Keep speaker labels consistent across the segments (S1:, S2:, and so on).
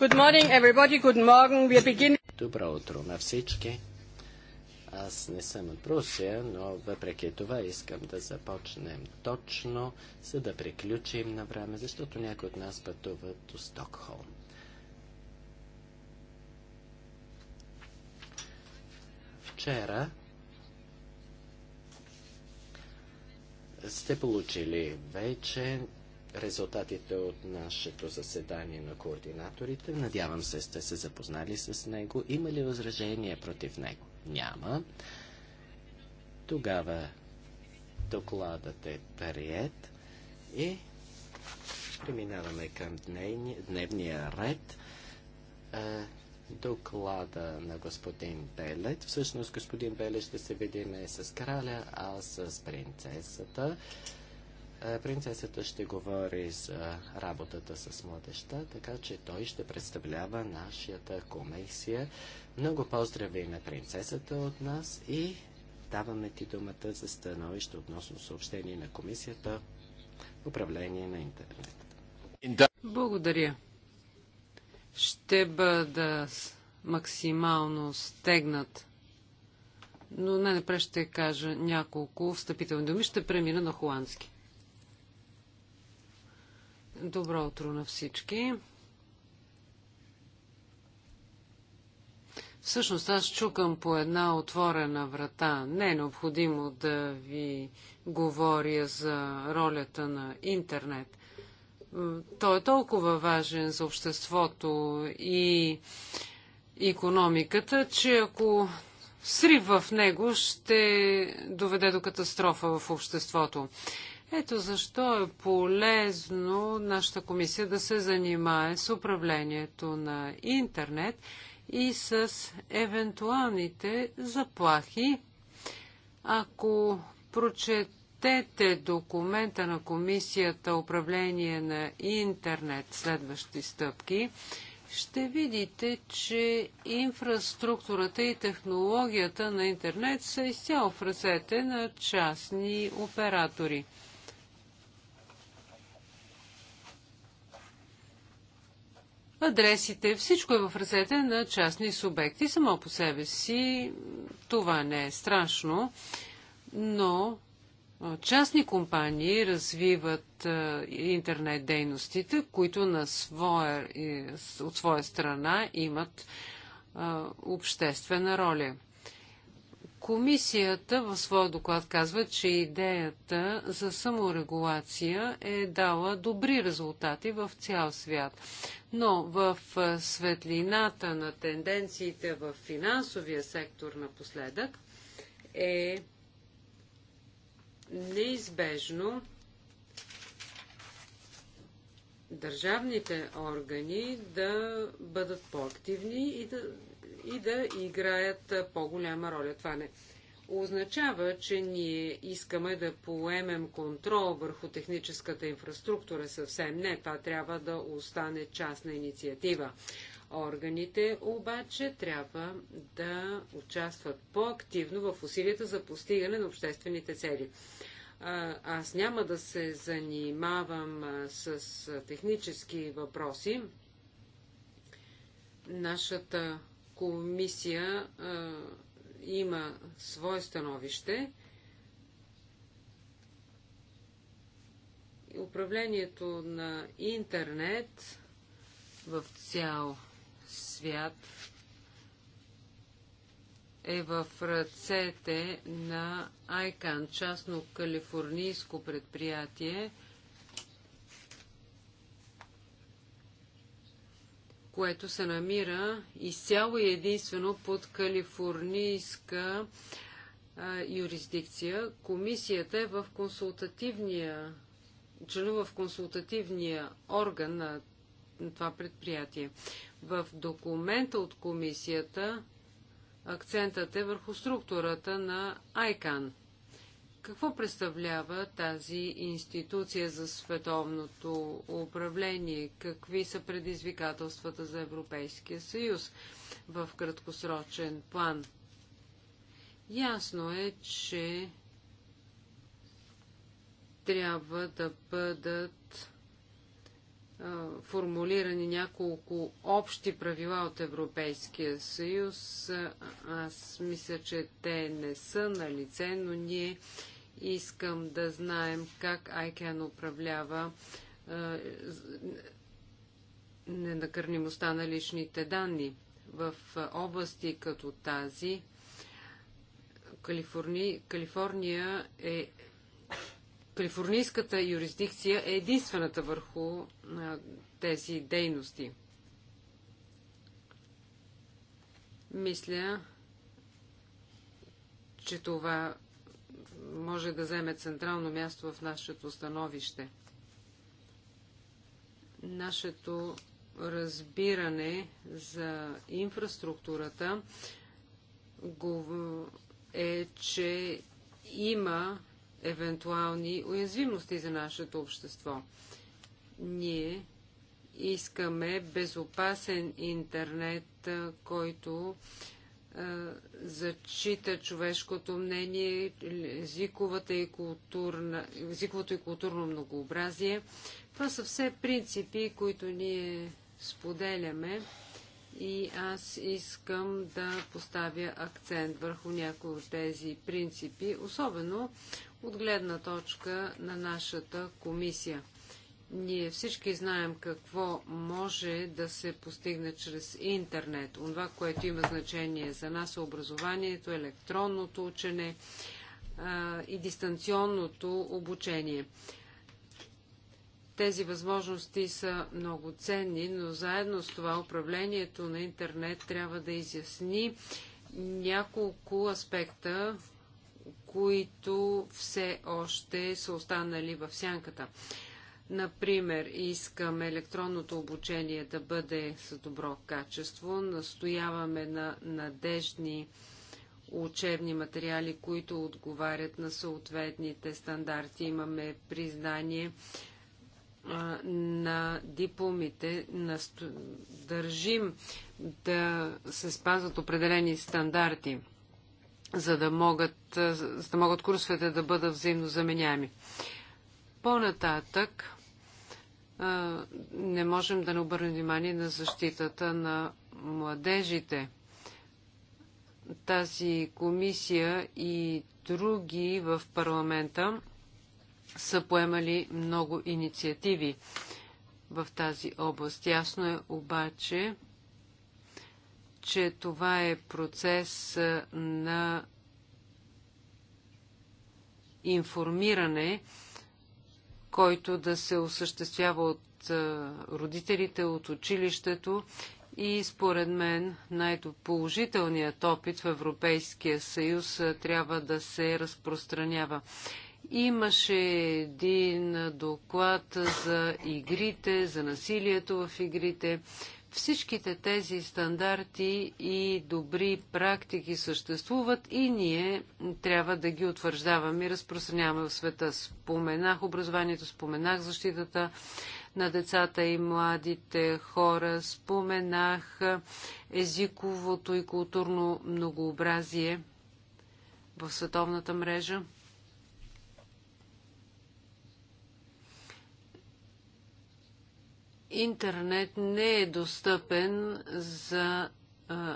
S1: Good morning, everybody. Good morning. We begin...
S2: Добро утро на всички. Аз не съм от Русия, но въпреки това искам да започнем точно, за да приключим на време, защото някои от нас пътуват до Стокхолм. Вчера сте получили вече резултатите от нашето заседание на координаторите. Надявам се, сте се запознали с него. Има ли възражение против него? Няма. Тогава докладът е прият и преминаваме към дневния ред. Е, доклада на господин Белет. Всъщност господин Белет ще се видиме с краля, а с принцесата. Е, принцесата ще говори за работата с младеща, така че той ще представлява нашата комисия. Много поздрави на принцесата от нас и даваме ти думата за становище относно съобщение на комисията управление на интернет.
S1: Благодаря. Ще бъда максимално стегнат, но най-напред ще кажа няколко встъпителни думи. Ще премина на холандски. Добро утро на всички. Всъщност аз чукам по една отворена врата. Не е необходимо да ви говоря за ролята на интернет. Той е толкова важен за обществото и економиката, че ако срив в него ще доведе до катастрофа в обществото. Ето защо е полезно нашата комисия да се занимае с управлението на интернет и с евентуалните заплахи. Ако прочетете документа на комисията Управление на интернет следващи стъпки, ще видите, че инфраструктурата и технологията на интернет са изцяло в ръцете на частни оператори. адресите, всичко е в ръцете на частни субекти. Само по себе си това не е страшно, но частни компании развиват интернет дейностите, които на своя, от своя страна имат обществена роля. Комисията в своя доклад казва, че идеята за саморегулация е дала добри резултати в цял свят. Но в светлината на тенденциите в финансовия сектор напоследък е неизбежно държавните органи да бъдат по-активни и да, и да играят по-голяма роля. Това не означава, че ние искаме да поемем контрол върху техническата инфраструктура. Съвсем не. Това трябва да остане частна инициатива. Органите обаче трябва да участват по-активно в усилията за постигане на обществените цели. Аз няма да се занимавам с технически въпроси. Нашата комисия а, има свое становище. Управлението на интернет в цял свят е в ръцете на ICANN, частно калифорнийско предприятие – което се намира изцяло и единствено под калифорнийска а, юрисдикция. Комисията е в консултативния, членува в консултативния орган на това предприятие. В документа от комисията акцентът е върху структурата на ICANN. Какво представлява тази институция за световното управление? Какви са предизвикателствата за Европейския съюз в краткосрочен план? Ясно е, че трябва да бъдат формулирани няколко общи правила от Европейския съюз. Аз мисля, че те не са на лице, но ние искам да знаем как ICAN управлява ненакърнимостта на личните данни. В области като тази Калифорни... Калифорния е Калифорнийската юрисдикция е единствената върху а, тези дейности. Мисля, че това може да вземе централно място в нашето становище. Нашето разбиране за инфраструктурата е, че има евентуални уязвимости за нашето общество. Ние искаме безопасен интернет, който е, зачита човешкото мнение, езиковата и културна, езиковото и културно многообразие. Това са все принципи, които ние споделяме и аз искам да поставя акцент върху някои от тези принципи, особено от гледна точка на нашата комисия. Ние всички знаем какво може да се постигне чрез интернет. Онова, което има значение за нас е образованието, електронното учене а, и дистанционното обучение. Тези възможности са много ценни, но заедно с това управлението на интернет трябва да изясни няколко аспекта, които все още са останали в сянката. Например, искаме електронното обучение да бъде с добро качество, настояваме на надежни учебни материали, които отговарят на съответните стандарти. Имаме признание на дипломите. Държим да се спазват определени стандарти за да могат, за да могат курсовете да бъдат взаимно заменяеми. По-нататък не можем да не обърнем внимание на защитата на младежите. Тази комисия и други в парламента са поемали много инициативи в тази област. Ясно е обаче, че това е процес на информиране, който да се осъществява от родителите, от училището и според мен най-положителният опит в Европейския съюз трябва да се разпространява. Имаше един доклад за игрите, за насилието в игрите. Всичките тези стандарти и добри практики съществуват и ние трябва да ги утвърждаваме и разпространяваме в света. Споменах образованието, споменах защитата на децата и младите хора, споменах езиковото и културно многообразие в световната мрежа. интернет не е достъпен за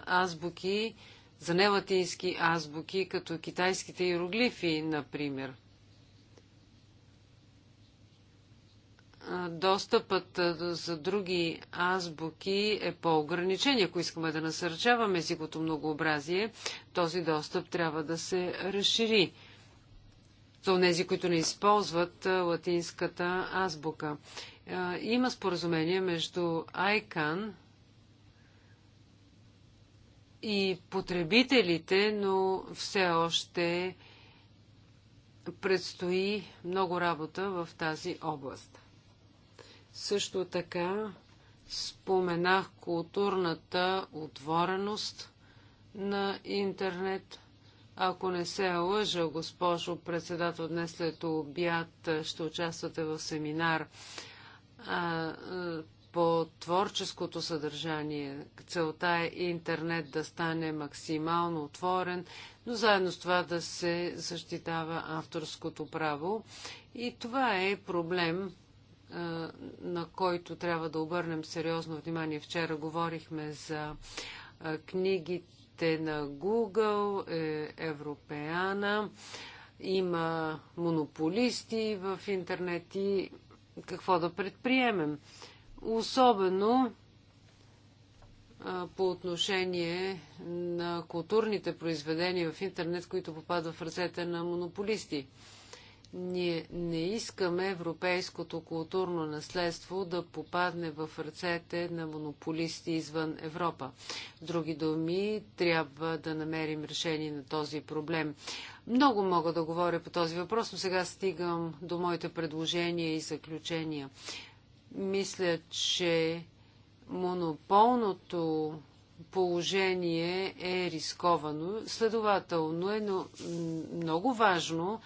S1: азбуки, за нелатински азбуки, като китайските иероглифи, например. Достъпът за други азбуки е по-ограничен. Ако искаме да насърчаваме езикото многообразие, този достъп трябва да се разшири за тези, които не използват латинската азбука. Има споразумение между ICANN и потребителите, но все още предстои много работа в тази област. Също така споменах културната отвореност на интернет. Ако не се лъжа, госпожо председател, днес след обяд ще участвате в семинар а, по творческото съдържание. Целта е интернет да стане максимално отворен, но заедно с това да се защитава авторското право. И това е проблем, на който трябва да обърнем сериозно внимание. Вчера говорихме за книгите на Google, е, Европеана. Има монополисти в интернет и какво да предприемем. Особено по отношение на културните произведения в интернет, които попадат в ръцете на монополисти. Ние не искаме европейското културно наследство да попадне в ръцете на монополисти извън Европа. С други думи, трябва да намерим решение на този проблем. Много мога да говоря по този въпрос, но сега стигам до моите предложения и заключения. Мисля, че монополното положение е рисковано. Следователно е много важно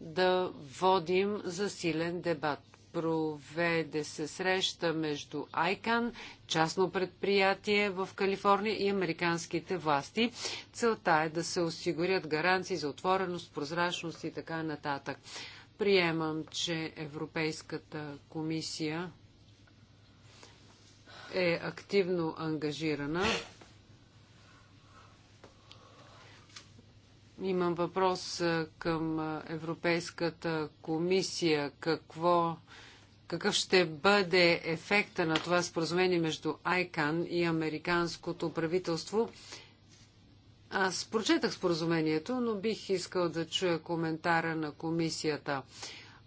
S1: да водим засилен дебат проведе се среща между ICANN, частно предприятие в Калифорния и американските власти. Целта е да се осигурят гаранции за отвореност, прозрачност и така нататък. Приемам, че Европейската комисия е активно ангажирана Имам въпрос към Европейската комисия. Какво, какъв ще бъде ефекта на това споразумение между ICAN и американското правителство? Аз прочетах споразумението, но бих искал да чуя коментара на комисията.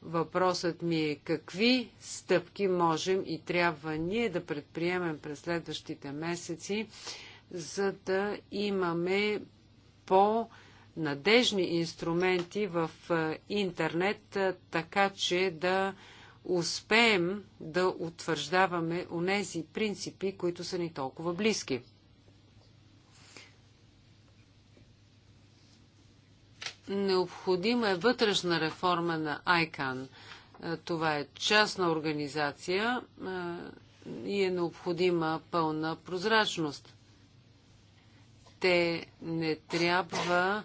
S1: Въпросът ми е какви стъпки можем и трябва ние да предприемем през следващите месеци, за да имаме по- надежни инструменти в интернет, така че да успеем да утвърждаваме онези принципи, които са ни толкова близки. Необходима е вътрешна реформа на ICANN. Това е частна организация и е необходима пълна прозрачност. Те не трябва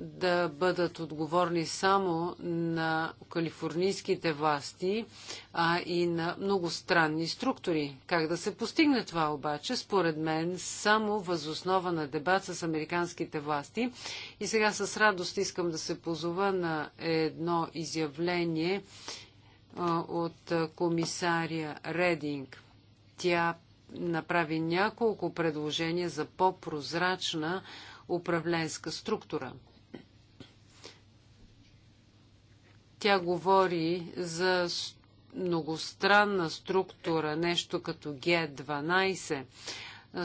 S1: да бъдат отговорни само на калифорнийските власти, а и на многостранни структури. Как да се постигне това обаче? Според мен само възоснова на дебат с американските власти. И сега с радост искам да се позова на едно изявление от комисария Рединг. Тя направи няколко предложения за по-прозрачна управленска структура. Тя говори за многостранна структура, нещо като Г12,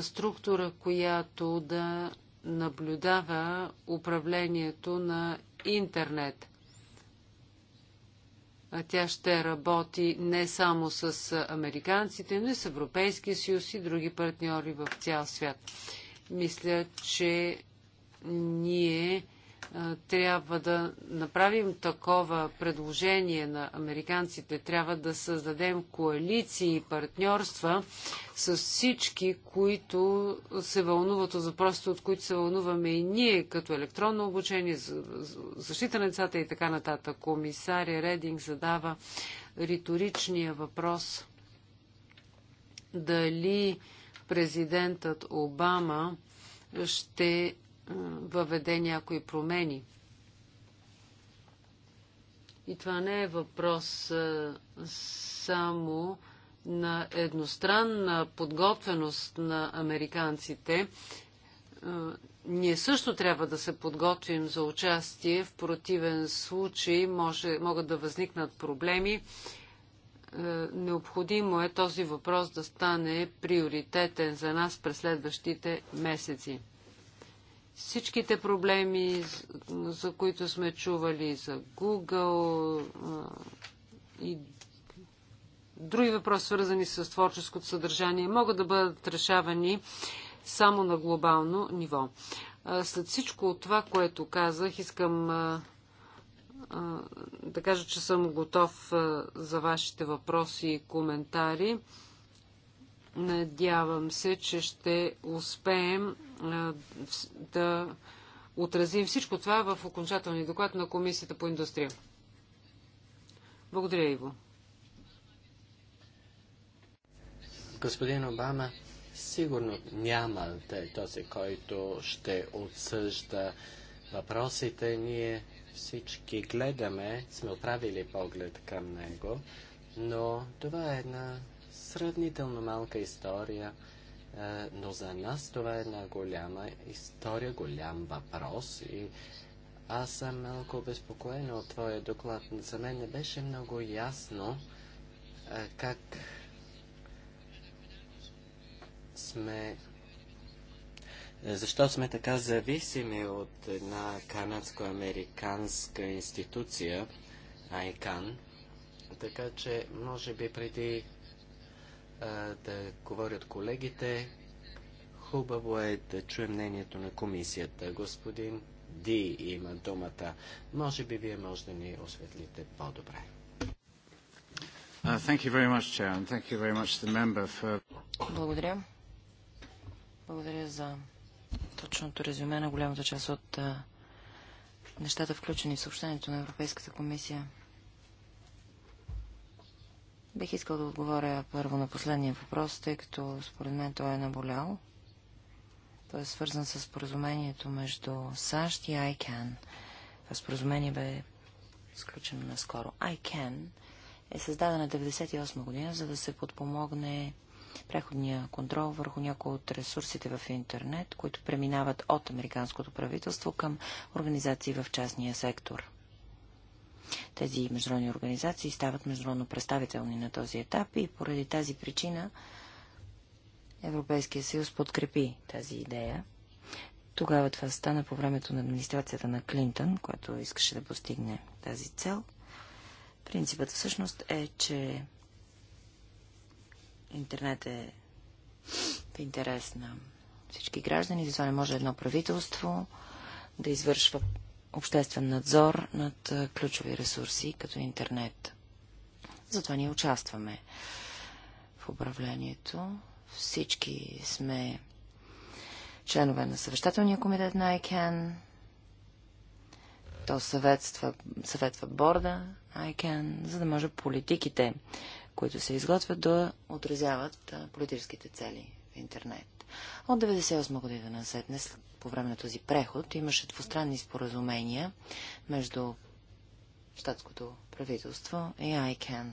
S1: структура, която да наблюдава управлението на интернет. Тя ще работи не само с американците, но и с Европейския съюз и други партньори в цял свят. Мисля, че ние трябва да направим такова предложение на американците, трябва да създадем коалиции и партньорства с всички, които се вълнуват от въпросите, от които се вълнуваме и ние, като електронно обучение, защита на децата и така нататък. Комисаря Рединг задава риторичния въпрос дали президентът Обама ще въведе някои промени. И това не е въпрос само на едностранна подготвеност на американците. Ние също трябва да се подготвим за участие. В противен случай може, могат да възникнат проблеми. Необходимо е този въпрос да стане приоритетен за нас през следващите месеци. Всичките проблеми, за които сме чували за Google и други въпроси, свързани с творческото съдържание, могат да бъдат решавани само на глобално ниво. След всичко от това, което казах, искам да кажа, че съм готов за вашите въпроси и коментари. Надявам се, че ще успеем да отразим всичко това в окончателния доклад на Комисията по индустрия. Благодаря,
S2: Иво. Господин Обама, сигурно няма да е този, който ще отсъжда въпросите. Ние всички гледаме, сме отправили поглед към него, но това е една сравнително малка история, но за нас това е една голяма история, голям въпрос и аз съм малко обезпокоен от твоя доклад. За мен не беше много ясно как сме защо сме така зависими от една канадско-американска институция, ICANN. Така че, може би преди да говорят колегите. Хубаво е да чуем мнението на комисията. Господин Ди има думата. Може би вие може да ни осветлите по-добре. Uh, Благодаря.
S3: Благодаря за точното резюме на голямата част от нещата, включени в съобщението на Европейската комисия. Бих искал да отговоря първо на последния въпрос, тъй като според мен той е наболял. Той е свързан с споразумението между САЩ и ICANN. Това споразумение бе сключено наскоро. ICANN е създадена 1998 година, за да се подпомогне преходния контрол върху някои от ресурсите в интернет, които преминават от американското правителство към организации в частния сектор. Тези международни организации стават международно представителни на този етап и поради тази причина Европейския съюз подкрепи тази идея. Тогава това стана по времето на администрацията на Клинтън, която искаше да постигне тази цел. Принципът всъщност е, че интернет е в интерес на всички граждани, затова не може едно правителство да извършва обществен надзор над ключови ресурси, като интернет. Затова ние участваме в управлението. Всички сме членове на съвещателния комитет на ICANN. То съветства, съветва борда ICANN, за да може политиките, които се изготвят, да отразяват политическите цели интернет. От 1998 година на седне, по време на този преход, имаше двустранни споразумения между щатското правителство и ICANN.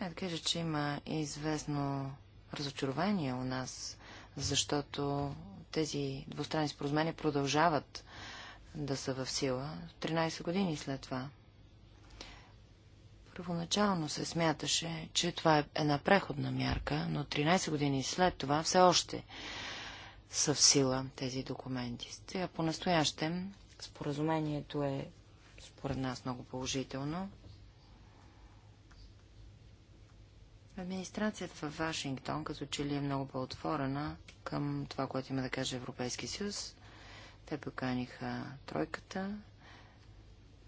S3: Е, да кажа, че има известно разочарование у нас, защото тези двустранни споразумения продължават да са в сила 13 години след това. Първоначално се смяташе, че това е една преходна мярка, но 13 години след това все още са в сила тези документи. Сега по-настоящем споразумението е според нас много положително. Администрацията в Вашингтон като че ли е много по-отворена към това, което има да каже Европейски съюз. Те поканиха тройката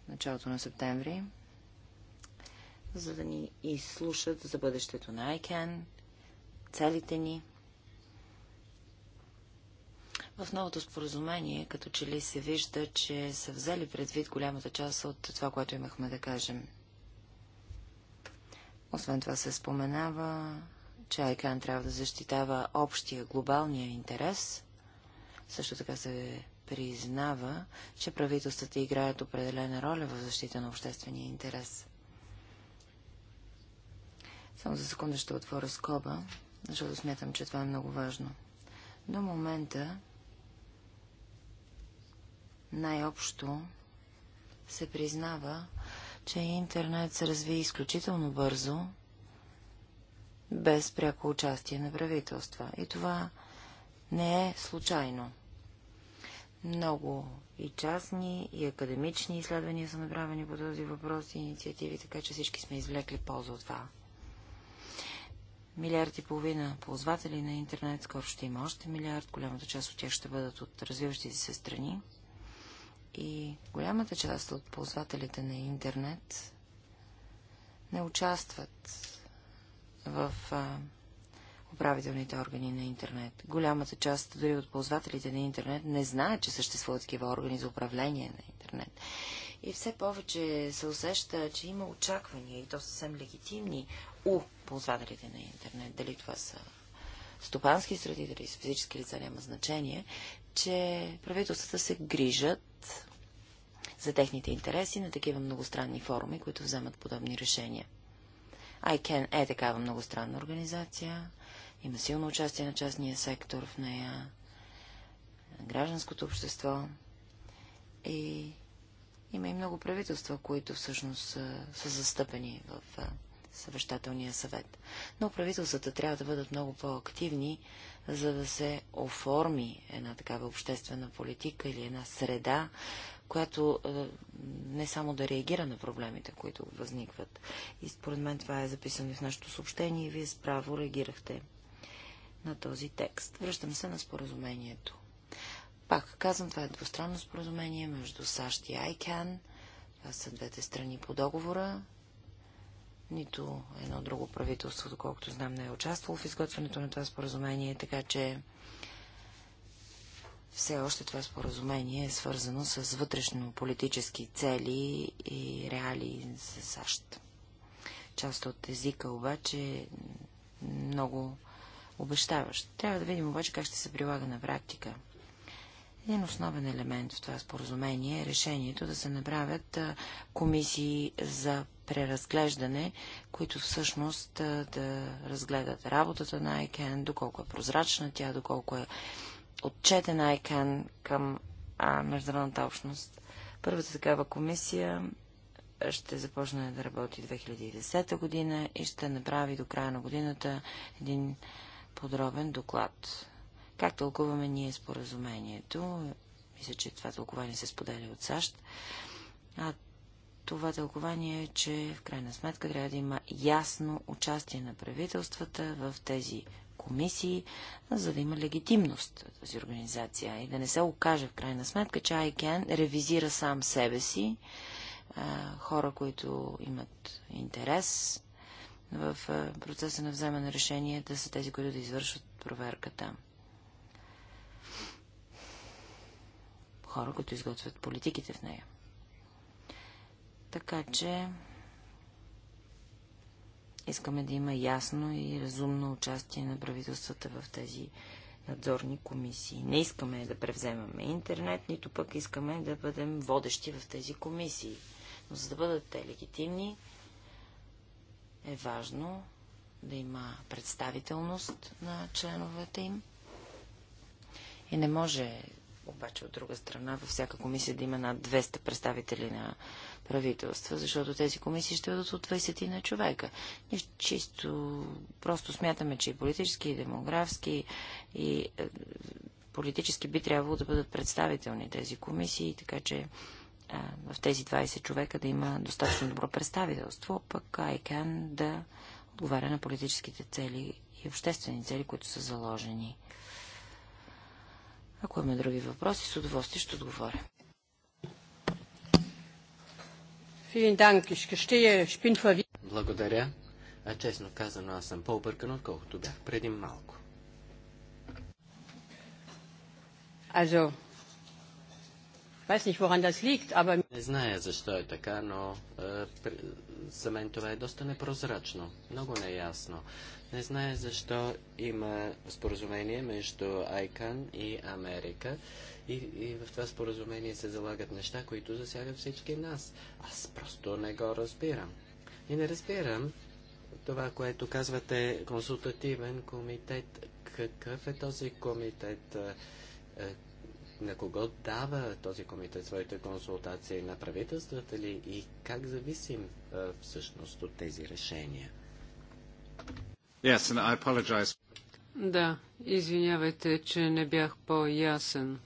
S3: началото на септември за да ни изслушат за бъдещето на ICANN, целите ни. В новото споразумение, като че ли се вижда, че са взели предвид голямата част от това, което имахме да кажем. Освен това се споменава, че Айкан трябва да защитава общия глобалния интерес. Също така се признава, че правителствата играят определена роля в защита на обществения интерес. Само за секунда ще отворя скоба, защото смятам, че това е много важно. До момента най-общо се признава, че интернет се разви изключително бързо, без пряко участие на правителства. И това не е случайно. Много и частни, и академични изследвания са направени по този въпрос и инициативи, така че всички сме извлекли полза от това милиард и половина ползватели на интернет, скоро ще има още милиард, голямата част от тях ще бъдат от развиващите се страни. И голямата част от ползвателите на интернет не участват в а, управителните органи на интернет. Голямата част дори от ползвателите на интернет не знаят, че съществуват такива органи за управление на интернет. И все повече се усеща, че има очаквания, и то съвсем легитимни, у ползвателите на интернет, дали това са стопански среди, дали с физически лица няма значение, че правителствата се грижат за техните интереси на такива многостранни форуми, които вземат подобни решения. ICANN е такава многостранна организация, има силно участие на частния сектор в нея, гражданското общество и има и много правителства, които всъщност са, са застъпени в съвещателния съвет. Но правителствата трябва да бъдат много по-активни, за да се оформи една такава обществена политика или една среда, която е, не само да реагира на проблемите, които възникват. И според мен това е записано в нашето съобщение и вие справо реагирахте на този текст. Връщам се на споразумението. Пак казвам, това е двустранно споразумение между САЩ и ICANN. Това са двете страни по договора. Нито едно друго правителство, доколкото знам, не е участвало в изготвянето на това споразумение, така че все още това споразумение е свързано с вътрешно-политически цели и реали за САЩ. Част от езика обаче е много обещаващ. Трябва да видим обаче как ще се прилага на практика – един основен елемент в това споразумение е решението да се направят комисии за преразглеждане, които всъщност да разгледат работата на ICANN, доколко е прозрачна тя, доколко е отчетен ICANN към международната общност. Първата такава комисия ще започне да работи 2010 година и ще направи до края на годината един подробен доклад. Как тълкуваме ние споразумението? Мисля, че това тълкование се споделя от САЩ. А това тълкование е, че в крайна сметка трябва да има ясно участие на правителствата в тези комисии, за да има легитимност тази организация и да не се окаже в крайна сметка, че ICANN ревизира сам себе си, хора, които имат интерес в процеса на вземане на решение, да са тези, които да извършват проверката. хора, които изготвят политиките в нея. Така че искаме да има ясно и разумно участие на правителствата в тези надзорни комисии. Не искаме да превземаме интернет, нито пък искаме да бъдем водещи в тези комисии. Но за да бъдат те легитимни, е важно да има представителност на членовете им. И не може обаче, от друга страна, във всяка комисия да има над 200 представители на правителства, защото тези комисии ще бъдат от 20 на човека. Ние чисто просто смятаме, че и политически, и демографски, и е, политически би трябвало да бъдат представителни тези комисии, така че е, в тези 20 човека да има достатъчно добро представителство, пък ICANN да отговаря на политическите цели и обществени цели, които са заложени. Ако има други въпроси, с удоволствие ще отговоря.
S2: Благодаря. А честно казано, аз съм по-объркан, отколкото бях преди малко. Не зная защо е така, но за мен това е доста непрозрачно, много неясно. Не знае защо има споразумение между ICAN и Америка и, и в това споразумение се залагат неща, които засягат всички нас. Аз просто не го разбирам. И не разбирам това, което казвате консултативен комитет. Какъв е този комитет? На кого дава този комитет своите консултации? На правителствата ли? И как зависим всъщност от тези решения? Yes, and I apologize.
S1: Да, извинявайте, че не бях по-ясен.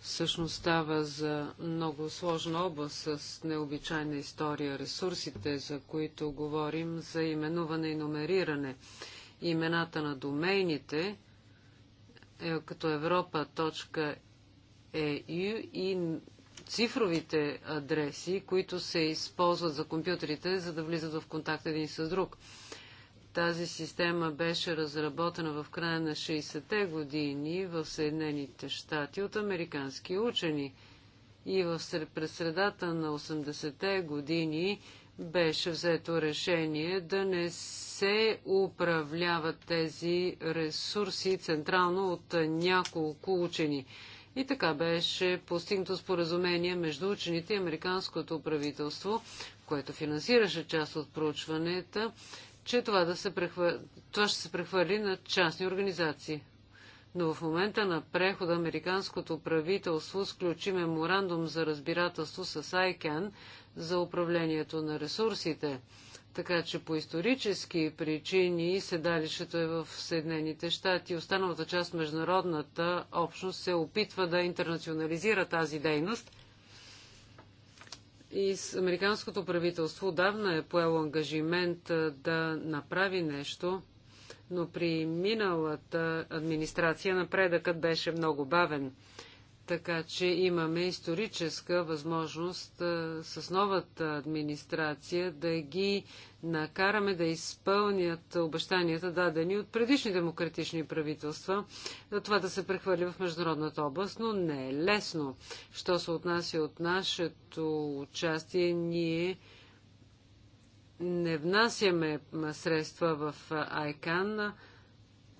S1: Всъщност става за много сложна област с необичайна история. Ресурсите, за които говорим, за именуване и номериране. Имената на домейните, е, като Европа.eu е и цифровите адреси, които се използват за компютрите, за да влизат в контакт един с друг. Тази система беше разработена в края на 60-те години в Съединените щати от американски учени и в средата на 80-те години беше взето решение да не се управляват тези ресурси централно от няколко учени. И така беше постигнато споразумение между учените и американското правителство, което финансираше част от проучванията, че това, да се прехвър... това ще се прехвърли на частни организации. Но в момента на прехода американското правителство сключи меморандум за разбирателство с ICANN за управлението на ресурсите – така че по исторически причини седалището е в Съединените щати. Останалата част международната общност се опитва да интернационализира тази дейност. И с американското правителство давна е поело ангажимент да направи нещо, но при миналата администрация напредъкът беше много бавен. Така че имаме историческа възможност с новата администрация да ги накараме да изпълнят обещанията, дадени от предишни демократични правителства, това да се прехвърли в международната област, но не е лесно. Що се отнася от нашето участие, ние не внасяме средства в Айкан,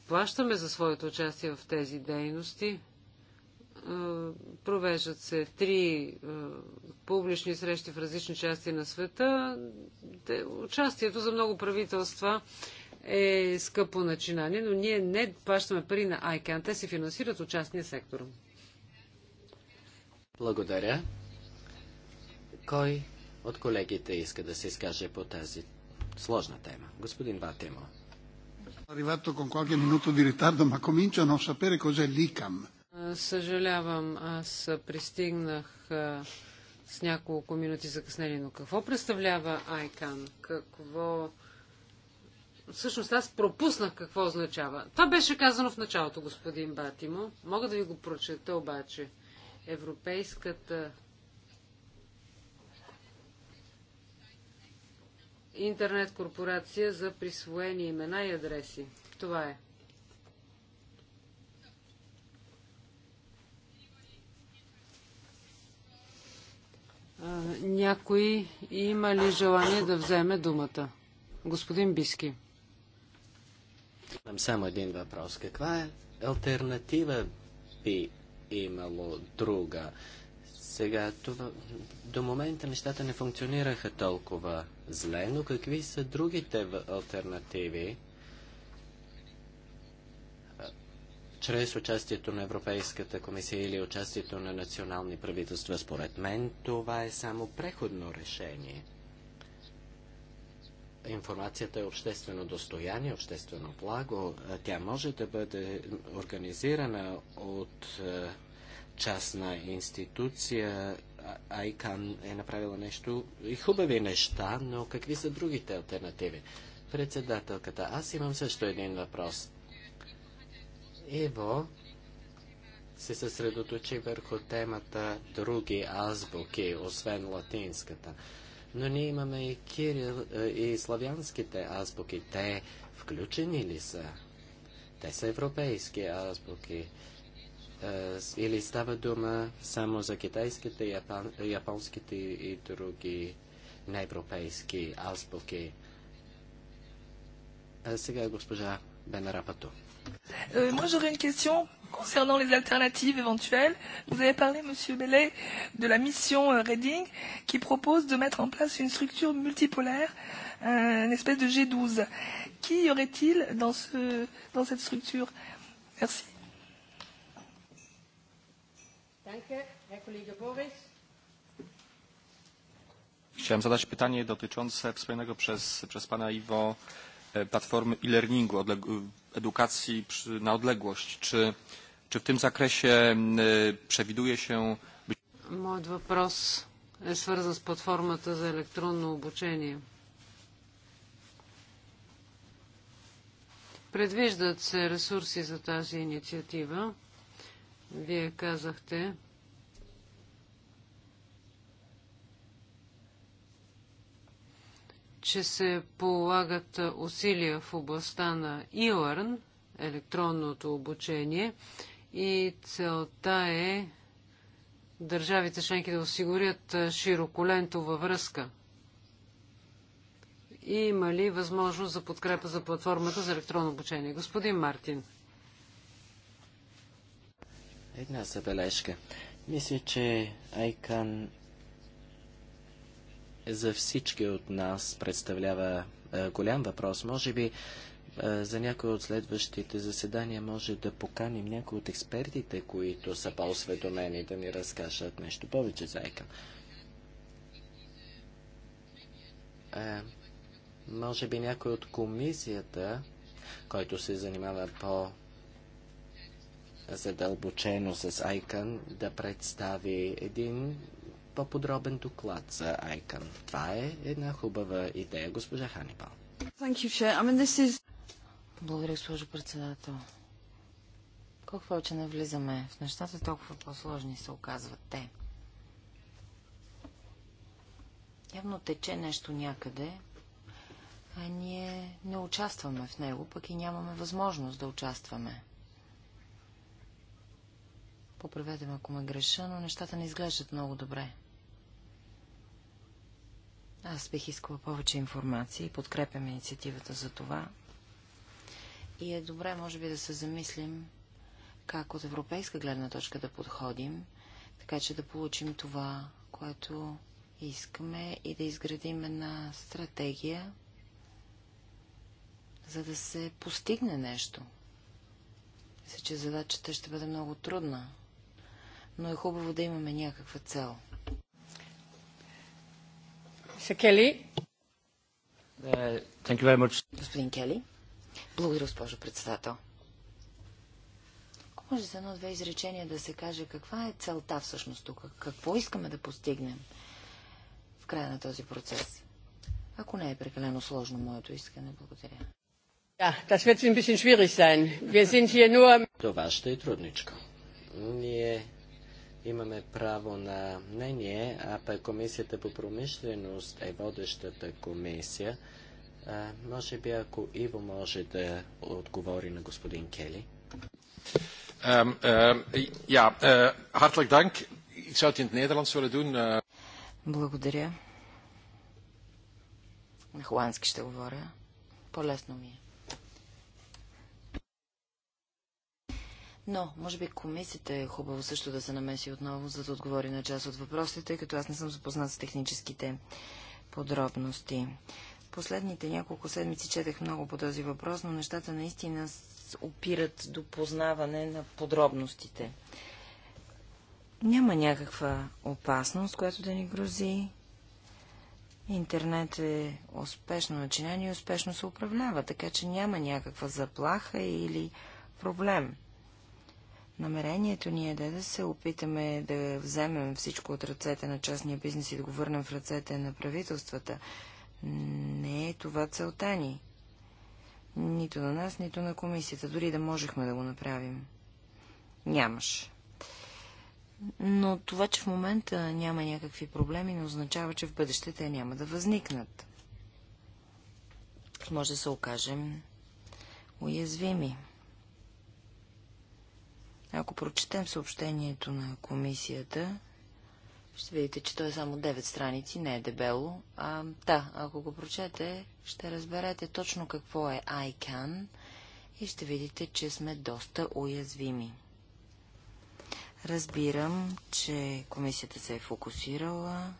S1: плащаме за своето участие в тези дейности, е, провеждат се три е, публични срещи в различни части на света. Участието за много правителства е скъпо начинание, но ние не плащаме пари на ICANN. Те се финансират от частния сектор.
S2: Благодаря. Кой от колегите иска да се изкаже по тази сложна тема? Господин Ватемо.
S1: Arrivato con qualche minuto di ritardo, ma comincio a non sapere cos'è l'ICAM. Съжалявам, аз пристигнах с няколко минути закъснение, но какво представлява ICAN? Какво... Всъщност аз пропуснах какво означава. Това беше казано в началото, господин Батимо. Мога да ви го прочета обаче. Европейската интернет корпорация за присвоени имена и адреси. Това е. Някой има ли желание да вземе думата? Господин Биски.
S2: Имам само един въпрос. Каква е альтернатива би имало друга? Сега, това, до момента нещата не функционираха толкова зле, но какви са другите альтернативи? чрез участието на Европейската комисия или участието на национални правителства. Според мен това е само преходно решение. Информацията е обществено достояние, обществено благо. Тя може да бъде организирана от частна институция. Айкан е направила нещо и хубави неща, но какви са другите альтернативи? Председателката, аз имам също един въпрос. Ево се съсредоточи върху темата други азбуки, освен латинската. Но ние имаме и, кирил, е, и славянските азбуки. Те включени ли са? Те са европейски азбуки. Е, или става дума само за китайските, япон, японските и други неевропейски азбуки. А сега госпожа Бенарапато.
S3: Euh, moi, j'aurais une question concernant les alternatives éventuelles. Vous avez parlé, Monsieur Bellet, de la mission euh, Reading qui propose de mettre en
S1: place une structure multipolaire, euh, une espèce de G12. Qui y aurait-il dans, ce, dans cette structure Merci.
S2: Chciałem zadać pytanie dotyczące wspomnianego przez, przez pana Iwo E, platformy e-learningu, e, edukacji na odległość. Czy, czy w tym zakresie e, przewiduje się...
S1: Моят въпрос е свързан с платформата за електронно обучение. Предвиждат се ресурси за тази инициатива. Вие казахте, че се полагат усилия в областта на e електронното обучение, и целта е държавите членки да осигурят широколентова връзка. Има ли възможност за подкрепа за платформата за електронно обучение? Господин Мартин.
S2: Една забележка. Мисля, че ICANN за всички от нас представлява е, голям въпрос. Може би е, за някои от следващите заседания може да поканим някои от експертите, които са по-осведомени да ни разкажат нещо повече за ЕКА. може би някой от комисията, който се занимава по задълбочено с ICAN, да представи един по-подробен доклад за ICAN. Това е една хубава идея, госпожа Ханибал.
S3: Благодаря, госпожо председател. Колко повече навлизаме в нещата, толкова по-сложни се оказват те. Явно тече нещо някъде, а ние не участваме в него, пък и нямаме възможност да участваме. Поправете ме, ако ме греша, но нещата не изглеждат много добре. Аз бих искала повече информация и подкрепям инициативата за това. И е добре, може би, да се замислим как от европейска гледна точка да подходим, така че да получим това, което искаме и да изградим една стратегия, за да се постигне нещо. Мисля, че задачата ще бъде много трудна, но е хубаво да имаме някаква цел – е, Господин Кели. Благодаря, госпожо председател. Ако може за едно-две изречения да се каже каква е целта всъщност тук, какво искаме да постигнем в края на този процес. Ако не е прекалено сложно моето искане, благодаря.
S2: Да, Това ще е, е, е трудничко. Ние имаме право на мнение, а пък Комисията по промишленост е водещата комисия. А, може би ако Иво може да отговори на господин Кели. Е.
S3: Благодаря. На холандски ще говоря. По-лесно ми е. Но, може би комисията е хубаво също да се намеси отново, за да отговори на част от въпросите, тъй като аз не съм запознат с техническите подробности. Последните няколко седмици четех много по този въпрос, но нещата наистина опират до познаване на подробностите. Няма някаква опасност, която да ни грози. Интернет е успешно начинание и успешно се управлява, така че няма някаква заплаха или проблем – Намерението ни е да, да се опитаме да вземем всичко от ръцете на частния бизнес и да го върнем в ръцете на правителствата. Не е това целта ни. Нито на нас, нито на комисията. Дори да можехме да го направим. Нямаш. Но това, че в момента няма някакви проблеми, не означава, че в бъдеще те няма да възникнат. Може да се окажем уязвими. Ако прочетем съобщението на комисията, ще видите, че то е само 9 страници, не е дебело. А, да, ако го прочете, ще разберете точно какво е ICANN и ще видите, че сме доста уязвими. Разбирам, че комисията се е фокусирала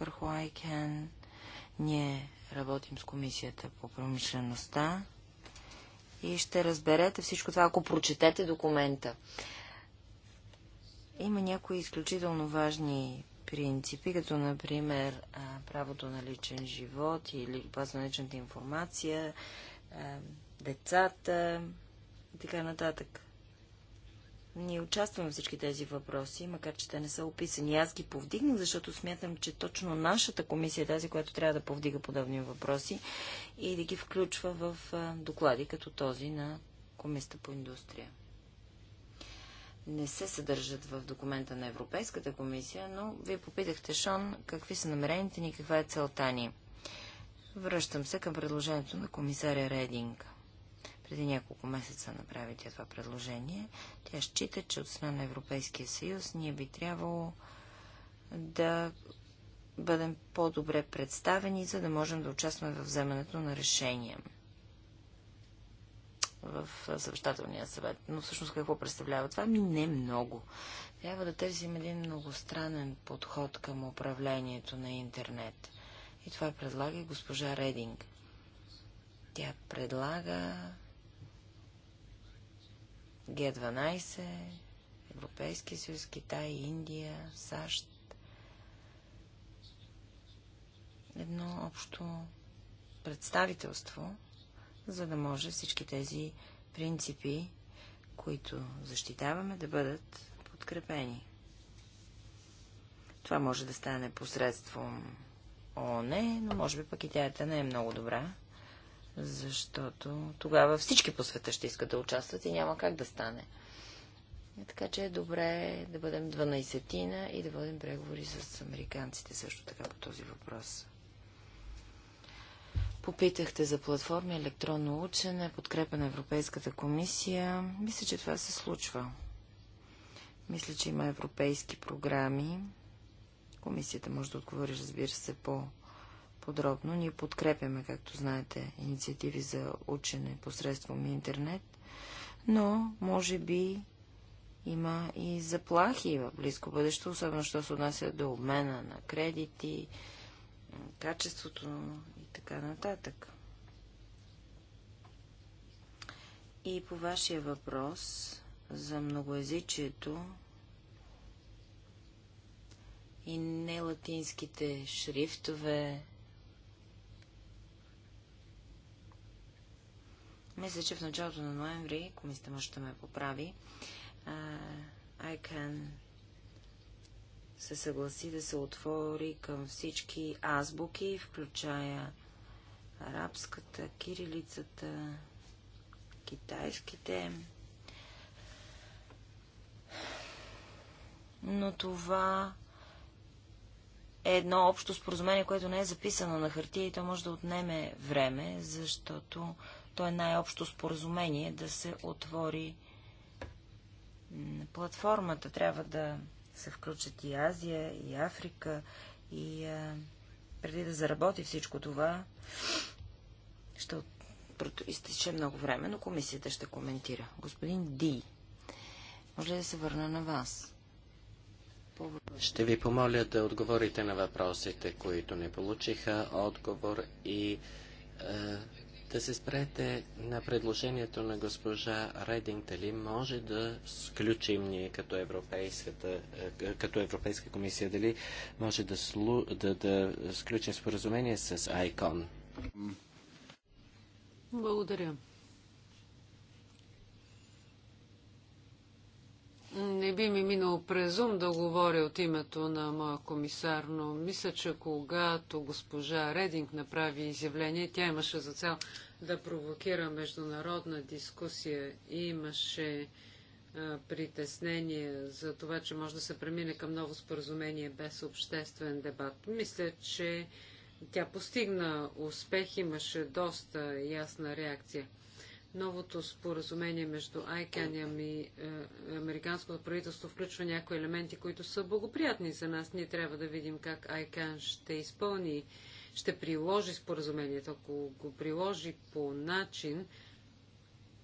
S3: върху ICANN. Ние работим с комисията по промишлеността и ще разберете всичко това, ако прочетете документа. Има някои изключително важни принципи, като например правото на личен живот или опазване на личната информация, децата и така нататък. Ние участваме в всички тези въпроси, макар че те не са описани. Аз ги повдигнах, защото смятам, че точно нашата комисия е тази, която трябва да повдига подобни въпроси и да ги включва в доклади като този на Комисията по индустрия. Не се съдържат в документа на Европейската комисия, но вие попитахте, Шон, какви са намерените ни, каква е целта ни. Връщам се към предложението на комисаря Рединга преди няколко месеца направи тя това предложение. Тя счита, че от страна на Европейския съюз ние би трябвало да бъдем по-добре представени, за да можем да участваме в вземането на решения в съвещателния съвет. Но всъщност какво представлява това? Ми не много. Трябва да търсим един многостранен подход към управлението на интернет. И това предлага и госпожа Рединг. Тя предлага г-12, Европейски съюз, Китай, Индия, САЩ. Едно общо представителство, за да може всички тези принципи, които защитаваме, да бъдат подкрепени. Това може да стане посредством ООН, е, но може би пък идеята не е много добра. Защото тогава всички по света ще искат да участват и няма как да стане. Така че е добре да бъдем 12-тина и да водим преговори с американците също така по този въпрос. Попитахте за платформи електронно учене, подкрепа на Европейската комисия. Мисля, че това се случва. Мисля, че има европейски програми. Комисията може да отговори, разбира се, по подробно. Ние подкрепяме, както знаете, инициативи за учене посредством интернет, но може би има и заплахи в близко бъдеще, особено що се отнася до обмена на кредити, качеството и така нататък. И по вашия въпрос за многоязичието и нелатинските шрифтове, Мисля, че в началото на ноември, комисията може да ме поправи, can се съгласи да се отвори към всички азбуки, включая арабската, кирилицата, китайските. Но това е едно общо споразумение, което не е записано на хартия и то може да отнеме време, защото то е най-общо споразумение да се отвори платформата. Трябва да се включат и Азия, и Африка, и а, преди да заработи всичко това, ще изтече много време, но комисията ще коментира. Господин Ди, може ли да се върна на вас?
S2: Ще ви помоля да отговорите на въпросите, които не получиха отговор и е, да се спрете на предложението на госпожа Рейдинг, дали може да сключим ние като, Европейската, е, като Европейска комисия, дали може да, слу, да, да сключим споразумение с ICON.
S1: Благодаря. Не би ми минало през ум да говоря от името на моя комисар, но мисля, че когато госпожа Рединг направи изявление, тя имаше за цел да провокира международна дискусия и имаше притеснение за това, че може да се премине към ново споразумение без обществен дебат. Мисля, че тя постигна успех, имаше доста ясна реакция. Новото споразумение между ICANN и Американското правителство включва някои елементи, които са благоприятни за нас. Ние трябва да видим как ICANN ще изпълни, ще приложи споразумението. Ако го приложи по начин,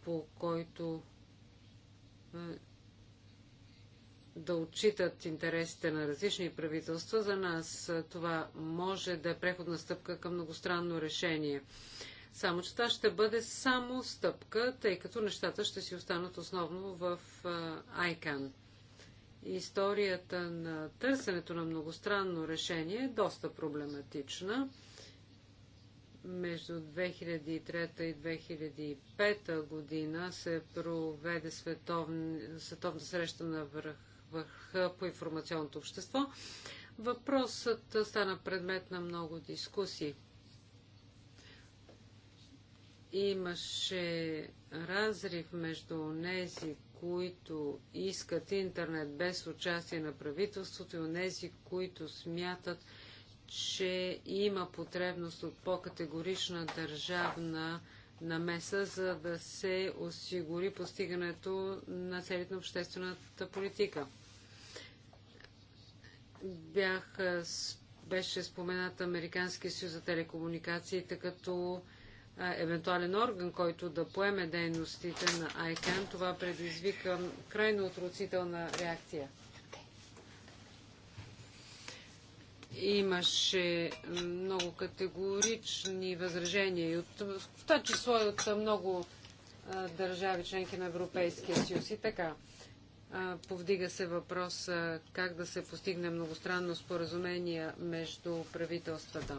S1: по който е, да отчитат интересите на различни правителства, за нас е, това може да е преходна стъпка към многостранно решение. Само, че това ще бъде само стъпка, тъй като нещата ще си останат основно в ICANN. Историята на търсенето на многостранно решение е доста проблематична. Между 2003 и 2005 година се проведе световна, световна среща на върха по информационното общество. Въпросът стана предмет на много дискусии. Имаше разрив между нези, които искат интернет без участие на правителството и онези, които смятат, че има потребност от по-категорична държавна намеса, за да се осигури постигането на целите на обществената политика. Бях, беше споменат Американския съюз за телекомуникациите като евентуален орган, който да поеме дейностите на ICANN, това предизвика крайно отрицателна реакция. Имаше много категорични възражения и от, в това число и от много а, държави, членки на Европейския съюз и така. А, повдига се въпрос а, как да се постигне многостранно споразумение между правителствата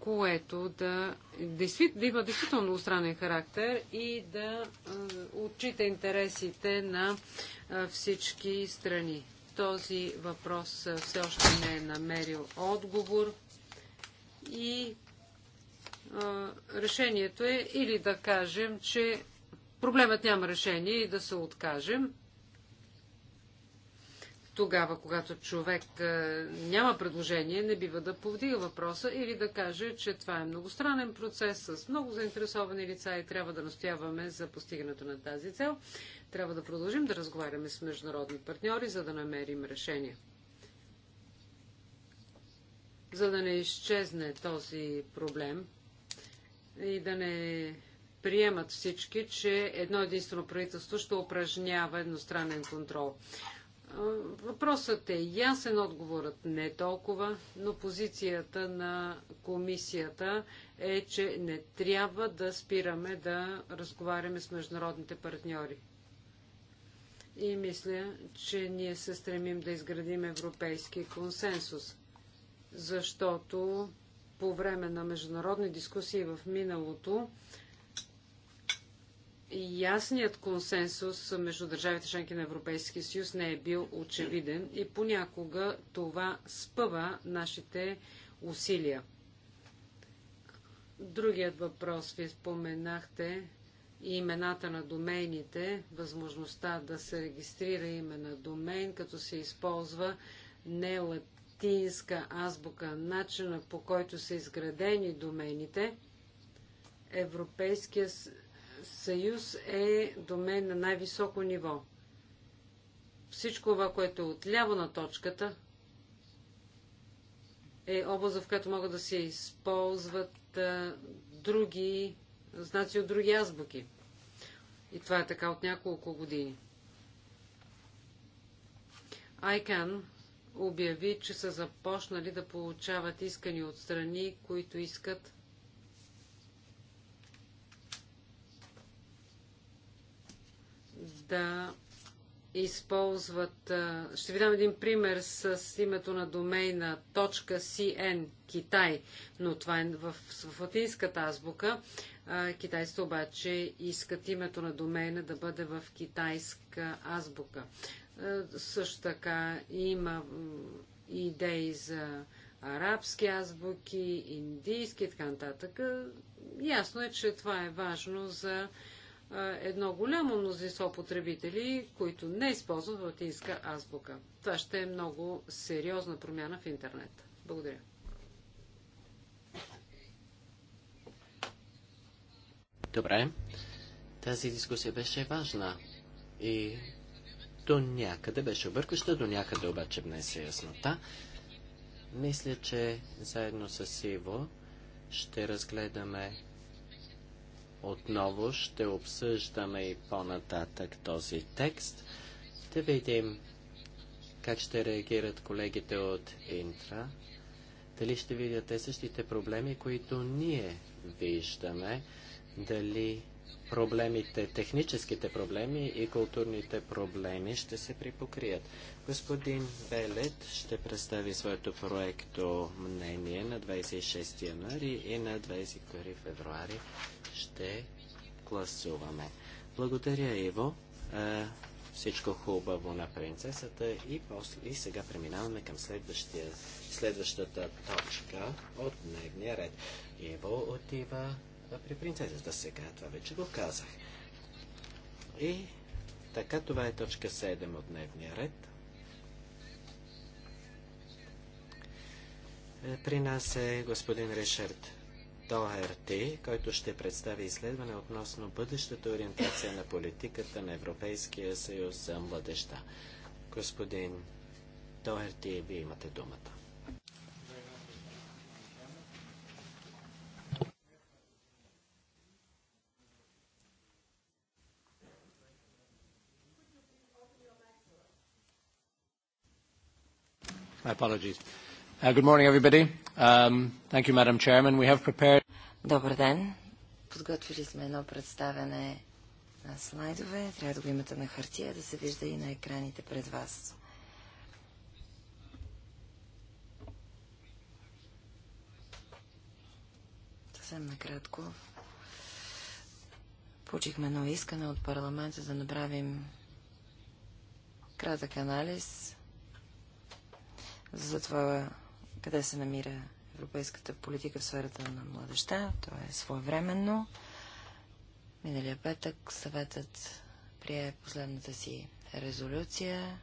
S1: което да, да има действително устранен характер и да отчита интересите на всички страни. Този въпрос все още не е намерил отговор и решението е или да кажем, че проблемът няма решение и да се откажем, тогава, когато човек няма предложение, не бива да повдига въпроса или да каже, че това е многостранен процес с много заинтересовани лица и трябва да настояваме за постигането на тази цел. Трябва да продължим да разговаряме с международни партньори, за да намерим решение. За да не изчезне този проблем и да не приемат всички, че едно единствено правителство ще упражнява едностранен контрол. Въпросът е ясен, отговорът не е толкова, но позицията на комисията е, че не трябва да спираме да разговаряме с международните партньори. И мисля, че ние се стремим да изградим европейски консенсус, защото по време на международни дискусии в миналото ясният консенсус между държавите членки на Европейския съюз не е бил очевиден и понякога това спъва нашите усилия. Другият въпрос ви споменахте и имената на домейните, възможността да се регистрира име на домейн, като се използва не латинска азбука, начина по който са изградени домейните. Европейския съюз е домен на най-високо ниво. Всичко това, което е отляво на точката, е област, в която могат да се използват а, други знаци от други азбуки. И това е така от няколко години. ICANN обяви, че са започнали да получават искани от страни, които искат да използват... Ще ви дам един пример с името на домейна .cn Китай, но това е в, в латинската азбука. Китайците обаче искат името на домейна да бъде в китайска азбука. Също така има идеи за арабски азбуки, индийски и така нататък. Ясно е, че това е важно за едно голямо мнозинство потребители, които не използват латинска азбука. Това ще е много сериозна промяна в интернет. Благодаря.
S2: Добре. Тази дискусия беше важна и до някъде беше объркваща, до някъде обаче внесе яснота. Мисля, че заедно с Иво ще разгледаме отново ще обсъждаме и по-нататък този текст. Да видим как ще реагират колегите от Интра. Дали ще видят те същите проблеми, които ние виждаме. Дали проблемите, техническите проблеми и културните проблеми ще се припокрият. Господин Белет ще представи своето проекто мнение на 26 януари и на 22 февруари ще гласуваме. Благодаря, Иво. всичко хубаво на принцесата и, после, и сега преминаваме към следващата точка от дневния ред. Иво отива при принцесата сега. Това вече го казах. И така, това е точка 7 от дневния ред. Е, при нас е господин Ришард Доерти, който ще представи изследване относно бъдещата ориентация на политиката на Европейския съюз за младеща. Господин Доерти, вие имате думата. My apologies. Uh, good morning, everybody. Um,
S3: thank you, Madam Chairman. We have prepared... Добър ден. Подготвили сме едно представяне на слайдове. Трябва да го имате на хартия, да се вижда и на екраните пред вас. Съвсем накратко. Получихме едно искане от парламента да направим кратък анализ за това къде се намира европейската политика в сферата на младеща. То е своевременно. Миналия петък съветът прие последната си резолюция,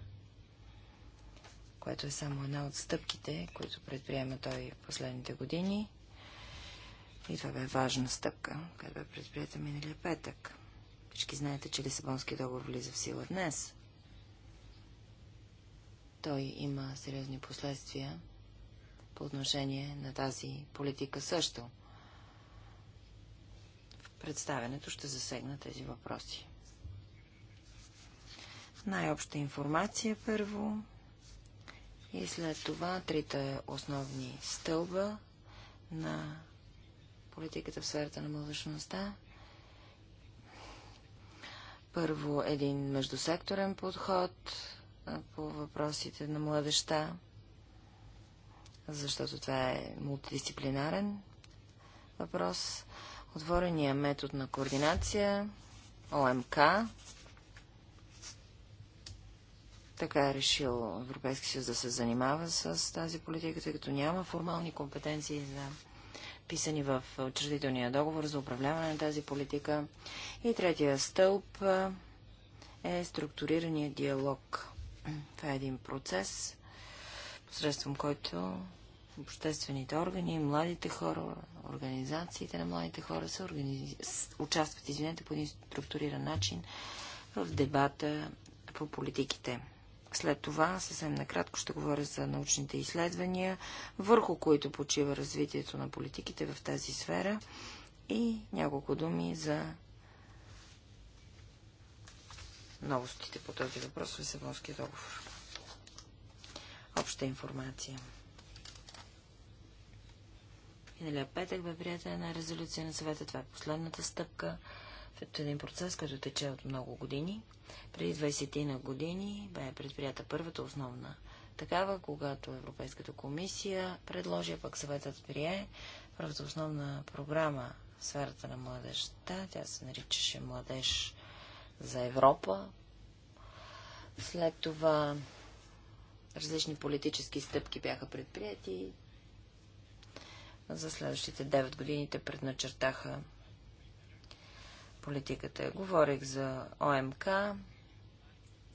S3: което е само една от стъпките, които предприема той в последните години. И това бе важна стъпка, която бе предприята миналия петък. Всички знаете, че Лисабонски договор влиза в сила днес. Той има сериозни последствия по отношение на тази политика също.
S1: В представенето
S3: ще засегна тези въпроси. Най-обща информация първо и след това трите основни стълба на политиката в сферата на младъчността. Първо един междусекторен подход – по въпросите на младеща, защото това е мултидисциплинарен въпрос. Отворения метод на координация, ОМК, така е решил Европейски съюз да се занимава с тази политика, тъй като няма формални компетенции за писани в учредителния договор за управляване на тази политика. И третия стълб е структурирания диалог. Това е един процес, посредством който обществените органи, младите хора, организациите на младите хора се организ... участват, извинете, по един структуриран начин в дебата по политиките. След това съвсем накратко ще говоря за научните изследвания, върху които почива развитието на политиките в тази сфера и няколко думи за новостите по този въпрос в Лисабонския договор. Обща информация. Миналия петък бе прията една резолюция на съвета. Това е последната стъпка в един процес, който тече от много години. Преди 20 на години бе предприята първата основна такава, когато Европейската комисия предложи, а пък съветът прие първата основна програма в сферата на младежта. Тя се наричаше Младеж за Европа. След това различни политически стъпки бяха предприяти. За следващите 9 годините предначертаха политиката. Говорих за ОМК,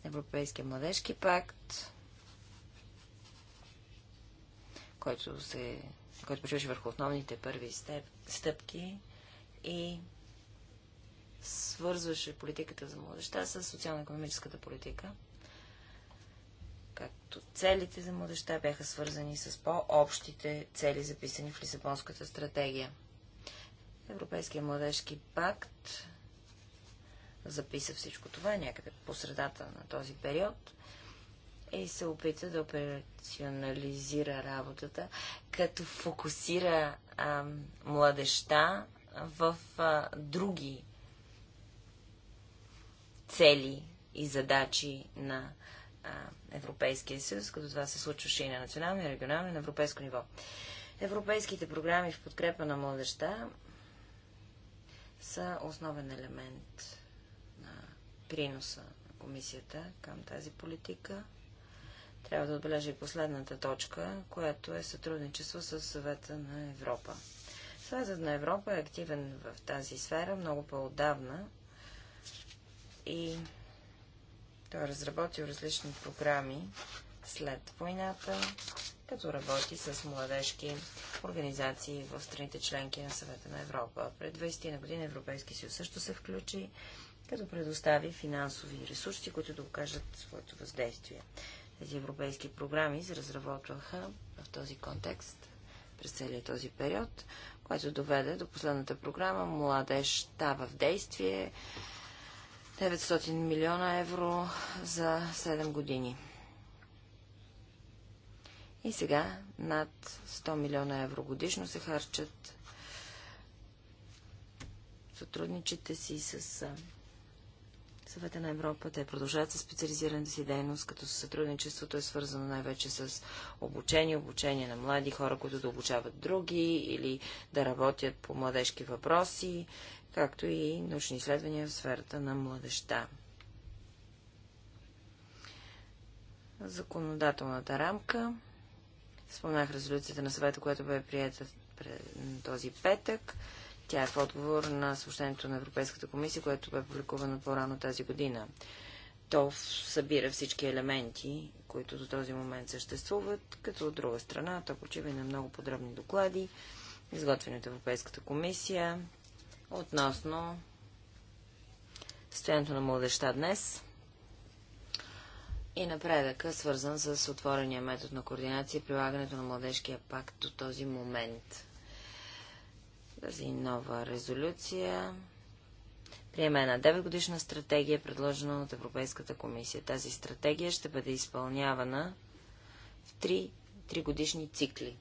S3: Европейския младежки пакт, който, се, който върху основните първи стъпки и свързваше политиката за младеща с социално-економическата политика, както целите за младеща бяха свързани с по-общите цели, записани в Лисабонската стратегия. Европейския младежки пакт записа всичко това някъде по средата на този период и се опита да операционализира работата, като фокусира а, младеща в а, други цели и задачи на а, Европейския съюз, като това се случваше и на национално, и регионално, и на европейско ниво. Европейските програми в подкрепа на младеща са основен елемент на приноса на комисията към тази политика. Трябва да отбележа и последната точка, която е сътрудничество с съвета на Европа. Съветът на Европа е активен в тази сфера много по-отдавна и той е разработил различни програми след войната, като работи с младежки организации в страните членки на Съвета на Европа. Пред 20 на година Европейски съюз също се включи, като предостави финансови ресурси, които да окажат своето въздействие. Тези европейски програми се разработваха в този контекст през целия този период, което доведе до последната програма Младеж става в действие, 900 милиона евро за 7 години. И сега над 100 милиона евро годишно се харчат сътрудничите си с Съвета на Европа. Те продължават с специализираната си дейност, като сътрудничеството е свързано най-вече с обучение, обучение на млади хора, които да обучават други или да работят по младежки въпроси както и научни изследвания в сферата на младеща. Законодателната рамка. Спомнах резолюцията на съвета, която бе приета този петък. Тя е в отговор на съобщението на Европейската комисия, което бе публикувано по-рано тази година. То събира всички елементи, които до този момент съществуват, като от друга страна то почива и на много подробни доклади, изготвени от Европейската комисия, относно стоянето на младеща днес и напредъка, свързан с отворения метод на координация и прилагането на младежкия пакт до този момент. Тази нова резолюция приеме една 9 годишна стратегия, предложена от Европейската комисия. Тази стратегия ще бъде изпълнявана в 3 годишни цикли.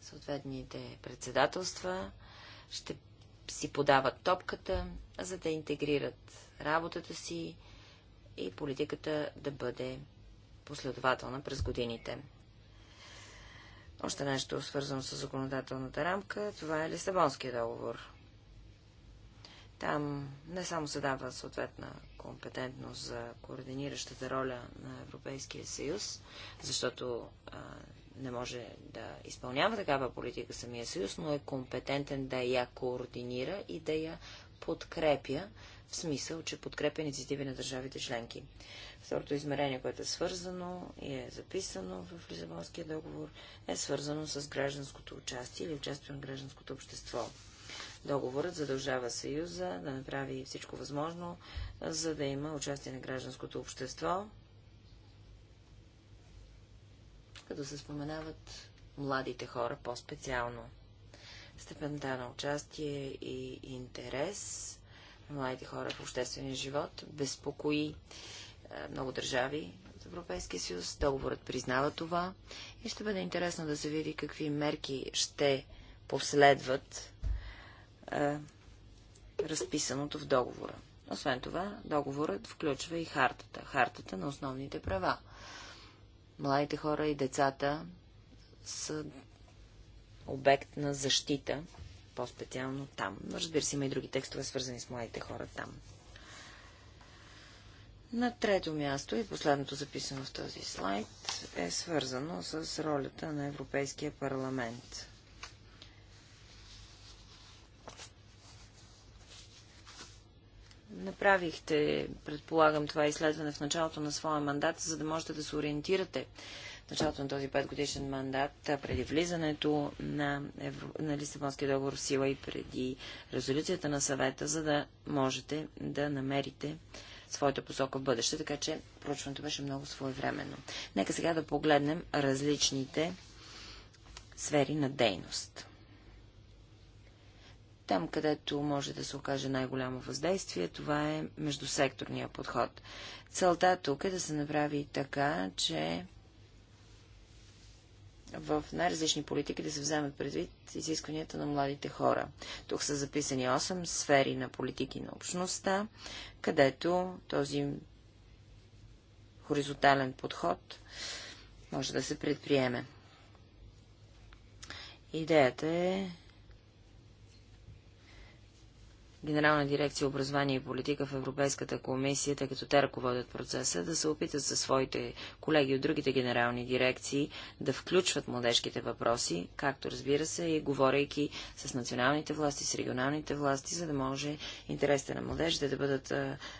S3: Съответните председателства ще си подават топката, за да интегрират работата си и политиката да бъде последователна през годините. Още нещо свързано с законодателната рамка, това е Лисабонския договор. Там не само се дава съответна компетентност за координиращата роля на Европейския съюз, защото а, не може да изпълнява такава политика самия съюз, но е компетентен да я координира и да я подкрепя, в смисъл, че подкрепя инициативи на държавите членки. Второто измерение, което е свързано и е записано в Лизабонския договор, е свързано с гражданското участие или участие на гражданското общество. Договорът задължава Съюза да направи всичко възможно, за да има участие на гражданското общество като се споменават младите хора по-специално. Степента на участие и интерес на младите хора в обществения живот безпокои е, много държави от Европейския съюз. Договорът признава това и ще бъде интересно да се види какви мерки ще последват е, разписаното в договора. Освен това, договорът включва и хартата, хартата на основните права – Младите хора и децата са обект на защита, по-специално там. Но разбира се, има и други текстове, свързани с младите хора там. На трето място и последното записано в този слайд е свързано с ролята на Европейския парламент. Направихте, предполагам, това изследване в началото на своя мандат, за да можете да се ориентирате в началото на този 5 годишен мандат, преди влизането на, Евро... на Лисабонския договор в сила и преди резолюцията на съвета, за да можете да намерите своята посока в бъдеще, така че проучването беше много своевременно. Нека сега да погледнем различните сфери на дейност. Там, където може да се окаже най-голямо въздействие, това е междусекторния подход. Целта тук е да се направи така, че в най-различни политики да се вземат предвид изискванията на младите хора. Тук са записани 8 сфери на политики на общността, където този хоризонтален подход може да се предприеме. Идеята е Генерална дирекция образование и политика в Европейската комисия, тъй като те ръководят процеса, да се опитат със своите колеги от другите генерални дирекции да включват младежките въпроси, както разбира се и говорейки с националните власти, с регионалните власти, за да може интересите на младежите да бъдат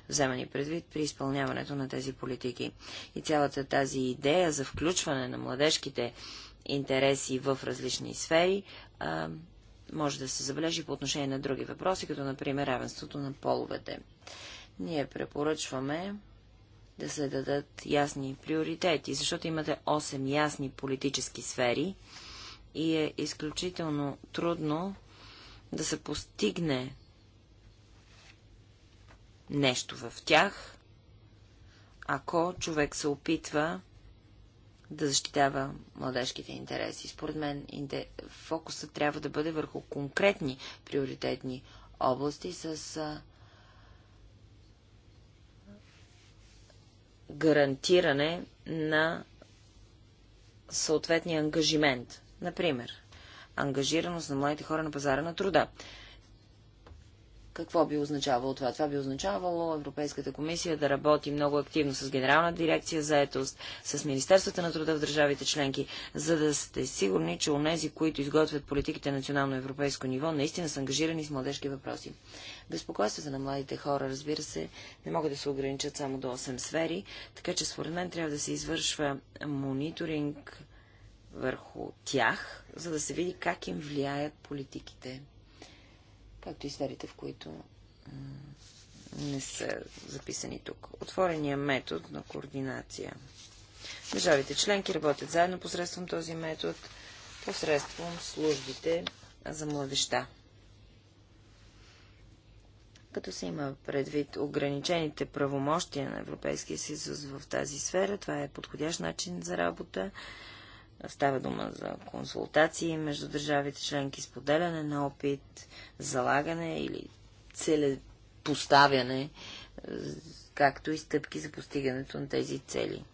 S3: вземани предвид при изпълняването на тези политики. И цялата тази идея за включване на младежките интереси в различни сфери може да се забележи по отношение на други въпроси, като например равенството на половете. Ние препоръчваме да се дадат ясни приоритети, защото имате 8 ясни политически сфери и е изключително трудно да се постигне нещо в тях, ако човек се опитва да защитава младежките интереси. Според мен фокусът трябва да бъде върху конкретни приоритетни области с гарантиране на съответния ангажимент. Например, ангажираност на младите хора на пазара на труда. Какво би означавало това? Това би означавало Европейската комисия да работи много активно с Генерална дирекция за етост, с Министерствата на труда в държавите членки, за да сте сигурни, че онези, които изготвят политиките на национално европейско ниво, наистина са ангажирани с младежки въпроси. Безпокойствата на младите хора, разбира се, не могат да се ограничат само до 8 сфери, така че според мен трябва да се извършва мониторинг върху тях, за да се види как им влияят политиките както и сферите, в които не са записани тук. Отворения метод на координация. Държавите членки работят заедно посредством този метод, посредством службите за младеща. Като се има предвид ограничените правомощия на Европейския съюз в тази сфера, това е подходящ начин за работа Става дума за консултации между държавите членки, споделяне на опит, залагане или целепоставяне, е, както и стъпки за постигането на тези цели.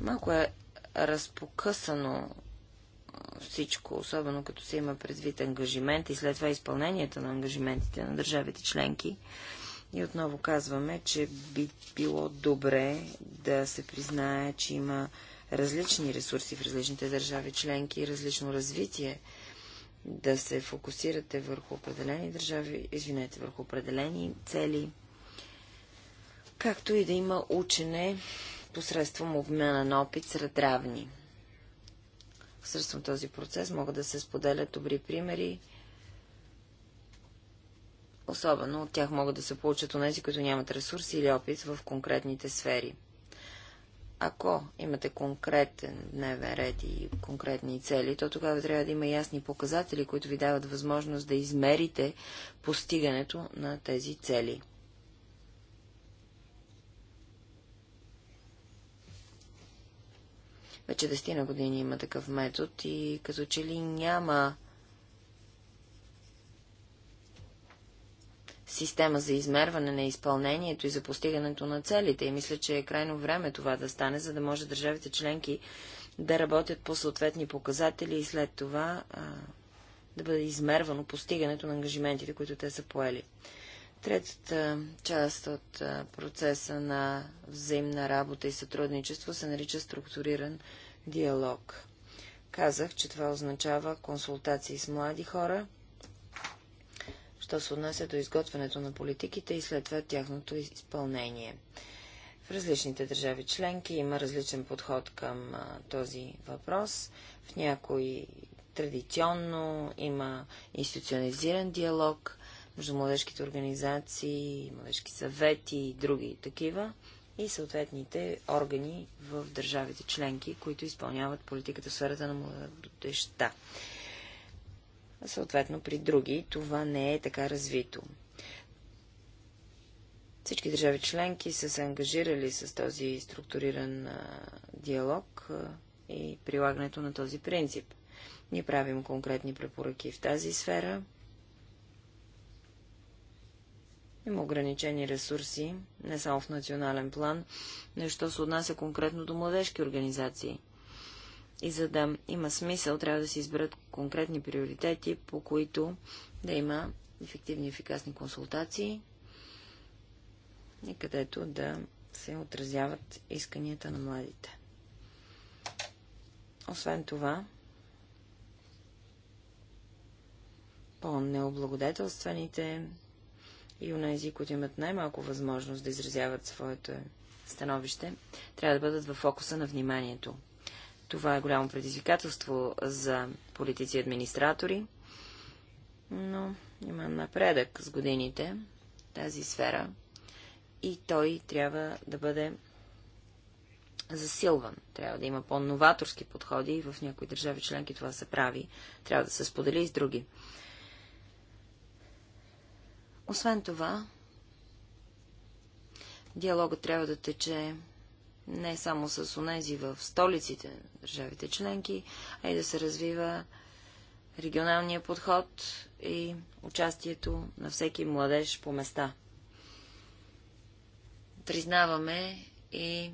S3: Малко е разпокъсано е, всичко, особено като се има предвид ангажимент и след това изпълнението на ангажиментите на държавите членки. И отново казваме, че би било добре да се признае, че има различни ресурси в различните държави членки и различно развитие, да се фокусирате върху определени държави, извинете, върху определени цели, както и да има учене посредством обмяна на опит сред равни. Посредством този процес могат да се споделят добри примери, особено от тях могат да се получат у нези, които нямат ресурси или опит в конкретните сфери – ако имате конкретен дневен ред и конкретни цели, то тогава трябва да има ясни показатели, които ви дават възможност да измерите постигането на тези цели. Вече десетина години има такъв метод и като че ли няма система за измерване на изпълнението и за постигането на целите. И мисля, че е крайно време това да стане, за да може държавите членки да работят по съответни показатели и след това а, да бъде измервано постигането на ангажиментите, които те са поели. Третата част от процеса на взаимна работа и сътрудничество се нарича структуриран диалог. Казах, че това означава консултации с млади хора, що се отнася до изготвянето на политиките и след това тяхното изпълнение. В различните държави членки има различен подход към а, този въпрос. В някои традиционно има институционализиран диалог между младежките организации, младежки съвети и други такива и съответните органи в държавите членки, които изпълняват политиката в сферата на младежта. Съответно, при други това не е така развито. Всички държави членки са се ангажирали с този структуриран диалог и прилагането на този принцип. Ние правим конкретни препоръки в тази сфера. Има ограничени ресурси, не само в национален план, нещо се отнася конкретно до младежки организации – и за да има смисъл, трябва да се изберат конкретни приоритети, по които да има ефективни и ефикасни консултации и където да се отразяват исканията на младите. Освен това, по-необлагодетелстваните и унези, които имат най-малко възможност да изразяват своето становище, трябва да бъдат в фокуса на вниманието. Това е голямо предизвикателство за политици и администратори, но има напредък с годините тази сфера и той трябва да бъде засилван. Трябва да има по-новаторски подходи в някои държави членки това се прави. Трябва да се сподели и с други. Освен това, диалогът трябва да тече не само с онези в столиците на държавите членки, а и да се развива регионалния подход и участието на всеки младеж по места. Признаваме и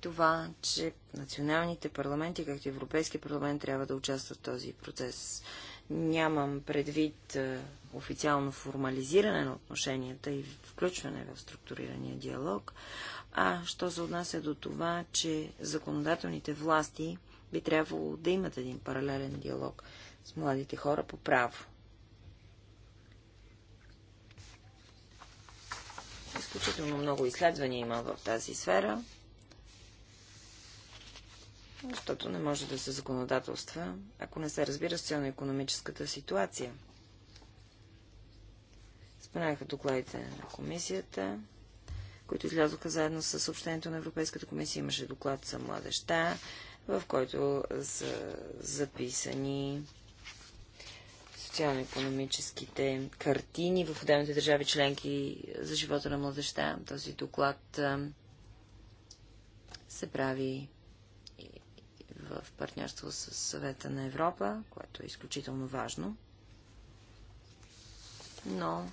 S3: това, че националните парламенти, както Европейски парламент, трябва да участват в този процес. Нямам предвид е, официално формализиране на отношенията и включване в структурирания диалог, а що се отнася до това, че законодателните власти би трябвало да имат един паралелен диалог с младите хора по право. Изключително много изследвания има в тази сфера защото не може да се законодателства, ако не се разбира социално-економическата ситуация. Споменаха докладите на комисията, които излязоха заедно с съобщението на Европейската комисия. Имаше доклад за младеща, в който са записани социално-економическите картини в отделните държави членки за живота на младеща. Този доклад се прави в партньорство с съвета на Европа, което е изключително важно. Но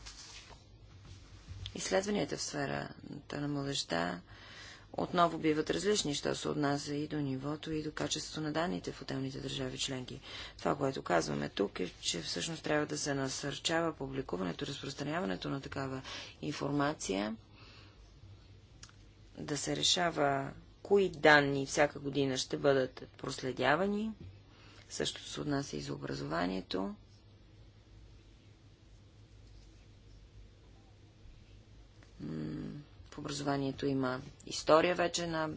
S3: изследванията в сферата на младежта отново биват различни, що се отнася и до нивото, и до качеството на данните в отделните държави членки. Това, което казваме тук е, че всъщност трябва да се насърчава публикуването, разпространяването на такава информация, да се решава кои данни всяка година ще бъдат проследявани. Същото се отнася и за образованието. В образованието има история вече на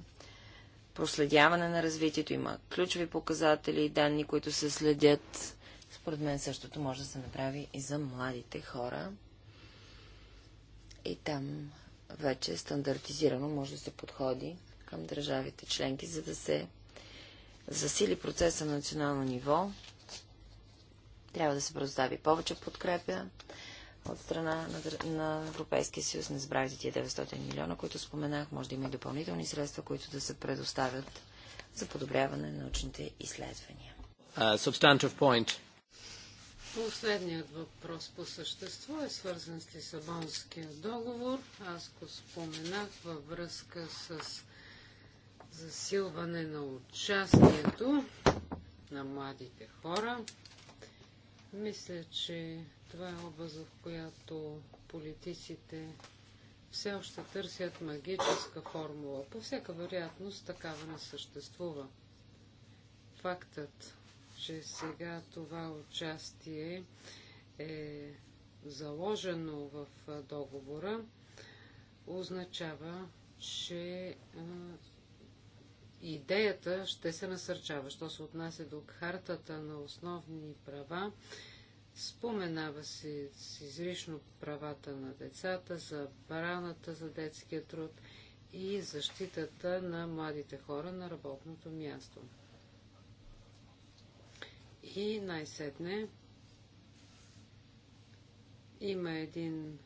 S3: проследяване на развитието, има ключови показатели и данни, които се следят. Според мен същото може да се направи и за младите хора. И там вече стандартизирано може да се подходи към държавите членки, за да се засили процеса на национално ниво. Трябва да се предостави повече подкрепя от страна на, на Европейския съюз. Не забравяйте тия 900 милиона, които споменах. Може да има и допълнителни средства, които да се предоставят за подобряване на научните изследвания.
S2: Uh,
S1: Последният въпрос по същество е свързан с Лисабонския договор. Аз го споменах във връзка с засилване на участието на младите хора. Мисля, че това е област, в която политиците все още търсят магическа формула. По всяка вероятност такава не съществува. Фактът, че сега това участие е заложено в договора, означава, че идеята ще се насърчава. Що се отнася до хартата на основни права, споменава се с изрично правата на децата, забраната за детския труд и защитата на младите хора на работното място. И най-сетне има един,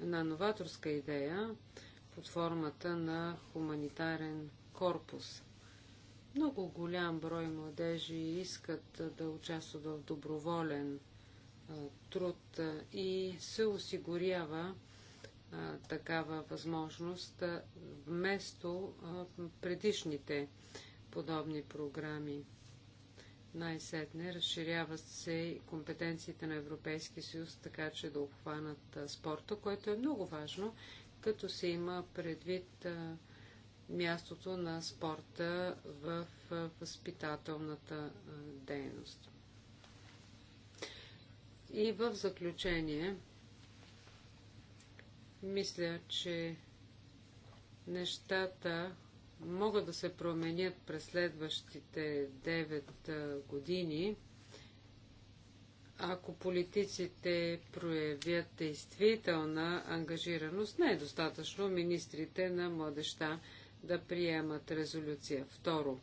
S1: една новаторска идея под формата на хуманитарен корпус. Много голям брой младежи искат да участват в доброволен труд и се осигурява такава възможност вместо предишните подобни програми. Най-сетне разширяват се и компетенциите на Европейския съюз, така че да обхванат спорта, което е много важно, като се има предвид а, мястото на спорта в възпитателната дейност. И в заключение, мисля, че нещата могат да се променят през следващите 9 години, ако политиците проявят действителна ангажираност. Не е достатъчно министрите на младеща да приемат резолюция. Второ,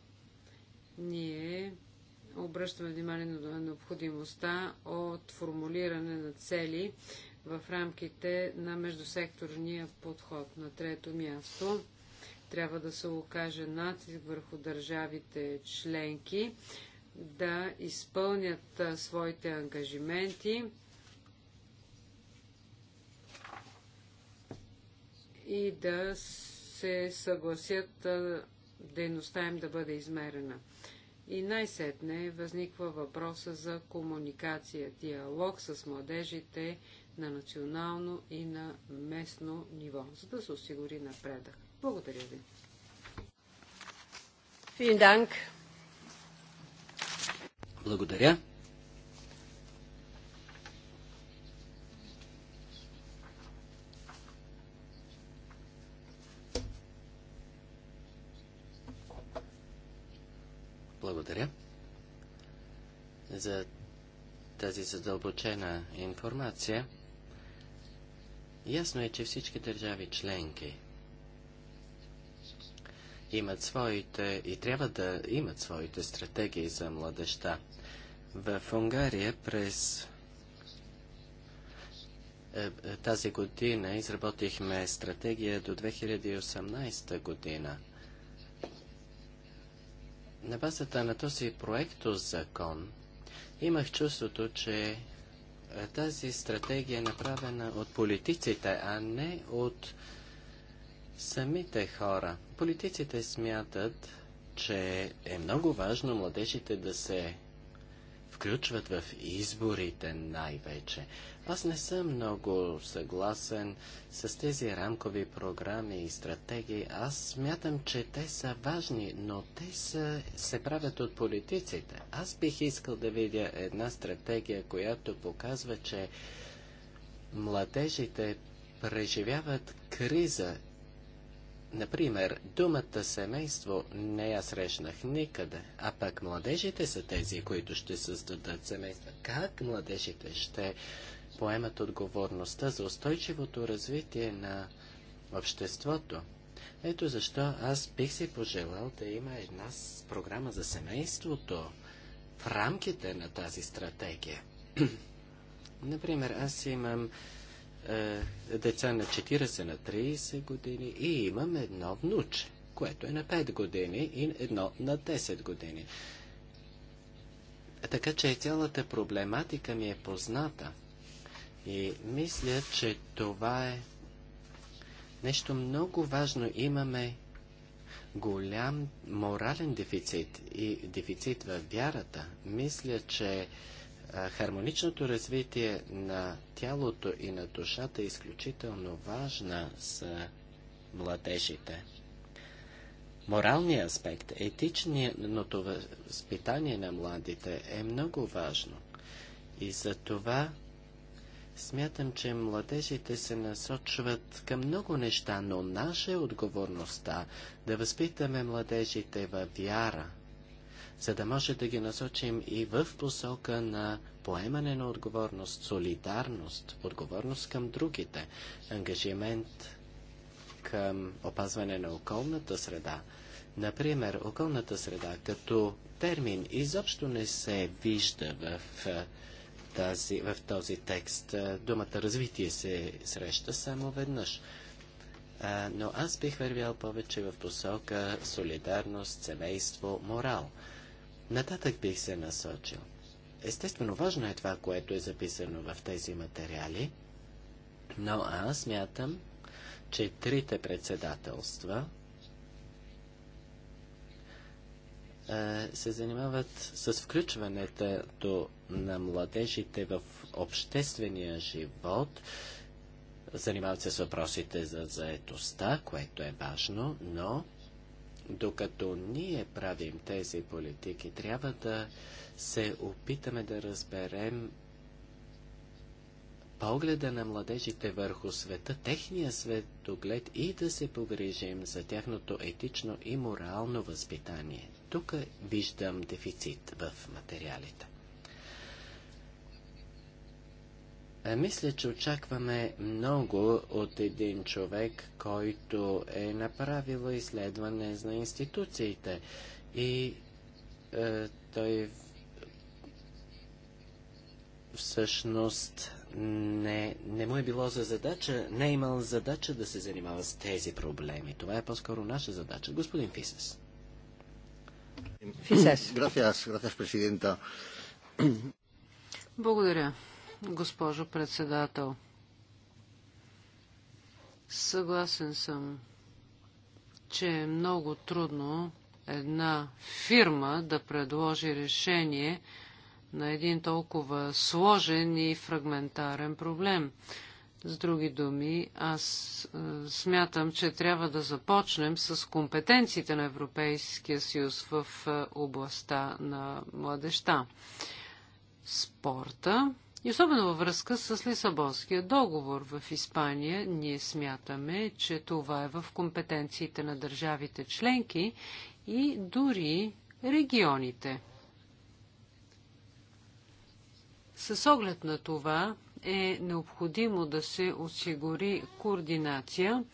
S1: ние обръщаме внимание на необходимостта от формулиране на цели в рамките на междусекторния подход. На трето място трябва да се окаже натиск върху държавите членки да изпълнят своите ангажименти и да се съгласят дейността им да бъде измерена. И най-сетне възниква въпроса за комуникация, диалог с младежите на национално и на местно ниво, за да се осигури напредък. Благодаря ви.
S2: Благодаря. за тази задълбочена информация. Ясно е, че всички държави членки имат своите и трябва да имат своите стратегии за младеща. В Унгария през е, е, тази година изработихме стратегия до 2018 година. На базата на този проект закон – Имах чувството, че е, тази стратегия е направена от политиците, а не от самите хора. Политиците смятат, че е много важно младежите да се включват в изборите най-вече. Аз не съм много съгласен с тези рамкови програми и стратегии. Аз смятам, че те са важни, но те са, се правят от политиците. Аз бих искал да видя една стратегия, която показва, че младежите преживяват криза Например, думата семейство не я срещнах никъде, а пък младежите са тези, които ще създадат семейства. Как младежите ще поемат отговорността за устойчивото развитие на обществото? Ето защо аз бих си пожелал да има една програма за семейството в рамките на тази стратегия. Например, аз имам е, деца на 40, на 30 години и имам едно внуче, което е на 5 години и едно на 10 години. Така че цялата проблематика ми е позната. И мисля, че това е нещо много важно. Имаме голям морален дефицит и дефицит във вярата. Мисля, че Хармоничното развитие на тялото и на душата е изключително важна за младежите. Моралният аспект, етичното възпитание на младите е много важно. И за това смятам, че младежите се насочват към много неща, но наша е отговорността да възпитаме младежите във вяра, за да може да ги насочим и в посока на поемане на отговорност, солидарност, отговорност към другите, ангажимент към опазване на околната среда. Например, околната среда като термин изобщо не се вижда в, тази, в този текст. Думата развитие се среща само веднъж. но аз бих вървял повече в посока солидарност, семейство, морал. Нататък бих се насочил. Естествено, важно е това, което е записано в тези материали, но аз смятам, че трите председателства е, се занимават с включването на младежите в обществения живот, занимават се с въпросите за заетостта, което е важно, но докато ние правим тези политики, трябва да се опитаме да разберем погледа на младежите върху света, техния светоглед и да се погрижим за тяхното етично и морално възпитание. Тук виждам дефицит в материалите. Е, мисля, че очакваме много от един човек, който е направил изследване на институциите. И е, той всъщност не, не му е било за задача, не е имал задача да се занимава с тези проблеми. Това е по-скоро наша задача. Господин Фисес. Фисес. Благодаря, президента.
S1: Благодаря, госпожо председател. Съгласен съм, че е много трудно една фирма да предложи решение на един толкова сложен и фрагментарен проблем. С други думи, аз е, смятам, че трябва да започнем с компетенциите на Европейския съюз в е, областта на младеща. Спорта и особено във връзка с Лисабонския договор в Испания, ние смятаме, че това е в компетенциите на държавите членки и дори регионите. С оглед на това е необходимо да се осигури координация,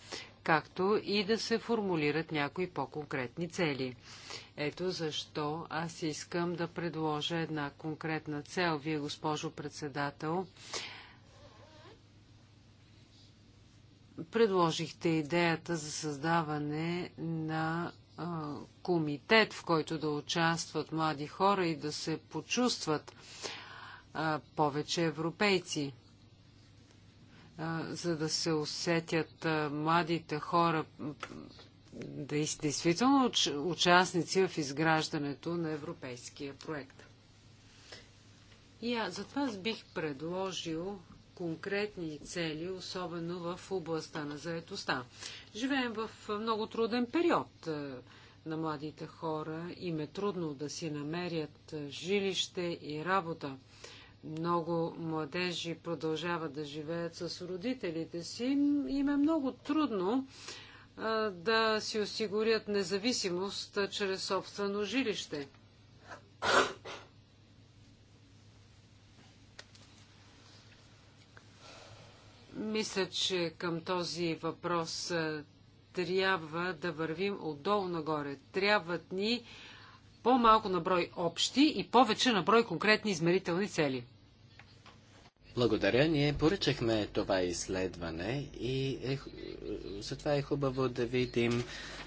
S1: както и да се формулират някои по-конкретни цели. Ето защо аз искам да предложа една конкретна цел. Вие, госпожо председател, предложихте идеята за създаване на комитет, в който да участват млади хора и да се почувстват повече европейци. за да се усетят младите хора действително участници в изграждането на европейския проект. И а, затова аз бих предложил конкретни цели, особено в областта на заетостта. Живеем в много труден период е, на младите хора. Им е трудно да си намерят е, жилище и работа. Много младежи продължават да живеят с родителите си. Им е много трудно да си осигурят независимост чрез собствено жилище. Мисля, че към този въпрос трябва да вървим отдолу нагоре. Трябват ни по-малко на брой общи и повече на брой конкретни измерителни цели.
S2: Благодаря. Ние поръчахме това изследване и е, затова е хубаво да видим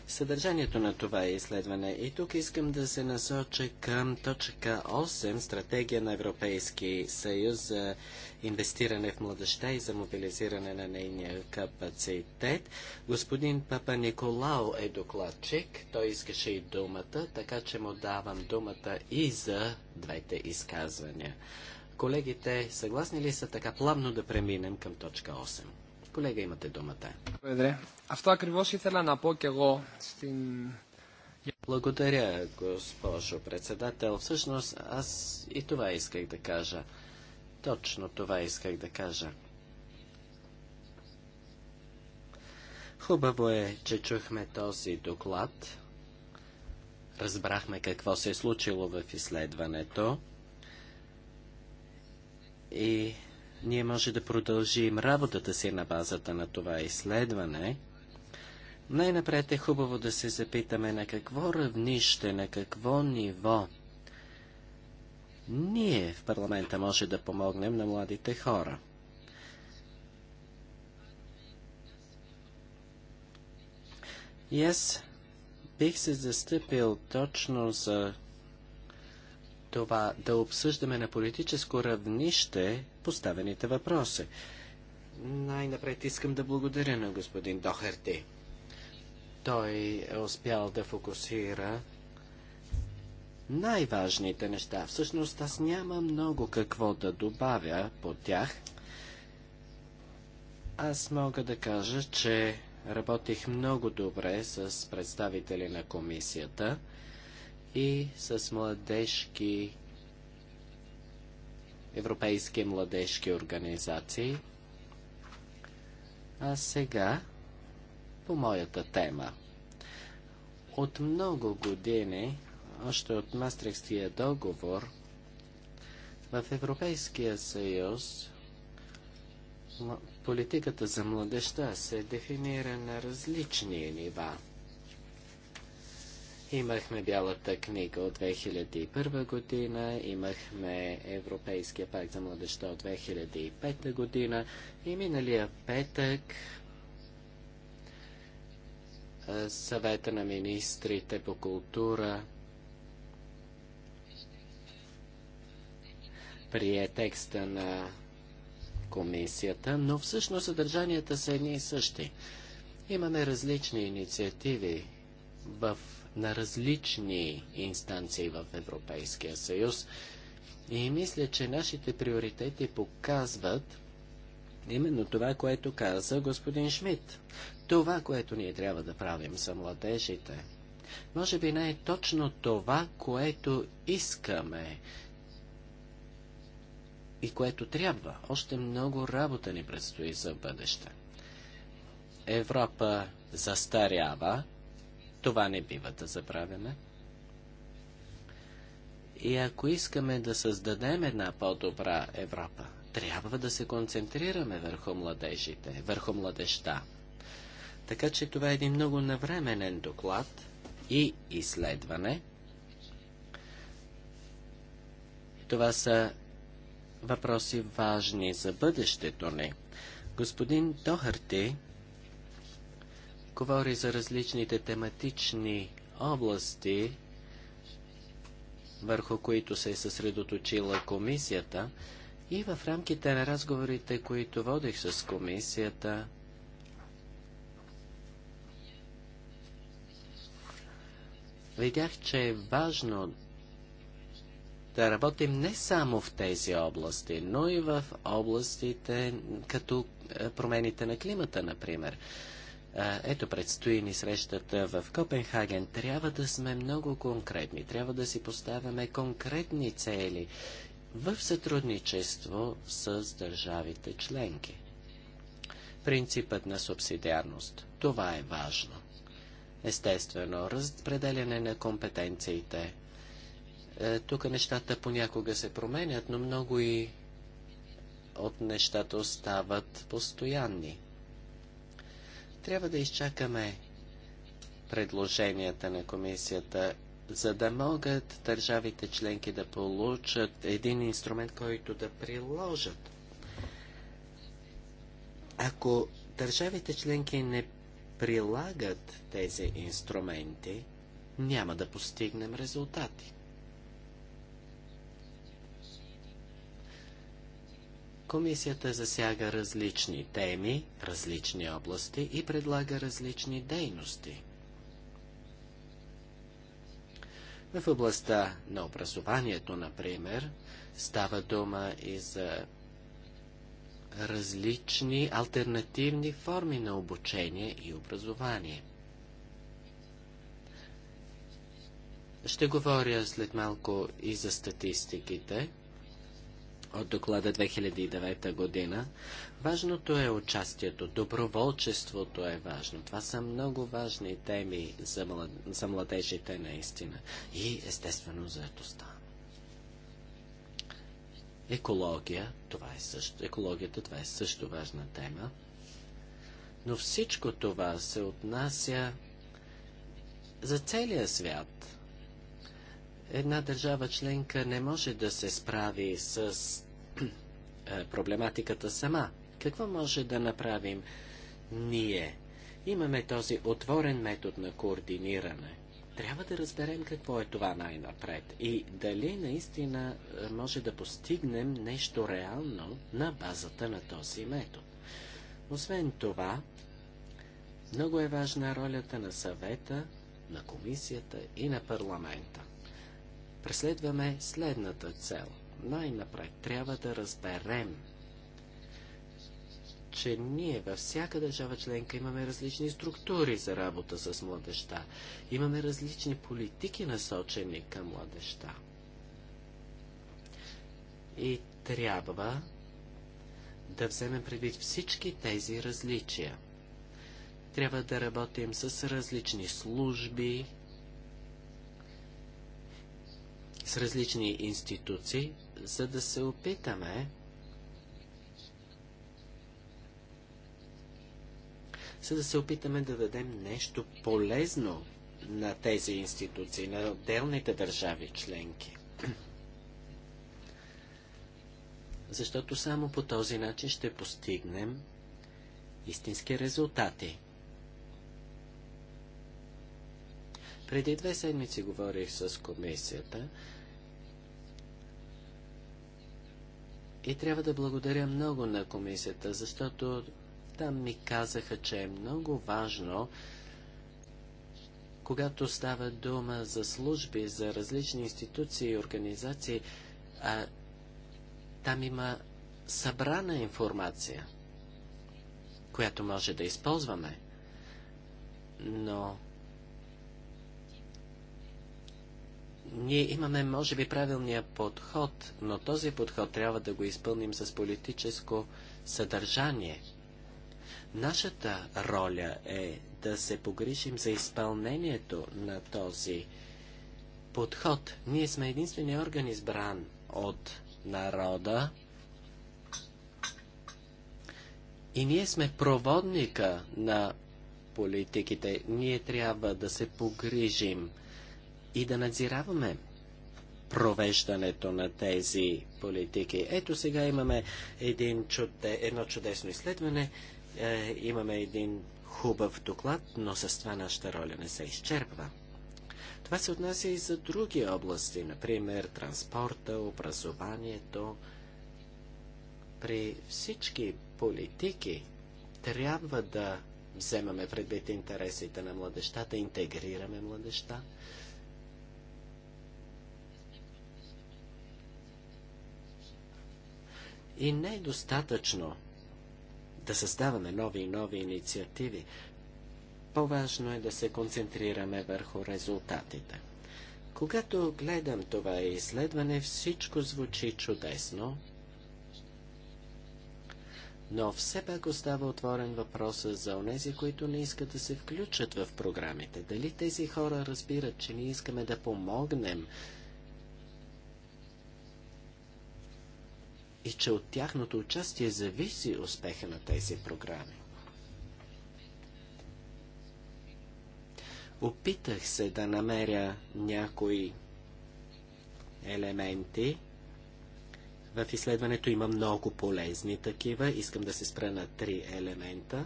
S2: съдържанието на това изследване. И тук искам да се насоча към точка 8, стратегия на Европейски съюз за инвестиране в младеща и за мобилизиране на нейния капацитет. Господин Папа Николао е докладчик. Той искаше и думата, така че му давам думата и за двете изказвания. Колегите, съгласни ли са така плавно да преминем към точка 8? Колега, имате думата. Благодаря. Αυτό ακριβώς ήθελα να благодаря, госпожо председател. Всъщност, аз и това исках да кажа. Точно това исках да кажа. Хубаво е, че чухме този доклад. Разбрахме какво се е случило в изследването. И ние може да продължим работата си на базата на това изследване. Най-напред е хубаво да се запитаме на какво равнище, на какво ниво ние в парламента може да помогнем на младите хора. И аз бих се застъпил точно за това да обсъждаме на политическо равнище поставените въпроси. Най-напред искам да благодаря на господин Дохерти. Той е успял да фокусира най-важните неща. Всъщност аз няма много какво да добавя по тях. Аз мога да кажа, че работих много добре с представители на комисията и с младежки европейски младежки организации. А сега по моята тема. От много години, още от Мастрихския договор, в Европейския съюз политиката за младеща се дефинира на различни нива – Имахме Бялата книга от 2001 година, имахме Европейския пакт за младеща от 2005 година и миналия петък съвета на министрите по култура прие текста на комисията, но всъщност съдържанията са едни и същи. Имаме различни инициативи в на различни инстанции в Европейския съюз. И мисля, че нашите приоритети показват именно това, което каза господин Шмидт. Това, което ние трябва да правим за младежите. Може би не е точно това, което искаме и което трябва. Още много работа ни предстои за бъдеще. Европа застарява, това не бива да забравяме. И ако искаме да създадем една по-добра Европа, трябва да се концентрираме върху младежите, върху младеща. Така че това е един много навременен доклад и изследване. Това са въпроси важни за бъдещето ни. Господин Тохарти, говори за различните тематични области, върху които се е съсредоточила комисията, и в рамките на разговорите, които водих с комисията, видях, че е важно да работим не само в тези области, но и в областите като е, промените на климата, например. Ето предстои ни срещата в Копенхаген. Трябва да сме много конкретни, трябва да си поставяме конкретни цели в сътрудничество с държавите членки. Принципът на субсидиарност. Това е важно. Естествено, разпределяне на компетенциите. Е, тук нещата понякога се променят, но много и от нещата остават постоянни трябва да изчакаме предложенията на комисията, за да могат държавите членки да получат един инструмент, който да приложат. Ако държавите членки не прилагат тези инструменти, няма да постигнем резултати. Комисията засяга различни теми, различни области и предлага различни дейности. В областта на образованието, например, става дума и за различни альтернативни форми на обучение и образование. Ще говоря след малко и за статистиките от доклада 2009 година. Важното е участието, доброволчеството е важно. Това са много важни теми за, млад... за младежите наистина и естествено заедостта. Екология, това е също, екологията, това е също важна тема. Но всичко това се отнася за целия свят. Една държава членка не може да се справи с е, проблематиката сама. Какво може да направим ние? Имаме този отворен метод на координиране. Трябва да разберем какво е това най-напред и дали наистина е, може да постигнем нещо реално на базата на този метод. Освен това, много е важна ролята на съвета, на комисията и на парламента. Преследваме следната цел – най-напред трябва да разберем, че ние във всяка държава членка имаме различни структури за работа с младеща. Имаме различни политики насочени към младеща. И трябва да вземем предвид всички тези различия. Трябва да работим с различни служби, с различни институции, за да се опитаме за да се опитаме да дадем нещо полезно на тези институции, на отделните държави членки. Защото само по този начин ще постигнем истински резултати. Преди две седмици говорих с комисията И трябва да благодаря много на комисията, защото там ми казаха, че е много важно, когато става дума за служби, за различни институции и организации, а, там има събрана информация, която може да използваме. Но Ние имаме, може би, правилния подход, но този подход трябва да го изпълним с политическо съдържание. Нашата роля е да се погрижим за изпълнението на този подход. Ние сме единствения орган избран от народа и ние сме проводника на политиките. Ние трябва да се погрижим и да надзираваме провеждането на тези политики. Ето сега имаме един чуде, едно чудесно изследване, е, имаме един хубав доклад, но с това нашата роля не се изчерпва. Това се отнася и за други области, например транспорта, образованието. При всички политики трябва да вземаме предвид интересите на младещата, интегрираме младеща. И не е достатъчно да създаваме нови и нови инициативи. По-важно е да се концентрираме върху резултатите. Когато гледам това изследване, всичко звучи чудесно, но все пак остава отворен въпроса за онези, които не искат да се включат в програмите. Дали тези хора разбират, че ние искаме да помогнем и че от тяхното участие зависи успеха на тези програми. Опитах се да намеря някои елементи. В изследването има много полезни такива. Искам да се спра на три елемента,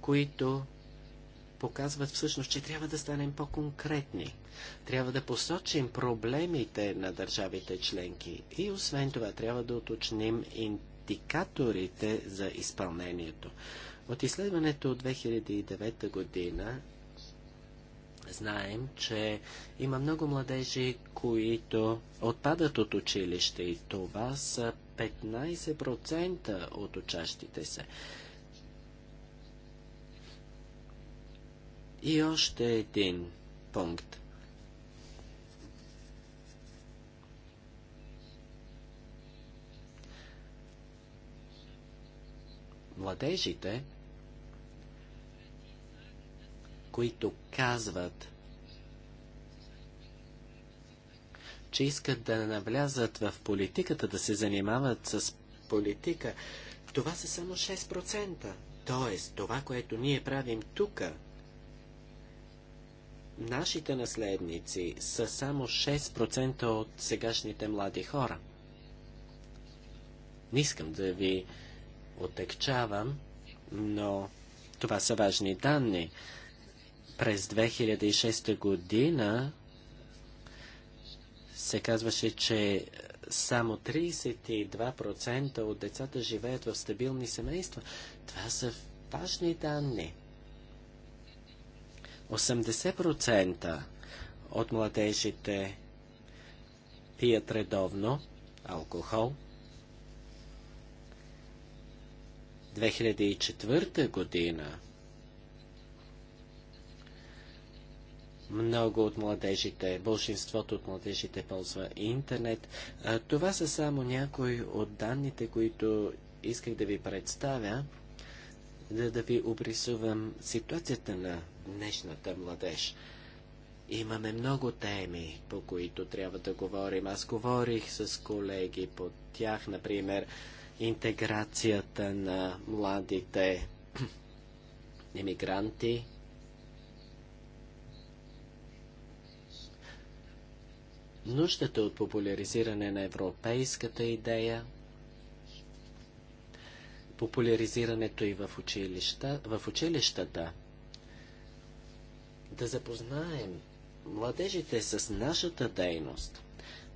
S2: които показват всъщност, че трябва да станем по-конкретни. Трябва да посочим проблемите на държавите членки и освен това трябва да уточним индикаторите за изпълнението. От изследването от 2009 година знаем, че има много младежи, които отпадат от училище и това са 15% от учащите се. И още един пункт. Младежите, които казват, че искат да навлязат в политиката, да се занимават с политика, това са само 6%. Тоест, това, което ние правим тук, Нашите наследници са само 6% от сегашните млади хора. Не искам да ви отекчавам, но това са важни данни. През 2006 година се казваше, че само 32% от децата живеят в стабилни семейства. Това са важни данни. 80% от младежите пият редовно алкохол. 2004 година много от младежите, большинството от младежите ползва интернет. Това са само някои от данните, които исках да ви представя, да, да ви обрисувам ситуацията на днешната младеж. Имаме много теми, по които трябва да говорим. Аз говорих с колеги по тях, например, интеграцията на младите емигранти. Нуждата от популяризиране на европейската идея, популяризирането и в, училища, в училищата – да запознаем младежите с нашата дейност.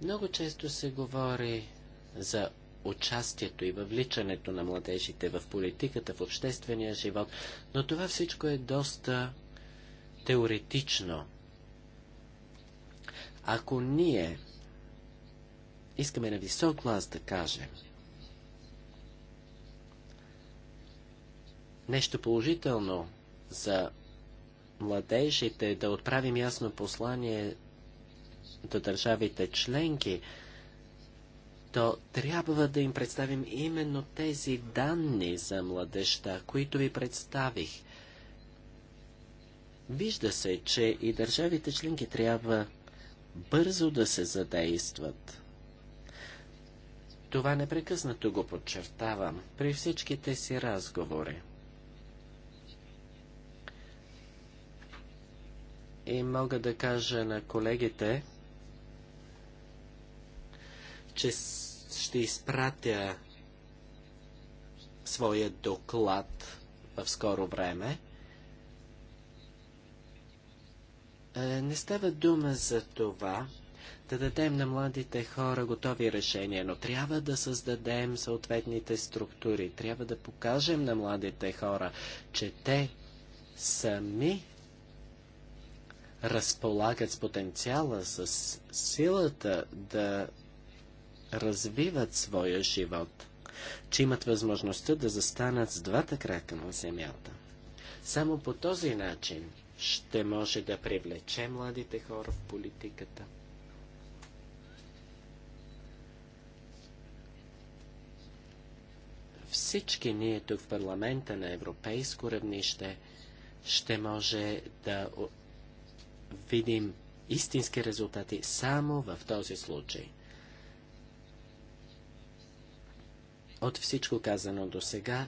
S2: Много често се говори за участието и въвличането на младежите в политиката, в обществения живот, но това всичко е доста теоретично. Ако ние искаме на висок глас да кажем нещо положително за младежите, да отправим ясно послание до държавите членки, то трябва да им представим именно тези данни за младеща, които ви представих. Вижда се, че и държавите членки трябва бързо да се задействат. Това непрекъснато го подчертавам при всичките си разговори. и мога да кажа на колегите, че ще изпратя своя доклад в скоро време. Е, не става дума за това да дадем на младите хора готови решения, но трябва да създадем съответните структури. Трябва да покажем на младите хора, че те сами разполагат с потенциала, с силата да развиват своя живот, че имат възможността да застанат с двата крака на земята. Само по този начин ще може да привлече младите хора в политиката. Всички ние тук в парламента на европейско равнище ще може да видим истински резултати само в този случай. От всичко казано до сега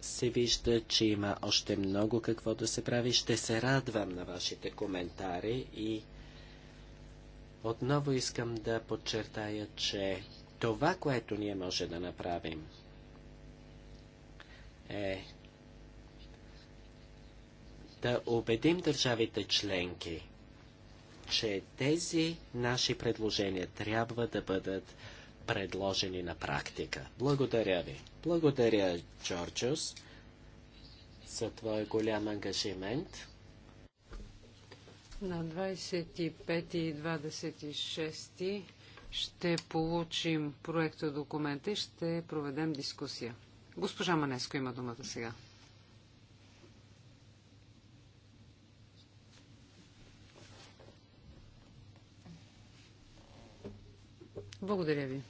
S2: се вижда, че има още много какво да се прави. Ще се радвам на вашите коментари и отново искам да подчертая, че това, което ние може да направим е да убедим държавите членки, че тези наши предложения трябва да бъдат предложени на практика. Благодаря ви. Благодаря, Джорджус, за твой голям ангажимент.
S1: На 25 и 26 ще получим проекта документа и ще проведем дискусия. Госпожа Манеско има думата сега. Благодаря ви.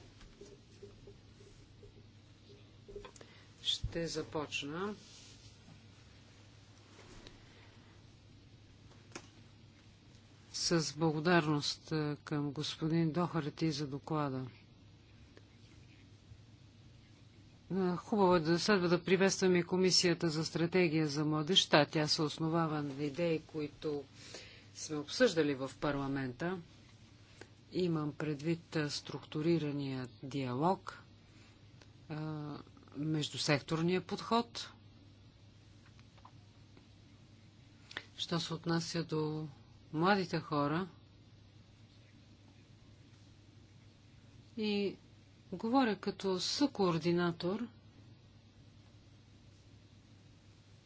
S1: Ще започна. С благодарност към господин Дохарти за доклада. Хубаво е да следва да приветстваме Комисията за стратегия за младеща. Тя се основава на идеи, които сме обсъждали в парламента. Имам предвид структурирания диалог, междусекторния подход. Що се отнася до младите хора и говоря като съкоординатор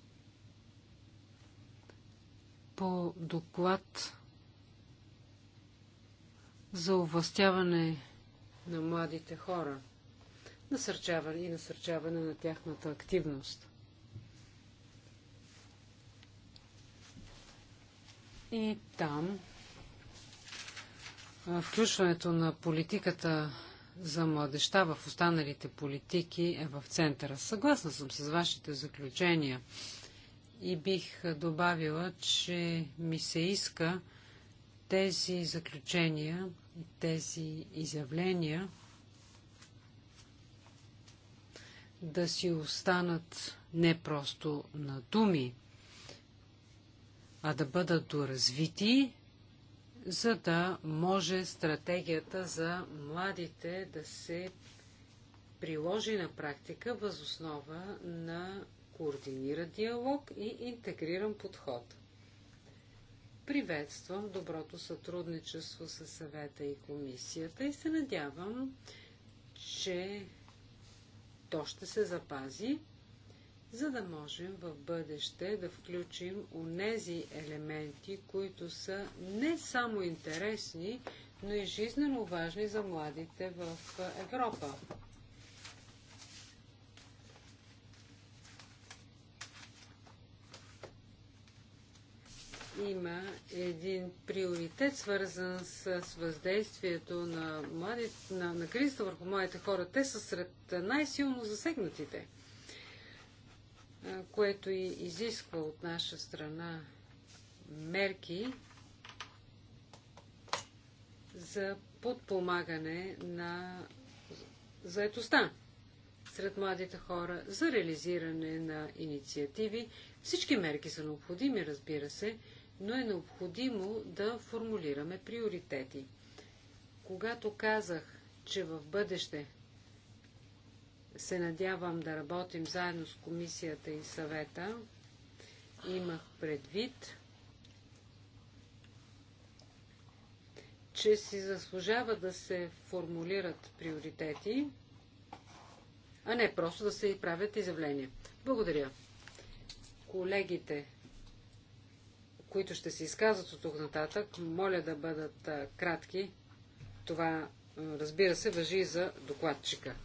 S1: – по доклад за овластяване на младите хора насърчаване и насърчаване на тяхната активност. И там включването на политиката за младеща в останалите политики е в центъра. Съгласна съм с вашите заключения и бих добавила, че ми се иска тези заключения тези изявления да си останат не просто на думи, а да бъдат доразвити, за да може стратегията за младите да се приложи на практика възоснова на координиран диалог и интегриран подход. Приветствам доброто сътрудничество с съвета и комисията и се надявам, че то ще се запази, за да можем в бъдеще да включим онези елементи, които са не само интересни, но и жизненно важни за младите в Европа. има един приоритет, свързан с въздействието на, млади, на, на кризата върху младите хора. Те са сред най-силно засегнатите, което и изисква от наша страна мерки за подпомагане на заетостта сред младите хора за реализиране на инициативи. Всички мерки са необходими, разбира се, но е необходимо да формулираме приоритети. Когато казах, че в бъдеще се надявам да работим заедно с комисията и съвета, имах предвид, че си заслужава да се формулират приоритети, а не просто да се и правят изявления. Благодаря. Колегите които ще се изказват от тук нататък, моля да бъдат кратки. Това, разбира се, въжи и за докладчика.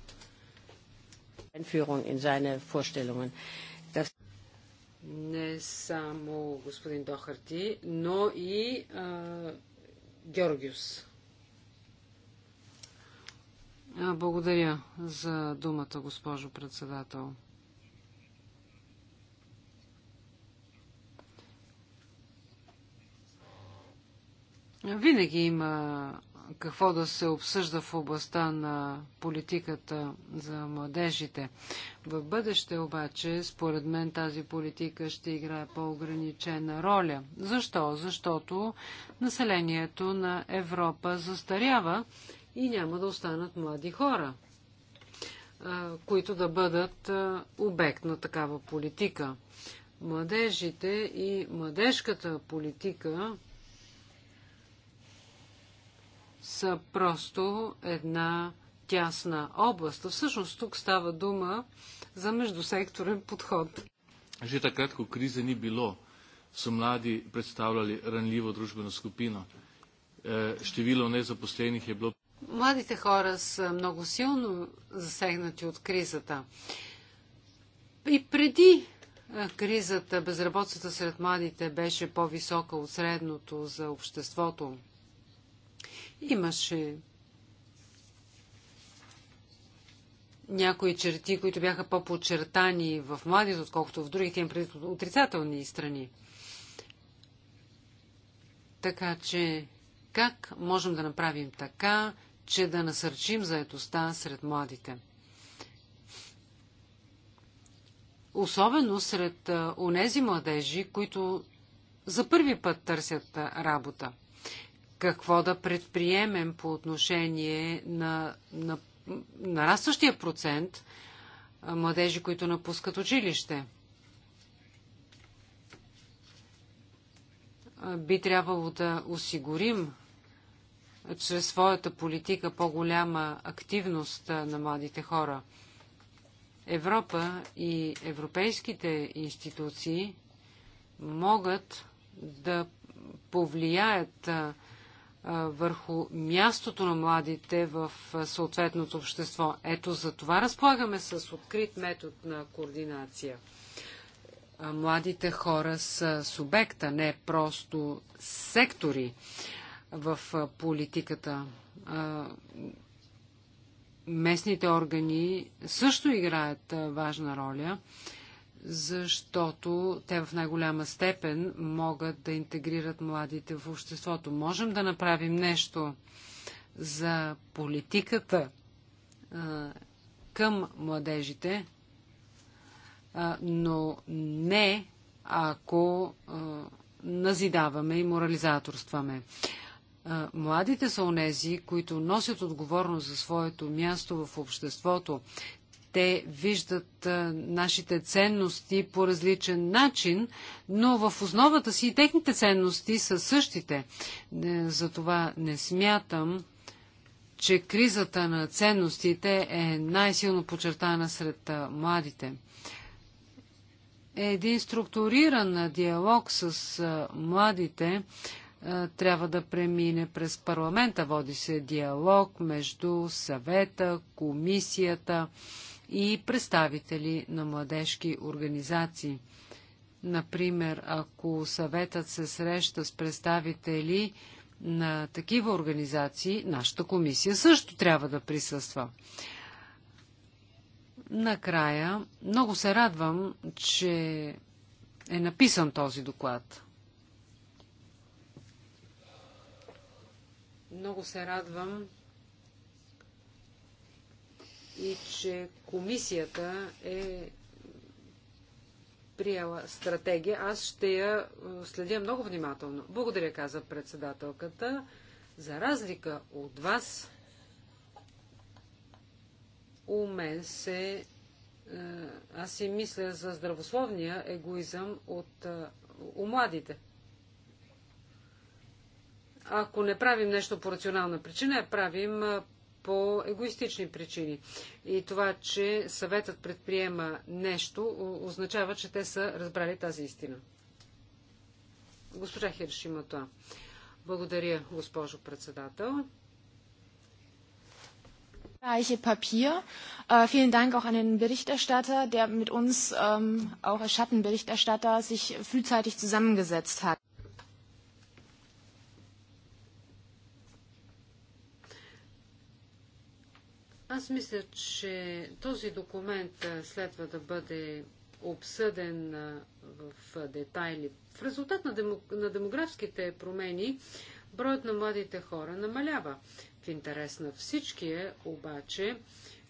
S1: Не само господин Дохарти, но и а, Георгиус. Благодаря за думата, госпожо председател. Винаги има какво да се обсъжда в областта на политиката за младежите. В бъдеще обаче, според мен, тази политика ще играе по-ограничена роля. Защо? Защото населението на Европа застарява и няма да останат млади хора, които да бъдат обект на такава политика. Младежите и младежката политика са просто една тясна област. Всъщност тук става дума за междусекторен подход. Že takrat, ko krize ni bilo, so mladi predstavljali ranljivo družbeno skupino. E, število nezaposlenih je bilo. Младите хора са много силно засегнати от кризата. И преди кризата безработицата сред младите беше по-висока от средното за обществото. Имаше някои черти, които бяха по-подчертани в младите, отколкото в другите, им преди отрицателни страни. Така че, как можем да направим така, че да насърчим заетостта сред младите? Особено сред онези младежи, които за първи път търсят работа – какво да предприемем по отношение на, на нарастващия процент младежи, които напускат училище. Би трябвало да осигурим чрез своята политика по-голяма активност на младите хора. Европа и европейските институции могат да повлияят върху мястото на младите в съответното общество. Ето за това разполагаме с открит метод на координация. Младите хора са субекта, не просто сектори в политиката. Местните органи също играят важна роля защото те в най-голяма степен могат да интегрират младите в обществото. Можем да направим нещо за политиката а, към младежите, а, но не ако а, назидаваме и морализаторстваме. Младите са онези, които носят отговорност за своето място в обществото те виждат нашите ценности по различен начин, но в основата си и техните ценности са същите. Е, затова не смятам, че кризата на ценностите е най-силно подчертана сред младите. Е един структуриран диалог с младите трябва да премине през парламента. Води се диалог между съвета, комисията, и представители на младежки организации. Например, ако съветът се среща с представители на такива организации, нашата комисия също трябва да присъства. Накрая, много се радвам, че е написан този доклад. Много се радвам, и че комисията е приела стратегия. Аз ще я е, следя много внимателно. Благодаря, каза председателката. За разлика от вас, у мен се... Е, аз си мисля за здравословния егоизъм от е, у младите. Ако не правим нещо по рационална причина, правим по егоистични причини. И това, че съветът предприема нещо, означава, че те са разбрали тази истина. Госпожа Хирш има това. Благодаря, госпожо председател. Papier. Äh, vielen Dank auch an den Berichterstatter, der mit uns ähm, auch als Schattenberichterstatter sich frühzeitig zusammengesetzt hat. Аз мисля, че този документ следва да бъде обсъден в детайли. В резултат на, демо, на демографските промени, броят на младите хора намалява. В интерес на всички е обаче,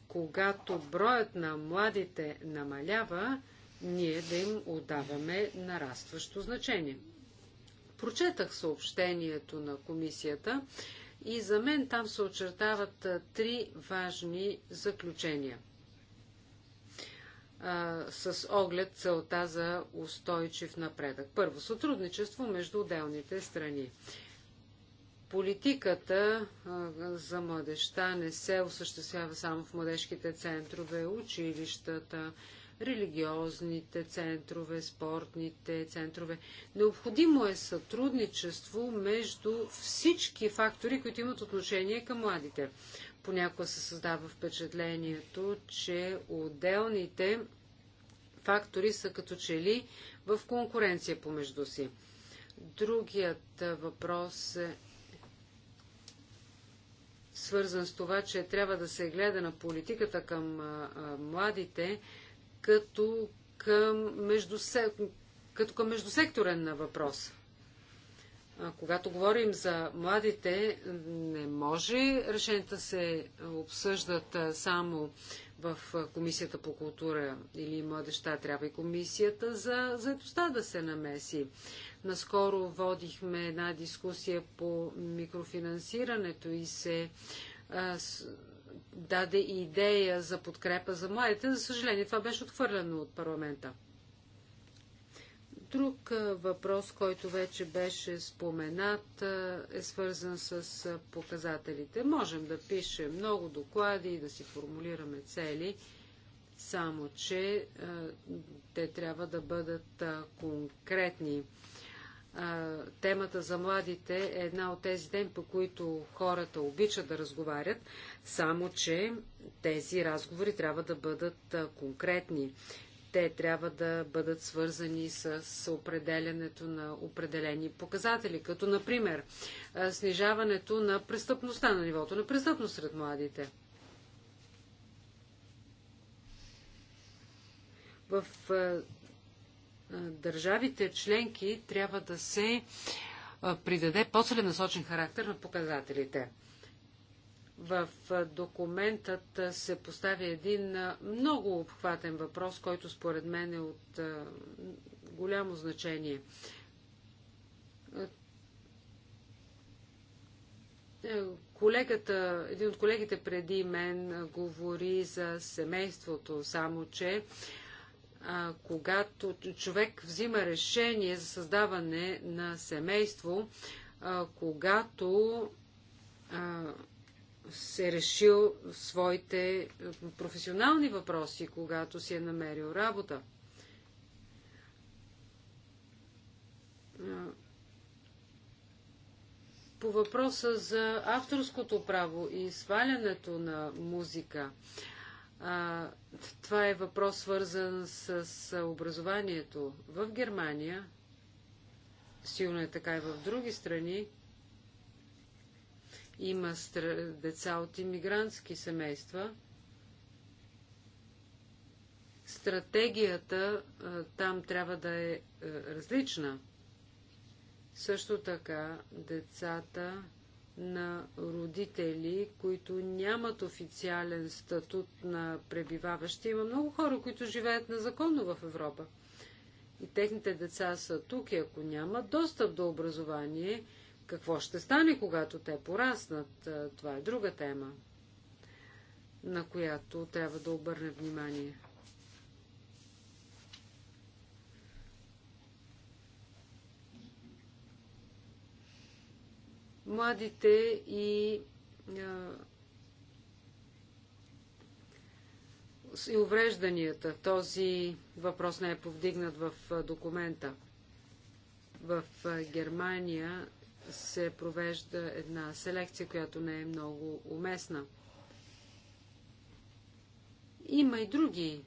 S1: когато броят на младите намалява, ние да им отдаваме нарастващо значение. Прочетах съобщението на комисията и за мен там се очертават три важни заключения а, с оглед целта за устойчив напредък. Първо, сътрудничество между отделните страни. Политиката а, за младеща не се осъществява само в младежките центрове, училищата, религиозните центрове, спортните центрове. Необходимо е сътрудничество между всички фактори, които имат отношение към младите. Понякога се създава впечатлението, че отделните фактори са като че ли в конкуренция помежду си. Другият въпрос е свързан с това, че трябва да се гледа на политиката към а, а, младите като към, междусек... като към междусекторен въпрос. А, когато говорим за младите, не може решенията се обсъждат само в Комисията по култура или младеща. Трябва и Комисията за заедостта да се намеси. Наскоро водихме една дискусия по микрофинансирането и се даде идея за подкрепа за младите. За съжаление, това беше отхвърлено от парламента. Друг въпрос, който вече беше споменат, е свързан с показателите. Можем да пишем много доклади и да си формулираме цели, само че те трябва да бъдат конкретни темата за младите е една от тези теми, по които хората обичат да разговарят, само че тези разговори трябва да бъдат конкретни. Те трябва да бъдат свързани с определенето на определени показатели, като например снижаването на престъпността, на нивото на престъпност сред младите. В държавите членки трябва да се придаде по-целенасочен характер на показателите. В документът се поставя един много обхватен въпрос, който според мен е от голямо значение. Е, колегата, един от колегите преди мен говори за семейството, само че а, когато човек взима решение за създаване на семейство, а, когато а, се е решил своите професионални въпроси, когато си е намерил работа. По въпроса за авторското право и свалянето на музика, а, това е въпрос свързан с, с образованието. В Германия, силно е така и в други страни, има деца от иммигрантски семейства. Стратегията а, там трябва да е а, различна. Също така децата на родители, които нямат официален статут на пребиваващи. Има много хора, които живеят незаконно в Европа. И техните деца са тук и ако нямат достъп до образование, какво ще стане, когато те пораснат? Е, това е друга тема, на която трябва да обърне внимание. младите и и уврежданията. Този въпрос не е повдигнат в документа. В Германия се провежда една селекция, която не е много уместна. Има и други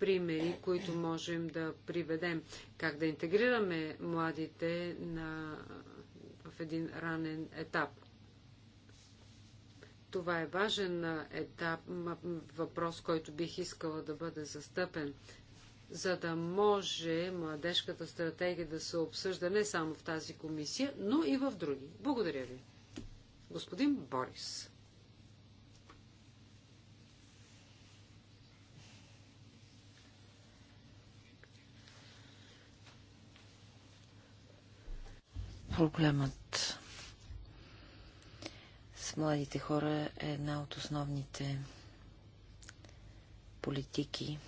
S1: примери, които можем да приведем. Как да интегрираме младите на в един ранен етап. Това е важен етап, въпрос, който бих искала да бъде застъпен, за да може младежката стратегия да се обсъжда не само в тази комисия, но и в други. Благодаря ви. Господин Борис.
S3: Проблемът с младите хора е една от основните политики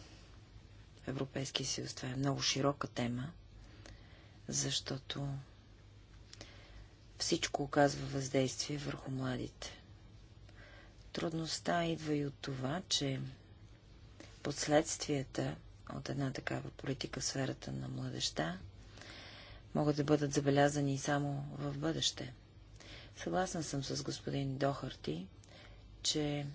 S3: в Европейския съюз. Това е много широка тема, защото всичко оказва въздействие върху младите. Трудността идва и от това, че последствията от една такава политика в сферата на младеща могат да бъдат забелязани само в бъдеще. Съгласна съм с господин Дохарти, че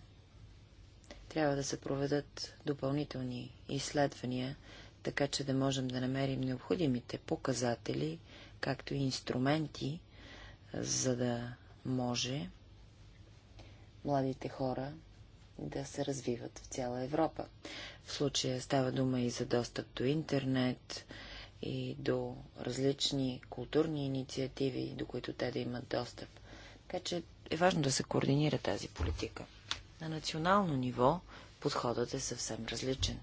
S3: трябва да се проведат допълнителни изследвания, така че да можем да намерим необходимите показатели, както и инструменти, за да може младите хора да се развиват в цяла Европа. В случая става дума и за достъп до интернет, и до различни културни инициативи, до които те да имат достъп. Така че е важно да се координира тази политика. На национално ниво подходът е съвсем различен.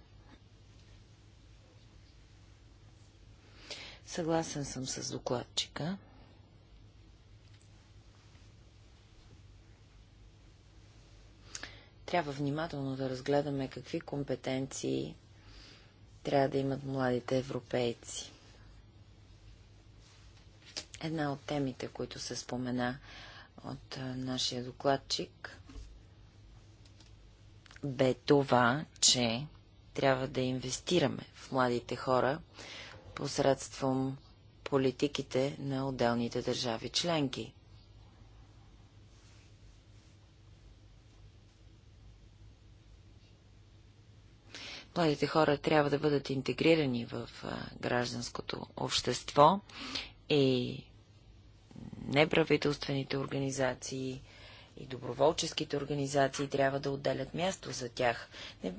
S3: Съгласен съм с докладчика. Трябва внимателно да разгледаме какви компетенции трябва да имат младите европейци. Една от темите, които се спомена от нашия докладчик, бе това, че трябва да инвестираме в младите хора посредством политиките на отделните държави членки. Младите хора трябва да бъдат интегрирани в гражданското общество и неправителствените организации и доброволческите организации трябва да отделят място за тях.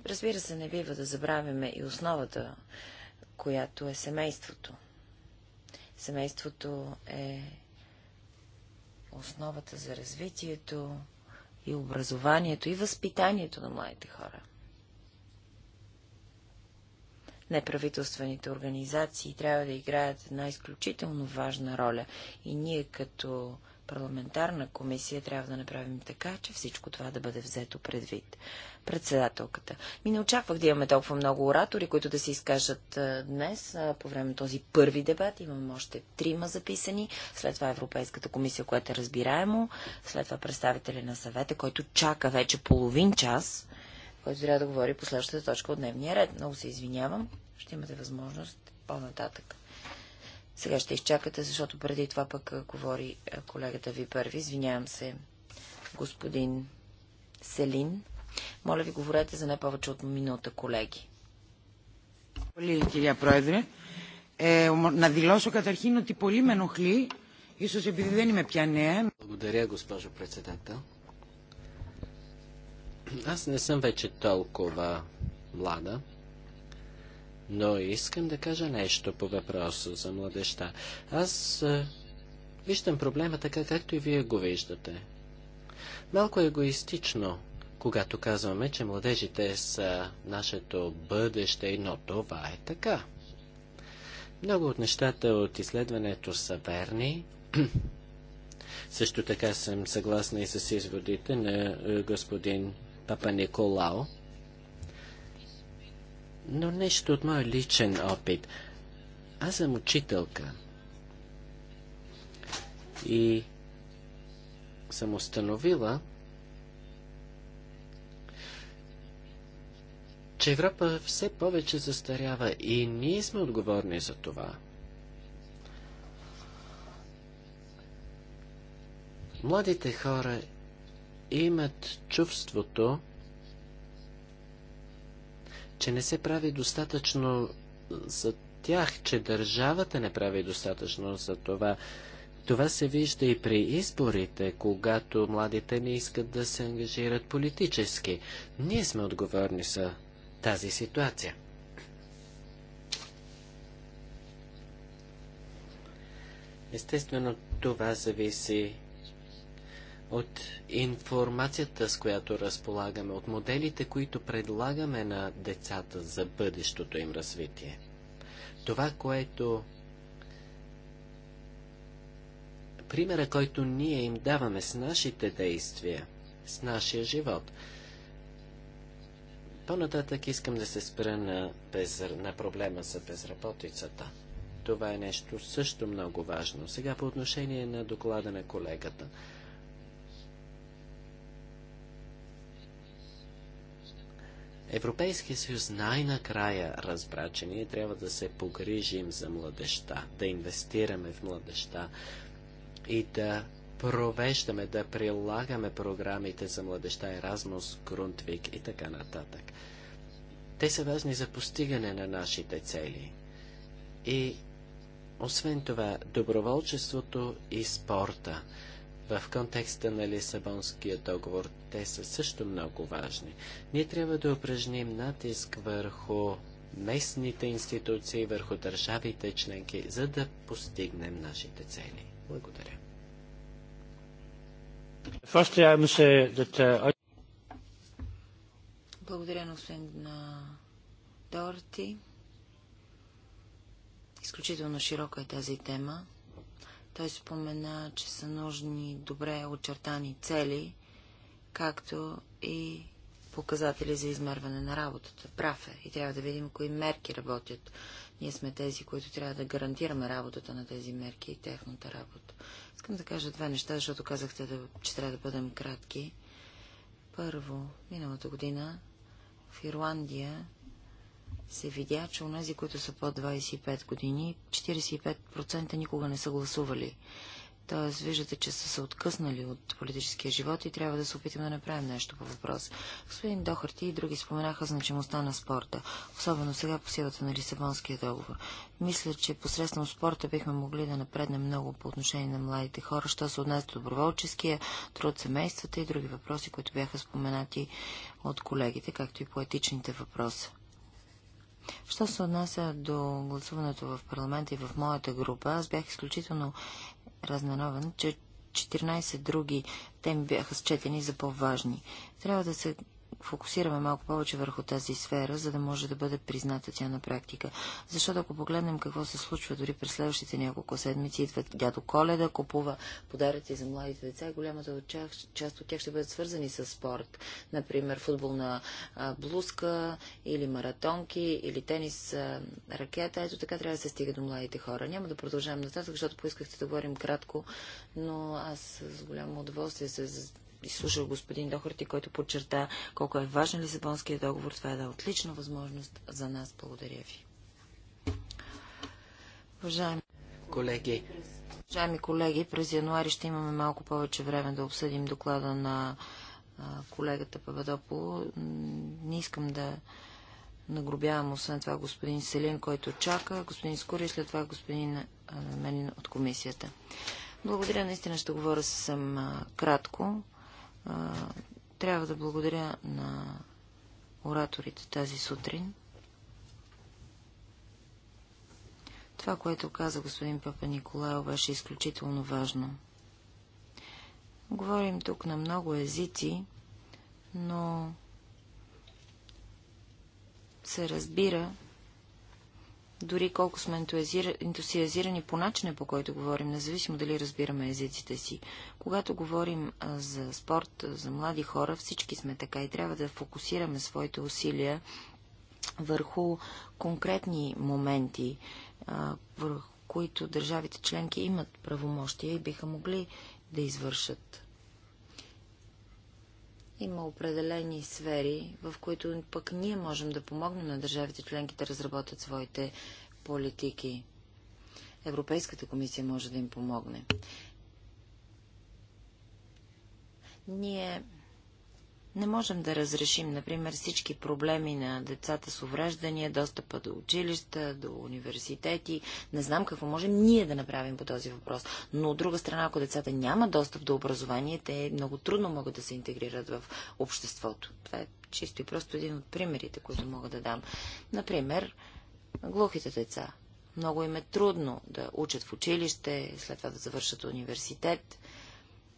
S3: разбира се, не бива да забравяме и основата, която е семейството. Семейството е основата за развитието и образованието и възпитанието на младите хора неправителствените организации трябва да играят една изключително важна роля. И ние като парламентарна комисия трябва да направим така, че всичко това да бъде взето предвид. Председателката. Ми не очаквах да имаме толкова много оратори, които да се изкажат днес по време на този първи дебат. Имам още трима записани. След това Европейската комисия, която е разбираемо. След това представители на съвета, който чака вече половин час, който трябва да говори по следващата точка от дневния ред. Много се извинявам. Ще имате възможност по-нататък. Сега ще изчакате, защото преди това пък говори колегата ви първи. Извинявам се, господин Селин.
S2: Моля ви, говорете за
S3: не повече от минута, колеги.
S1: Πολύ, κυρία Πρόεδρε. Ε, να δηλώσω καταρχήν ότι πολύ με ενοχλεί,
S2: ίσως επειδή δεν είμαι πια νέα. Благодаря, госпожо председател. Аз не съм вече толкова млада. Но искам да кажа нещо по въпроса за младеща. Аз е, виждам проблема така, както и вие го виждате. Малко егоистично, когато казваме, че младежите са нашето бъдеще, но това е така. Много от нещата от изследването са верни. Също така съм съгласна и с изводите на е, господин Папа Николао но нещо от моя личен опит. Аз съм учителка и съм установила, че Европа все повече застарява и ние сме отговорни за това. Младите хора имат чувството, че не се прави достатъчно за тях, че държавата не прави достатъчно за това. Това се вижда и при изборите, когато младите не искат да се ангажират политически. Ние сме отговорни за тази ситуация. Естествено, това зависи от информацията, с която разполагаме, от моделите, които предлагаме на децата за бъдещото им развитие. Това, което примера, който ние им даваме с нашите действия, с нашия живот. По-нататък искам да се спра на, без... на проблема за безработицата. Това е нещо също много важно. Сега по отношение на доклада на колегата. Европейския съюз най-накрая разбра, че ние трябва да се погрижим за младеща, да инвестираме в младеща и да провеждаме, да прилагаме програмите за младеща Еразмус, Грунтвик и така нататък. Те са важни за постигане на нашите цели. И освен това, доброволчеството и спорта – в контекста на Лисабонския договор. Те са също много важни. Ние трябва да упражним натиск върху местните институции, върху държавите членки, за да постигнем нашите цели. Благодаря. Uh,
S3: Благодаря на господин Дорти. Изключително широка е тази тема. Той спомена, че са нужни добре очертани цели, както и показатели за измерване на работата. Прав е. И трябва да видим кои мерки работят. Ние сме тези, които трябва да гарантираме работата на тези мерки и техната работа. Искам да кажа две неща, защото казахте, да, че трябва да бъдем кратки. Първо, миналата година в Ирландия се видя, че онези, които са под 25 години, 45% никога не са гласували. Тоест, виждате, че са се откъснали от политическия живот и трябва да се опитаме да направим нещо по въпрос. Господин Дохарти и други споменаха значимостта на спорта, особено сега по силата на Лисабонския договор. Мисля, че посредством спорта бихме могли да напреднем много по отношение на младите хора, що се отнесе до доброволческия труд, семействата и други въпроси, които бяха споменати от колегите, както и по етичните въпроси. Що се отнася до гласуването в парламента и в моята група, аз бях изключително разменован, че 14 други теми бяха счетени за по-важни. Трябва да се фокусираме малко повече върху тази сфера, за да може да бъде призната тя на практика. Защото ако погледнем какво се случва дори през следващите няколко седмици, идват дядо Коледа, купува подаръци за младите деца и голямата част от тях ще бъдат свързани с спорт. Например, футболна а, блузка или маратонки или тенис а, ракета. Ето така трябва да се стига до младите хора. Няма да продължавам нататък, защото поискахте да говорим кратко, но аз с голямо удоволствие се изслушал господин Дохарти, който подчерта колко е важен Лисабонския договор. Това е да отлична възможност за нас. Благодаря ви. Уважаеми колеги, уважаеми колеги, през януари ще имаме малко повече време да обсъдим доклада на колегата Павадопо. Не искам да нагрубявам освен това господин Селин, който чака, господин Скори, след това господин Менин от комисията. Благодаря, наистина ще говоря съвсем кратко трябва да благодаря на ораторите тази сутрин. Това, което каза господин Папа Николао, беше изключително важно. Говорим тук на много езици, но се разбира, дори колко сме ентусиазирани по начина, по който говорим, независимо дали разбираме езиците си. Когато говорим за спорт, за млади хора, всички сме така и трябва да фокусираме своите усилия върху конкретни моменти, върху които държавите членки имат правомощия и биха могли да извършат има определени сфери, в които пък ние можем да помогнем на държавите членки да разработят своите политики. Европейската комисия може да им помогне. Ние не можем да разрешим, например, всички проблеми на децата с увреждания, достъпа до училища, до университети. Не знам какво можем ние да направим по този въпрос. Но от друга страна, ако децата няма достъп до образование, те много трудно могат да се интегрират в обществото. Това е чисто и просто един от примерите, които мога да дам. Например, глухите деца. Много им е трудно да учат в училище, след това да завършат университет.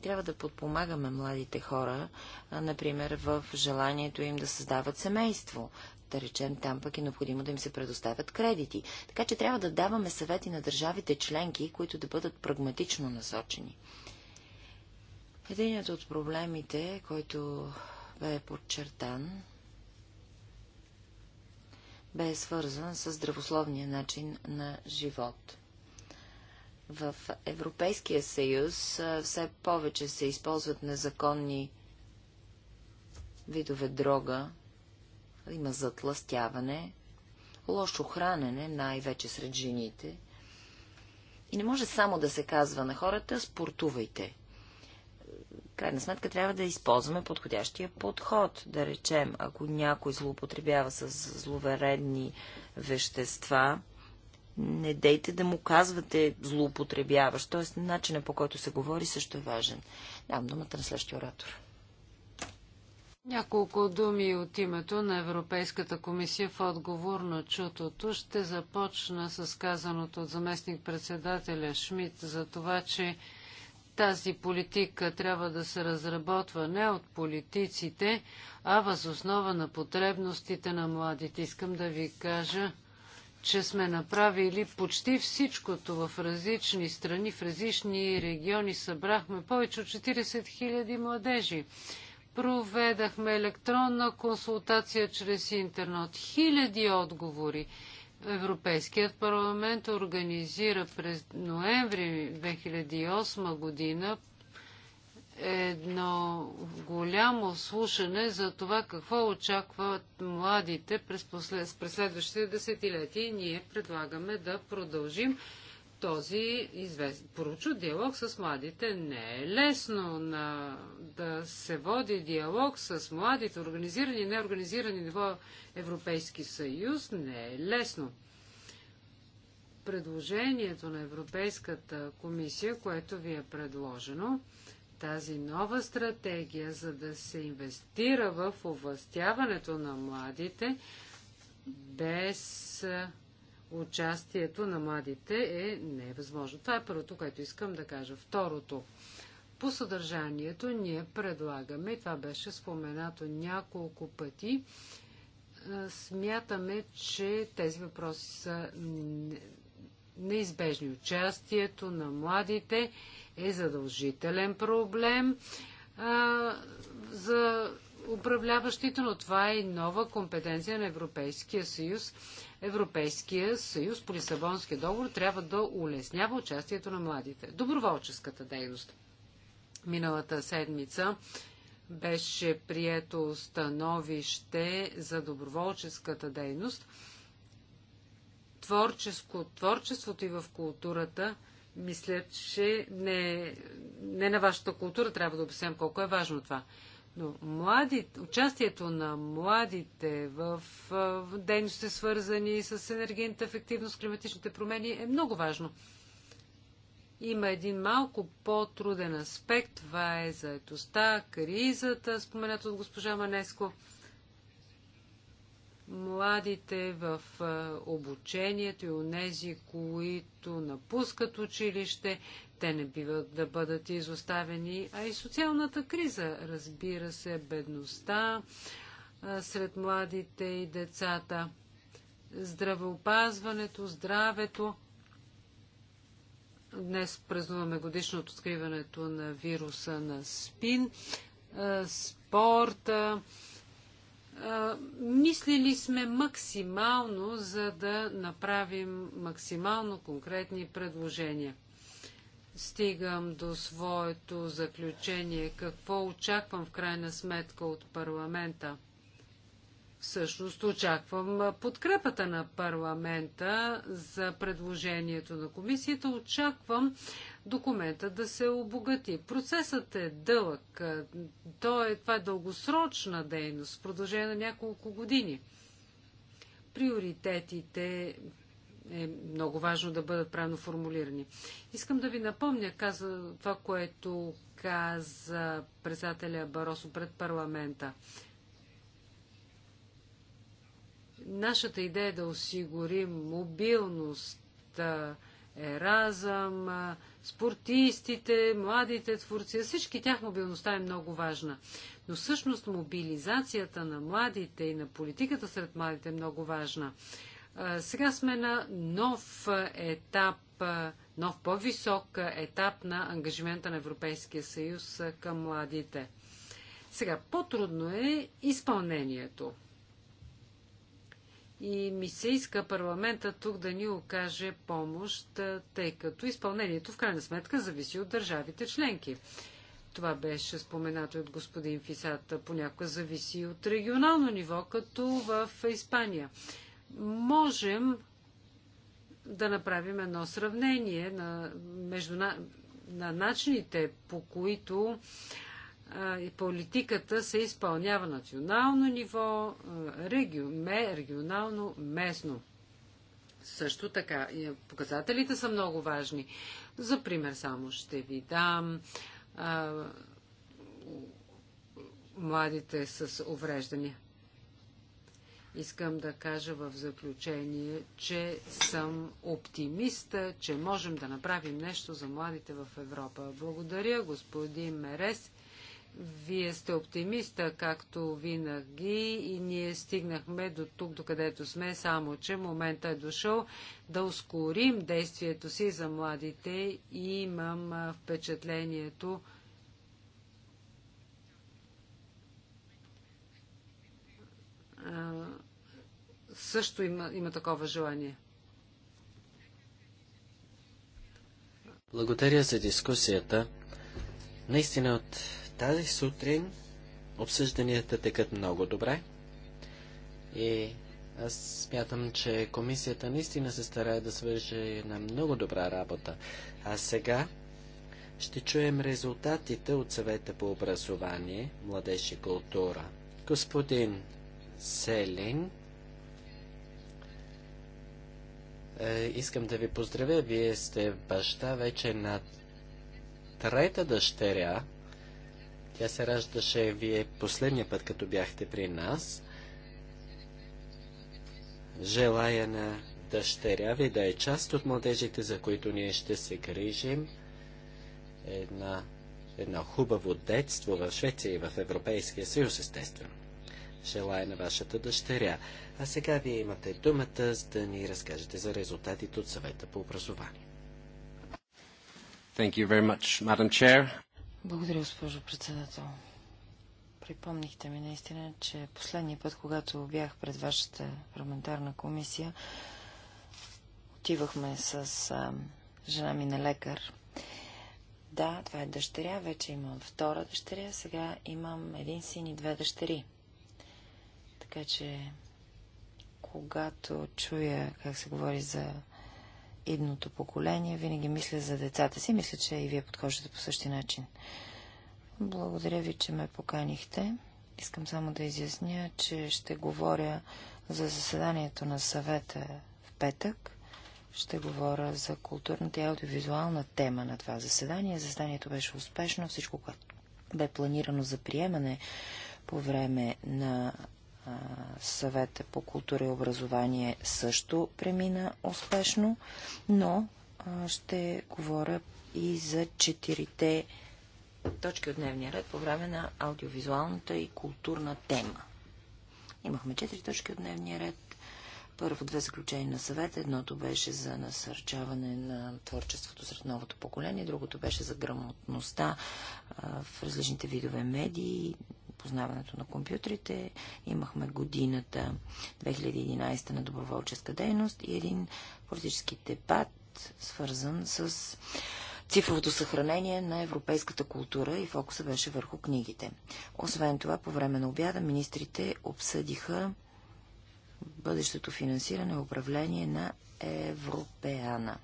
S3: Трябва да подпомагаме младите хора, например, в желанието им да създават семейство. Да речем, там пък е необходимо да им се предоставят кредити. Така че трябва да даваме съвети на държавите членки, които да бъдат прагматично насочени. Единият от проблемите, който бе подчертан, бе свързан с здравословния начин на живот. В Европейския съюз все повече се използват незаконни видове дрога, има затластяване, лошо хранене, най-вече сред жените. И не може само да се казва на хората, спортувайте. Крайна сметка трябва да използваме подходящия подход. Да речем, ако някой злоупотребява с зловередни вещества, не дейте да му казвате злоупотребяващ. т.е. начинът по който се говори също е важен. Давам думата на следващия оратор.
S1: Няколко думи от името на Европейската комисия в отговор на чутото. Ще започна с казаното от заместник-председателя Шмидт за това, че тази политика трябва да се разработва не от политиците, а възоснова на потребностите на младите. Искам да ви кажа, че сме направили почти всичкото в различни страни, в различни региони. Събрахме повече от 40 000 младежи. Проведахме електронна консултация чрез интернет. Хиляди отговори. Европейският парламент организира през ноември 2008 година едно голямо слушане за това какво очакват младите през, послед... през следващите десетилетия. ние предлагаме да продължим този извест... поручо диалог с младите. Не е лесно на... да се води диалог с младите, организирани и неорганизирани ниво Европейски съюз. Не е лесно предложението на Европейската комисия, което ви е предложено, тази нова стратегия, за да се инвестира в овластяването на младите, без участието на младите е невъзможно. Това е първото, което искам да кажа. Второто. По съдържанието ние предлагаме, и това беше споменато няколко пъти, смятаме, че тези въпроси са неизбежни. Участието на младите е задължителен проблем а, за управляващите, но това е и нова компетенция на Европейския съюз. Европейския съюз по Лисабонския договор трябва да улеснява участието на младите. Доброволческата дейност. Миналата седмица беше прието становище за доброволческата дейност. Творческо, творчеството и в културата – мисля, че не, не на вашата култура трябва да обясням колко е важно това. Но млади, участието на младите в, в дейности, свързани с енергийната ефективност, климатичните промени, е много важно. Има един малко по-труден аспект. Това е заетостта, кризата, спомената от госпожа Манеско младите в обучението и онези, които напускат училище, те не биват да бъдат изоставени, а и социалната криза, разбира се, бедността сред младите и децата, здравеопазването, здравето. Днес празнуваме годишното откриването на вируса на спин, спорта, мислили сме максимално, за да направим максимално конкретни предложения. Стигам до своето заключение. Какво очаквам в крайна сметка от парламента? Всъщност очаквам подкрепата на парламента за предложението на комисията. Очаквам документа да се обогати. Процесът е дълъг. Е, То е, това е дългосрочна дейност, в продължение на няколко години. Приоритетите е много важно да бъдат правилно формулирани. Искам да ви напомня каза, това, което каза председателя Баросо пред парламента. Нашата идея е да осигурим мобилност, Еразъм, спортистите, младите творци, всички тях мобилността е много важна. Но всъщност мобилизацията на младите и на политиката сред младите е много важна. Сега сме на нов етап, нов по-висок етап на ангажимента на Европейския съюз към младите. Сега, по-трудно е изпълнението и ми се иска парламента тук да ни окаже помощ, тъй като изпълнението в крайна сметка зависи от държавите членки. Това беше споменато от господин Фисата, понякога зависи от регионално ниво, като в Испания. Можем да направим едно сравнение на, между, на, на начините, по които политиката се изпълнява национално ниво, регионално, местно. Също така, показателите са много важни. За пример само ще ви дам а, младите с увреждания. Искам да кажа в заключение, че съм оптимиста, че можем да направим нещо за младите в Европа. Благодаря, господин Мерес. Вие сте оптимиста, както винаги, и ние стигнахме до тук, до където сме, само че момента е дошъл да ускорим действието си за младите и имам впечатлението, също има, има такова желание.
S2: Благодаря за дискусията. Наистина от тази сутрин обсъжданията текат много добре и аз смятам, че комисията наистина се старае да свърже една много добра работа. А сега ще чуем резултатите от съвета по образование, младеж и култура. Господин Селин, е, искам да ви поздравя. Вие сте баща вече на трета дъщеря тя се раждаше вие последния път, като бяхте при нас. Желая на дъщеря ви да е част от младежите, за които ние ще се грижим. Една, едно хубаво детство в Швеция и в Европейския съюз, естествено. Желая на вашата дъщеря. А сега вие имате думата, за да ни разкажете за резултатите от съвета по образование. Thank you very much, Madam Chair.
S3: Благодаря, госпожо председател. Припомнихте ми наистина, че последния път, когато бях пред вашата парламентарна комисия, отивахме с а, жена ми на лекар. Да, това е дъщеря, вече имам втора дъщеря, сега имам един син и две дъщери. Така че, когато чуя как се говори за идното поколение. Винаги мисля за децата си. Мисля, че и вие подхождате по същия начин. Благодаря ви, че ме поканихте. Искам само да изясня, че ще говоря за заседанието на съвета в петък. Ще говоря за културната и аудиовизуална тема на това заседание. Заседанието беше успешно. Всичко, което бе планирано за приемане по време на съвета по култура и образование също премина успешно, но ще говоря и за четирите точки от дневния ред по време на аудиовизуалната и културна тема. Имахме четири точки от дневния ред. Първо две заключения на съвет. Едното беше за насърчаване на творчеството сред новото поколение, другото беше за грамотността в различните видове медии, познаването на компютрите. Имахме годината 2011 на доброволческа дейност и един политически дебат, свързан с цифровото съхранение на европейската култура и фокуса беше върху книгите. Освен това, по време на обяда министрите обсъдиха бъдещето финансиране и управление на Европеана.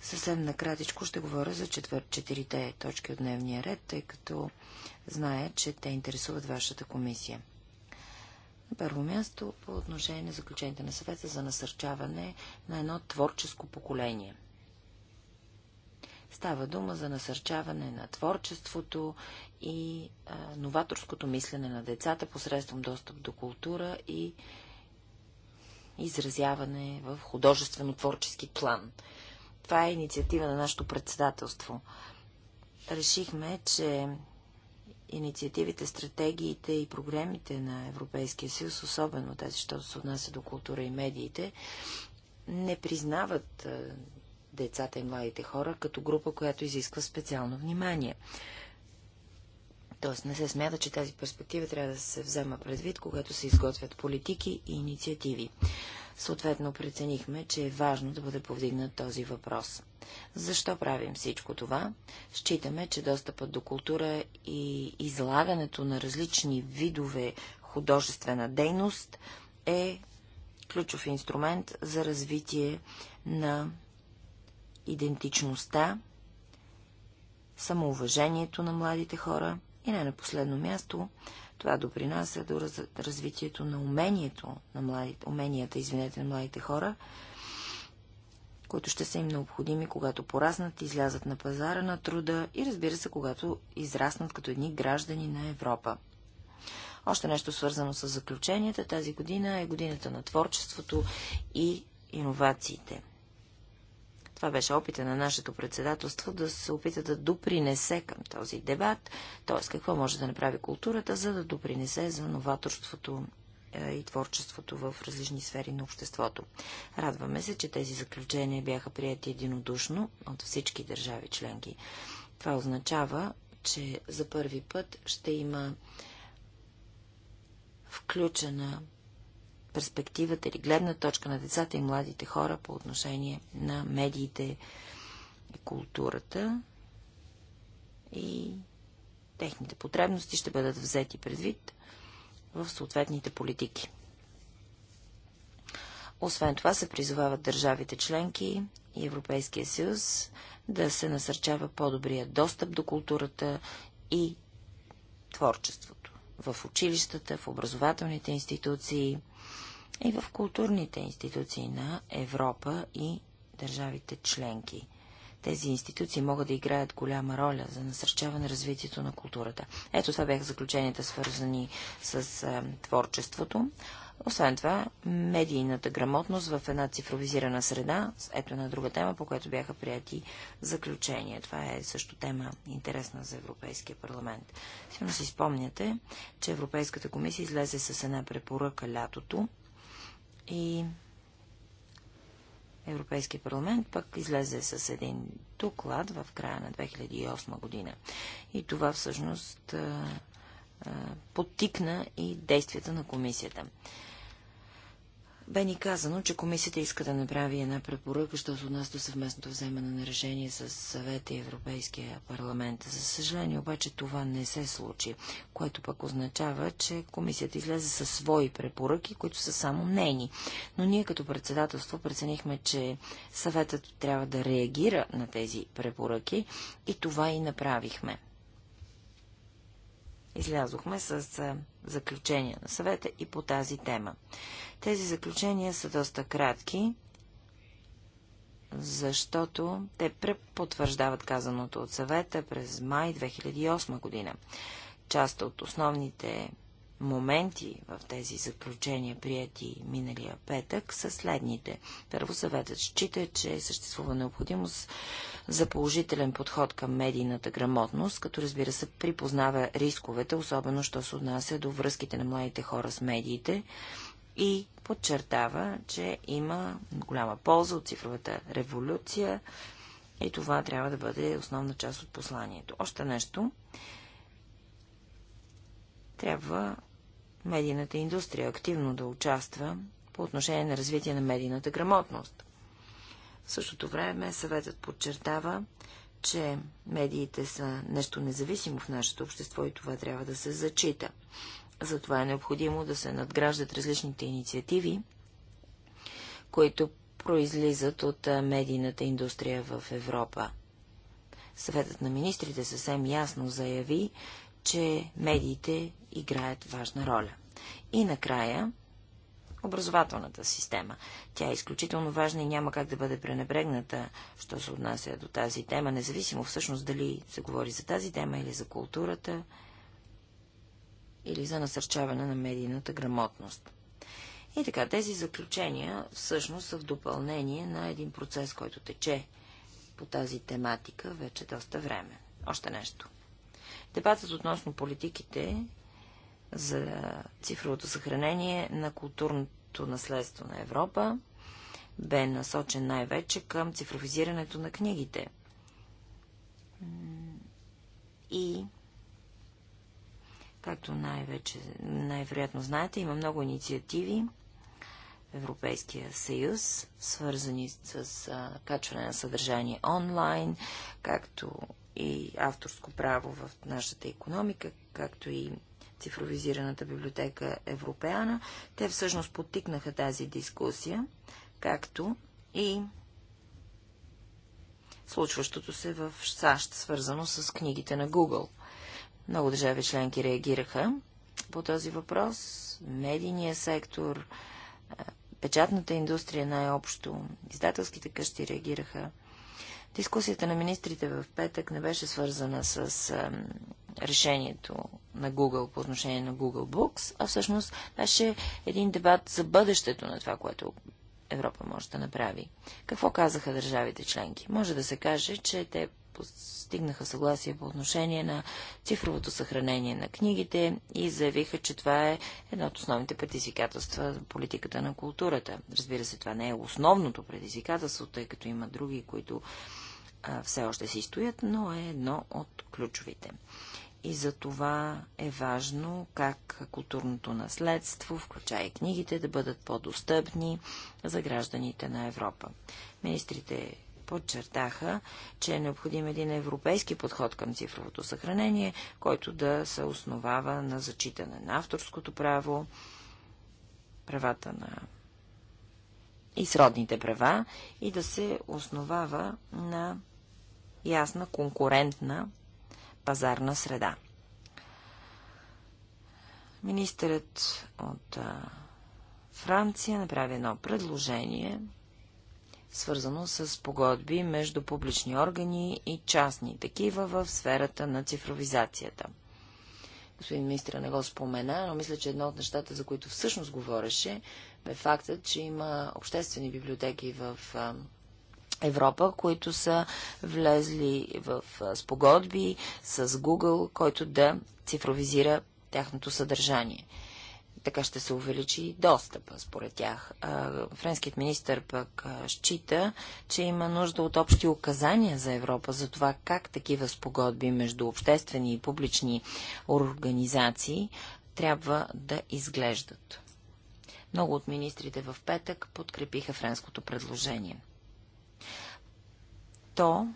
S3: Съвсем накратичко ще говоря за четвър, четирите точки от дневния ред, тъй като Знае, че те интересуват вашата комисия. На първо място по отношение на заключените на съвета за насърчаване на едно творческо поколение. Става дума за насърчаване на творчеството и а, новаторското мислене на децата посредством достъп до култура и изразяване в художествено-творчески план. Това е инициатива на нашето председателство. Решихме, че инициативите, стратегиите и програмите на Европейския съюз, особено тези, защото се отнася до култура и медиите, не признават децата и младите хора като група, която изисква специално внимание. Тоест не се смята, че тази перспектива трябва да се взема предвид, когато се изготвят политики и инициативи. Съответно преценихме, че е важно да бъде повдигнат този въпрос. Защо правим всичко това? Считаме, че достъпът до култура и излагането на различни видове художествена дейност е ключов инструмент за развитие на идентичността, самоуважението на младите хора и не на последно място това допринася до раз, развитието на умението на младите, уменията извинете, на младите хора, които ще са им необходими, когато пораснат, излязат на пазара на труда и разбира се, когато израснат като едни граждани на Европа. Още нещо свързано с заключенията. Тази година е годината на творчеството и иновациите. Това беше опита на нашето председателство да се опита да допринесе към този дебат, т.е. какво може да направи културата, за да допринесе за новаторството е, и творчеството в различни сфери на обществото. Радваме се, че тези заключения бяха прияти единодушно от всички държави членки. Това означава, че за първи път ще има включена перспективата или гледна точка на децата и младите хора по отношение на медиите и културата и техните потребности ще бъдат взети предвид в съответните политики. Освен това се призовават държавите членки и Европейския съюз да се насърчава по-добрия достъп до културата и творчеството в училищата, в образователните институции – и в културните институции на Европа и държавите членки. Тези институции могат да играят голяма роля за насърчаване на развитието на културата. Ето това бяха заключенията, свързани с а, творчеството. Освен това, медийната грамотност в една цифровизирана среда, ето една друга тема, по която бяха прияти заключения. Това е също тема интересна за Европейския парламент. Сигурно си спомняте, че Европейската комисия излезе с една препоръка лятото и Европейския парламент пък излезе с един доклад в края на 2008 година. И това всъщност подтикна и действията на комисията. Бе ни казано, че комисията иска да направи една препоръка, що от нас до съвместното вземане на решение с съвета и Европейския парламент. За съжаление обаче това не се случи, което пък означава, че комисията излезе със свои препоръки, които са само нейни. Но ние като председателство преценихме, че съветът трябва да реагира на тези препоръки и това и направихме. Излязохме с заключения на съвета и по тази тема. Тези заключения са доста кратки, защото те препотвърждават казаното от съвета през май 2008 година. Част от основните моменти в тези заключения, прияти миналия петък, са следните. Първо съветът счита, че съществува необходимост за положителен подход към медийната грамотност, като разбира се припознава рисковете, особено що се отнася до връзките на младите хора с медиите и подчертава, че има голяма полза от цифровата революция и това трябва да бъде основна част от посланието. Още нещо трябва медийната индустрия активно да участва по отношение на развитие на медийната грамотност. В същото време съветът подчертава, че медиите са нещо независимо в нашето общество и това трябва да се зачита. Затова е необходимо да се надграждат различните инициативи, които произлизат от медийната индустрия в Европа. Съветът на министрите съвсем ясно заяви, че медиите играят важна роля. И накрая, образователната система. Тя е изключително важна и няма как да бъде пренебрегната, що се отнася до тази тема, независимо всъщност дали се говори за тази тема или за културата, или за насърчаване на медийната грамотност. И така, тези заключения всъщност са в допълнение на един процес, който тече по тази тематика вече доста време. Още нещо. Дебатът относно политиките за цифровото съхранение на културното наследство на Европа бе насочен най-вече към цифровизирането на книгите. И, както най-вече, най-вероятно знаете, има много инициативи в Европейския съюз, свързани с а, качване на съдържание онлайн, както и авторско право в нашата економика, както и цифровизираната библиотека Европеана, те всъщност потикнаха тази дискусия, както и случващото се в САЩ, свързано с книгите на Google. Много държави членки реагираха по този въпрос. Медийния сектор, печатната индустрия най-общо, издателските къщи реагираха. Дискусията на министрите в петък не беше свързана с решението на Google по отношение на Google Books, а всъщност беше един дебат за бъдещето на това, което Европа може да направи. Какво казаха държавите членки? Може да се каже, че те постигнаха съгласие по отношение на цифровото съхранение на книгите и заявиха, че това е едно от основните предизвикателства за политиката на културата. Разбира се, това не е основното предизвикателство, тъй като има други, които все още си стоят, но е едно от ключовите. И за това е важно как културното наследство, включая и книгите, да бъдат по-достъпни за гражданите на Европа. Министрите подчертаха, че е необходим един европейски подход към цифровото съхранение, който да се основава на зачитане на авторското право, правата на и сродните права и да се основава на ясна, конкурентна пазарна среда. Министърът от Франция направи едно предложение, свързано с погодби между публични органи и частни такива в сферата на цифровизацията. Господин министра не го спомена, но мисля, че едно от нещата, за които всъщност говореше, бе фактът, че има обществени библиотеки в Европа, които са влезли в спогодби с Google, който да цифровизира тяхното съдържание. Така ще се увеличи достъпа, според тях. Френският министр пък счита, че има нужда от общи указания за Европа за това как такива спогодби между обществени и публични организации трябва да изглеждат. Много от министрите в петък подкрепиха френското предложение то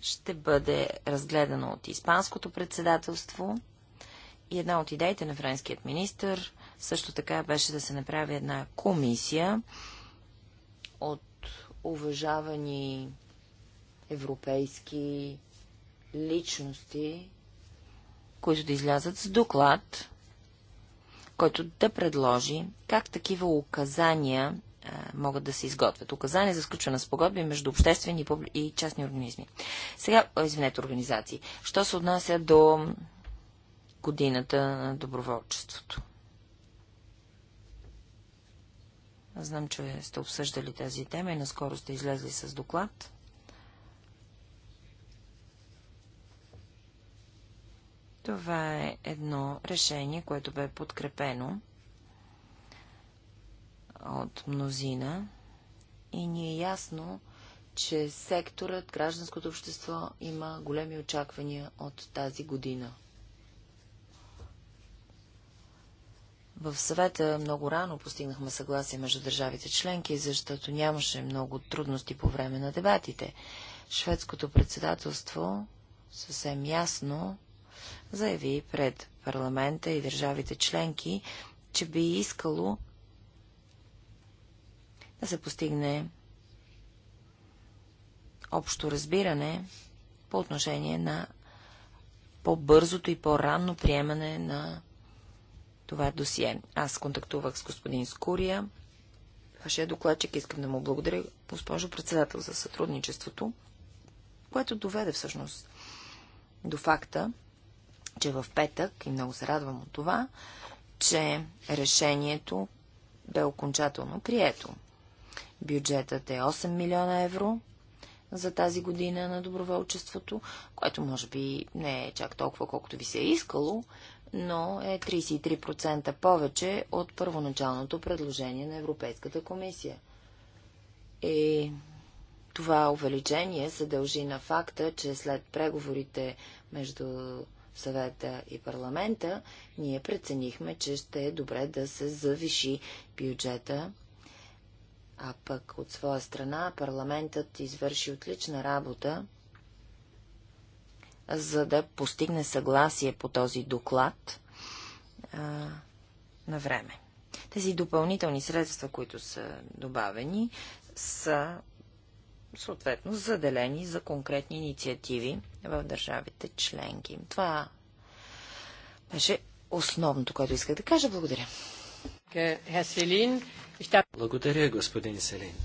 S3: ще бъде разгледано от Испанското председателство и една от идеите на френският министр също така беше да се направи една комисия от уважавани европейски личности, които да излязат с доклад, който да предложи как такива указания могат да се изготвят. Указания за сключване на спогодби между обществени и частни организми. Сега, извинете, организации. Що се отнася до годината на доброволчеството? Знам, че сте обсъждали тази тема и наскоро сте излезли с доклад. Това е едно решение, което бе подкрепено от мнозина и ни е ясно, че секторът, гражданското общество има големи очаквания от тази година. В съвета много рано постигнахме съгласие между държавите членки, защото нямаше много трудности по време на дебатите. Шведското председателство съвсем ясно заяви пред парламента и държавите членки, че би искало да се постигне общо разбиране по отношение на по-бързото и по-ранно приемане на това досие. Аз контактувах с господин Скурия, вашия докладчик. Искам да му благодаря, госпожо председател, за сътрудничеството, което доведе всъщност до факта, че в петък, и много се радвам от това, че решението бе окончателно прието. Бюджетът е 8 милиона евро за тази година на доброволчеството, което може би не е чак толкова, колкото ви се е искало, но е 33% повече от първоначалното предложение на Европейската комисия. И това увеличение се дължи на факта, че след преговорите между съвета и парламента, ние преценихме, че ще е добре да се завиши бюджета а пък от своя страна парламентът извърши отлична работа, за да постигне съгласие по този доклад а, на време. Тези допълнителни средства, които са добавени, са съответно заделени за конкретни инициативи в държавите членки. Това беше основното, което исках да кажа.
S1: Благодаря.
S2: Благодаря, господин Селин.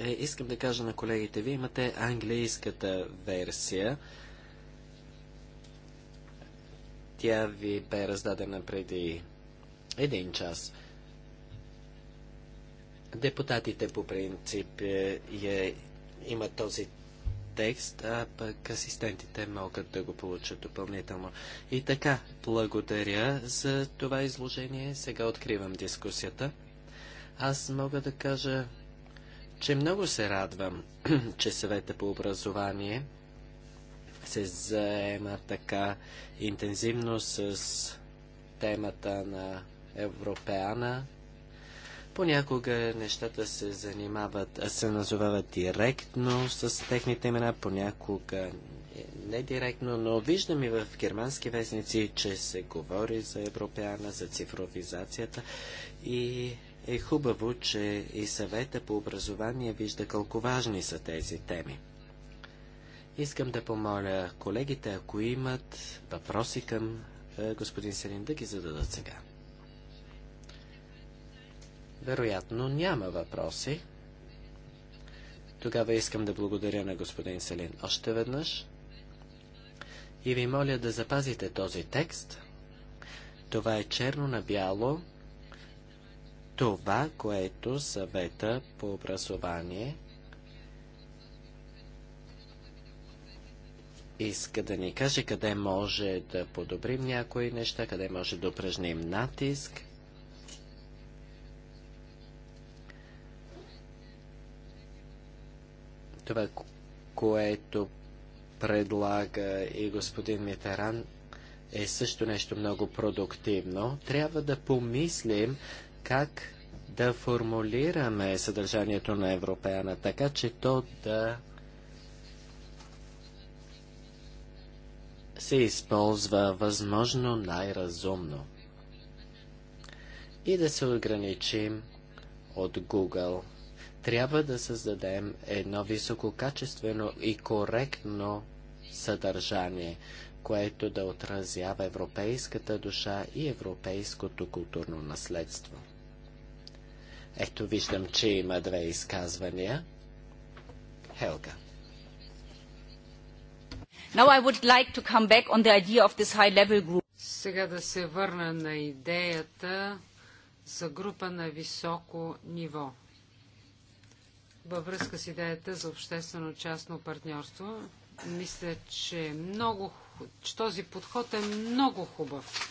S2: Е, искам да кажа на колегите, вие имате английската версия. Тя ви бе раздадена преди един час. Депутатите по принцип е, е, имат този текст, а пък асистентите могат да го получат допълнително. И така, благодаря за това изложение. Сега откривам дискусията. Аз мога да кажа, че много се радвам, че съвета по образование се заема така интензивно с темата на Европеана, Понякога нещата се занимават, се назовават директно с техните имена, понякога е, не директно, но виждам и в германски вестници, че се говори за европеана, за цифровизацията и е хубаво, че и съвета по образование вижда колко важни са тези теми. Искам да помоля колегите, ако имат въпроси към е, господин Селин, да ги зададат сега. Вероятно няма въпроси. Тогава искам да благодаря на господин Селин още веднъж и ви моля да запазите този текст. Това е черно на бяло това, което съвета по образование иска да ни каже къде може да подобрим някои неща, къде може да упражним натиск. това, което предлага и господин Митаран, е също нещо много продуктивно. Трябва да помислим как да формулираме съдържанието на Европеана, така че то да се използва възможно най-разумно и да се ограничим от Google – трябва да създадем едно висококачествено и коректно съдържание, което да отразява европейската душа и европейското културно наследство. Ето виждам, че има две изказвания. Хелга.
S1: Now I would like to come back on the idea of this high level group. Сега да се върна на идеята за група на високо ниво във връзка с идеята за обществено-частно партньорство. Мисля, че, е много, че този подход е много хубав.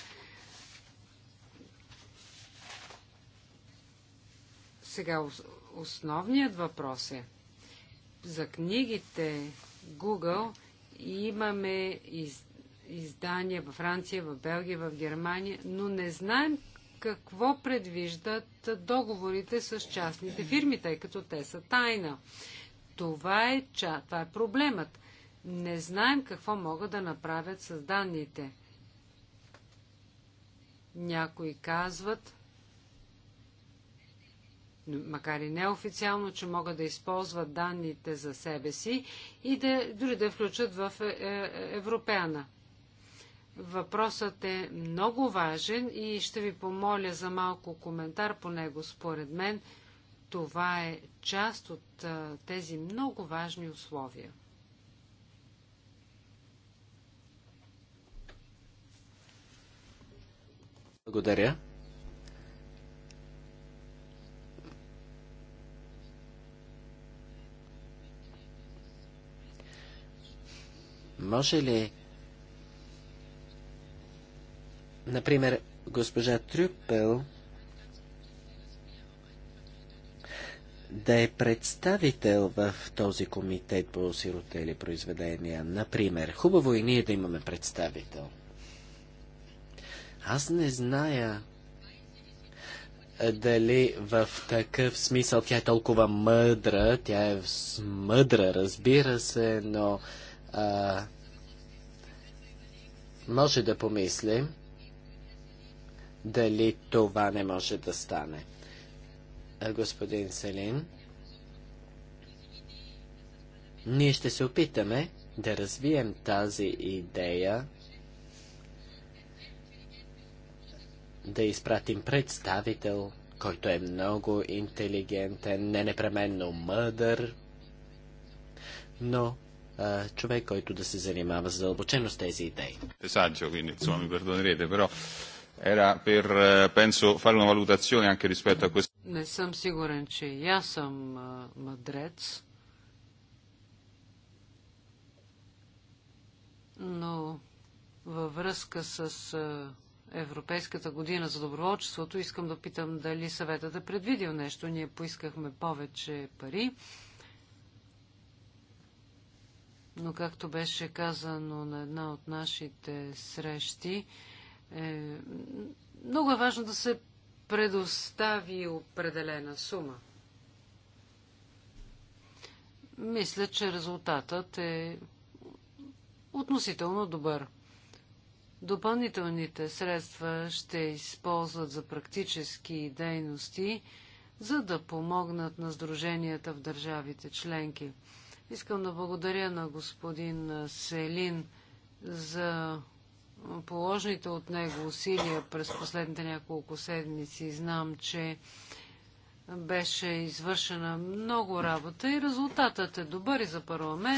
S1: Сега основният въпрос е за книгите Google имаме из, издания във Франция, в Белгия, в Германия, но не знаем какво предвиждат договорите с частните фирми, тъй като те са тайна. Това е, ча, това е проблемът. Не знаем какво могат да направят с данните. Някои казват, макар и неофициално, че могат да използват данните за себе си и да, дори да включат в е, е, Европеана. Въпросът е много важен и ще ви помоля за малко коментар по него. Според мен това е част от а, тези много важни условия.
S2: Благодаря. Може ли Например, госпожа Трюпел да е представител в този комитет по сиротели произведения. Например, хубаво и е ние да имаме представител. Аз не зная дали в такъв смисъл тя е толкова мъдра, тя е мъдра, разбира се, но а, може да помислим дали това не може да стане. Господин Селин, ние ще се опитаме да развием тази идея, да изпратим представител, който е много интелигентен, не непременно мъдър, но а, човек, който да се занимава задълбочено с тези идеи. Саджо, quindi, insomma, mi perdonerete, però era per, eh, penso, fare una valutazione anche rispetto a questo.
S1: Не съм сигурен, че и аз съм а, мъдрец, но във връзка с Европейската година за доброволчеството искам да питам дали съветът е предвидил нещо. Ние поискахме повече пари, но както беше казано на една от нашите срещи, е, много е важно да се предостави определена сума. Мисля, че резултатът е относително добър. Допълнителните средства ще използват за практически дейности, за да помогнат на сдруженията в държавите членки. Искам да благодаря на господин Селин за положените от него усилия през последните няколко седмици. Знам, че беше извършена много работа и резултатът е добър и за парламент.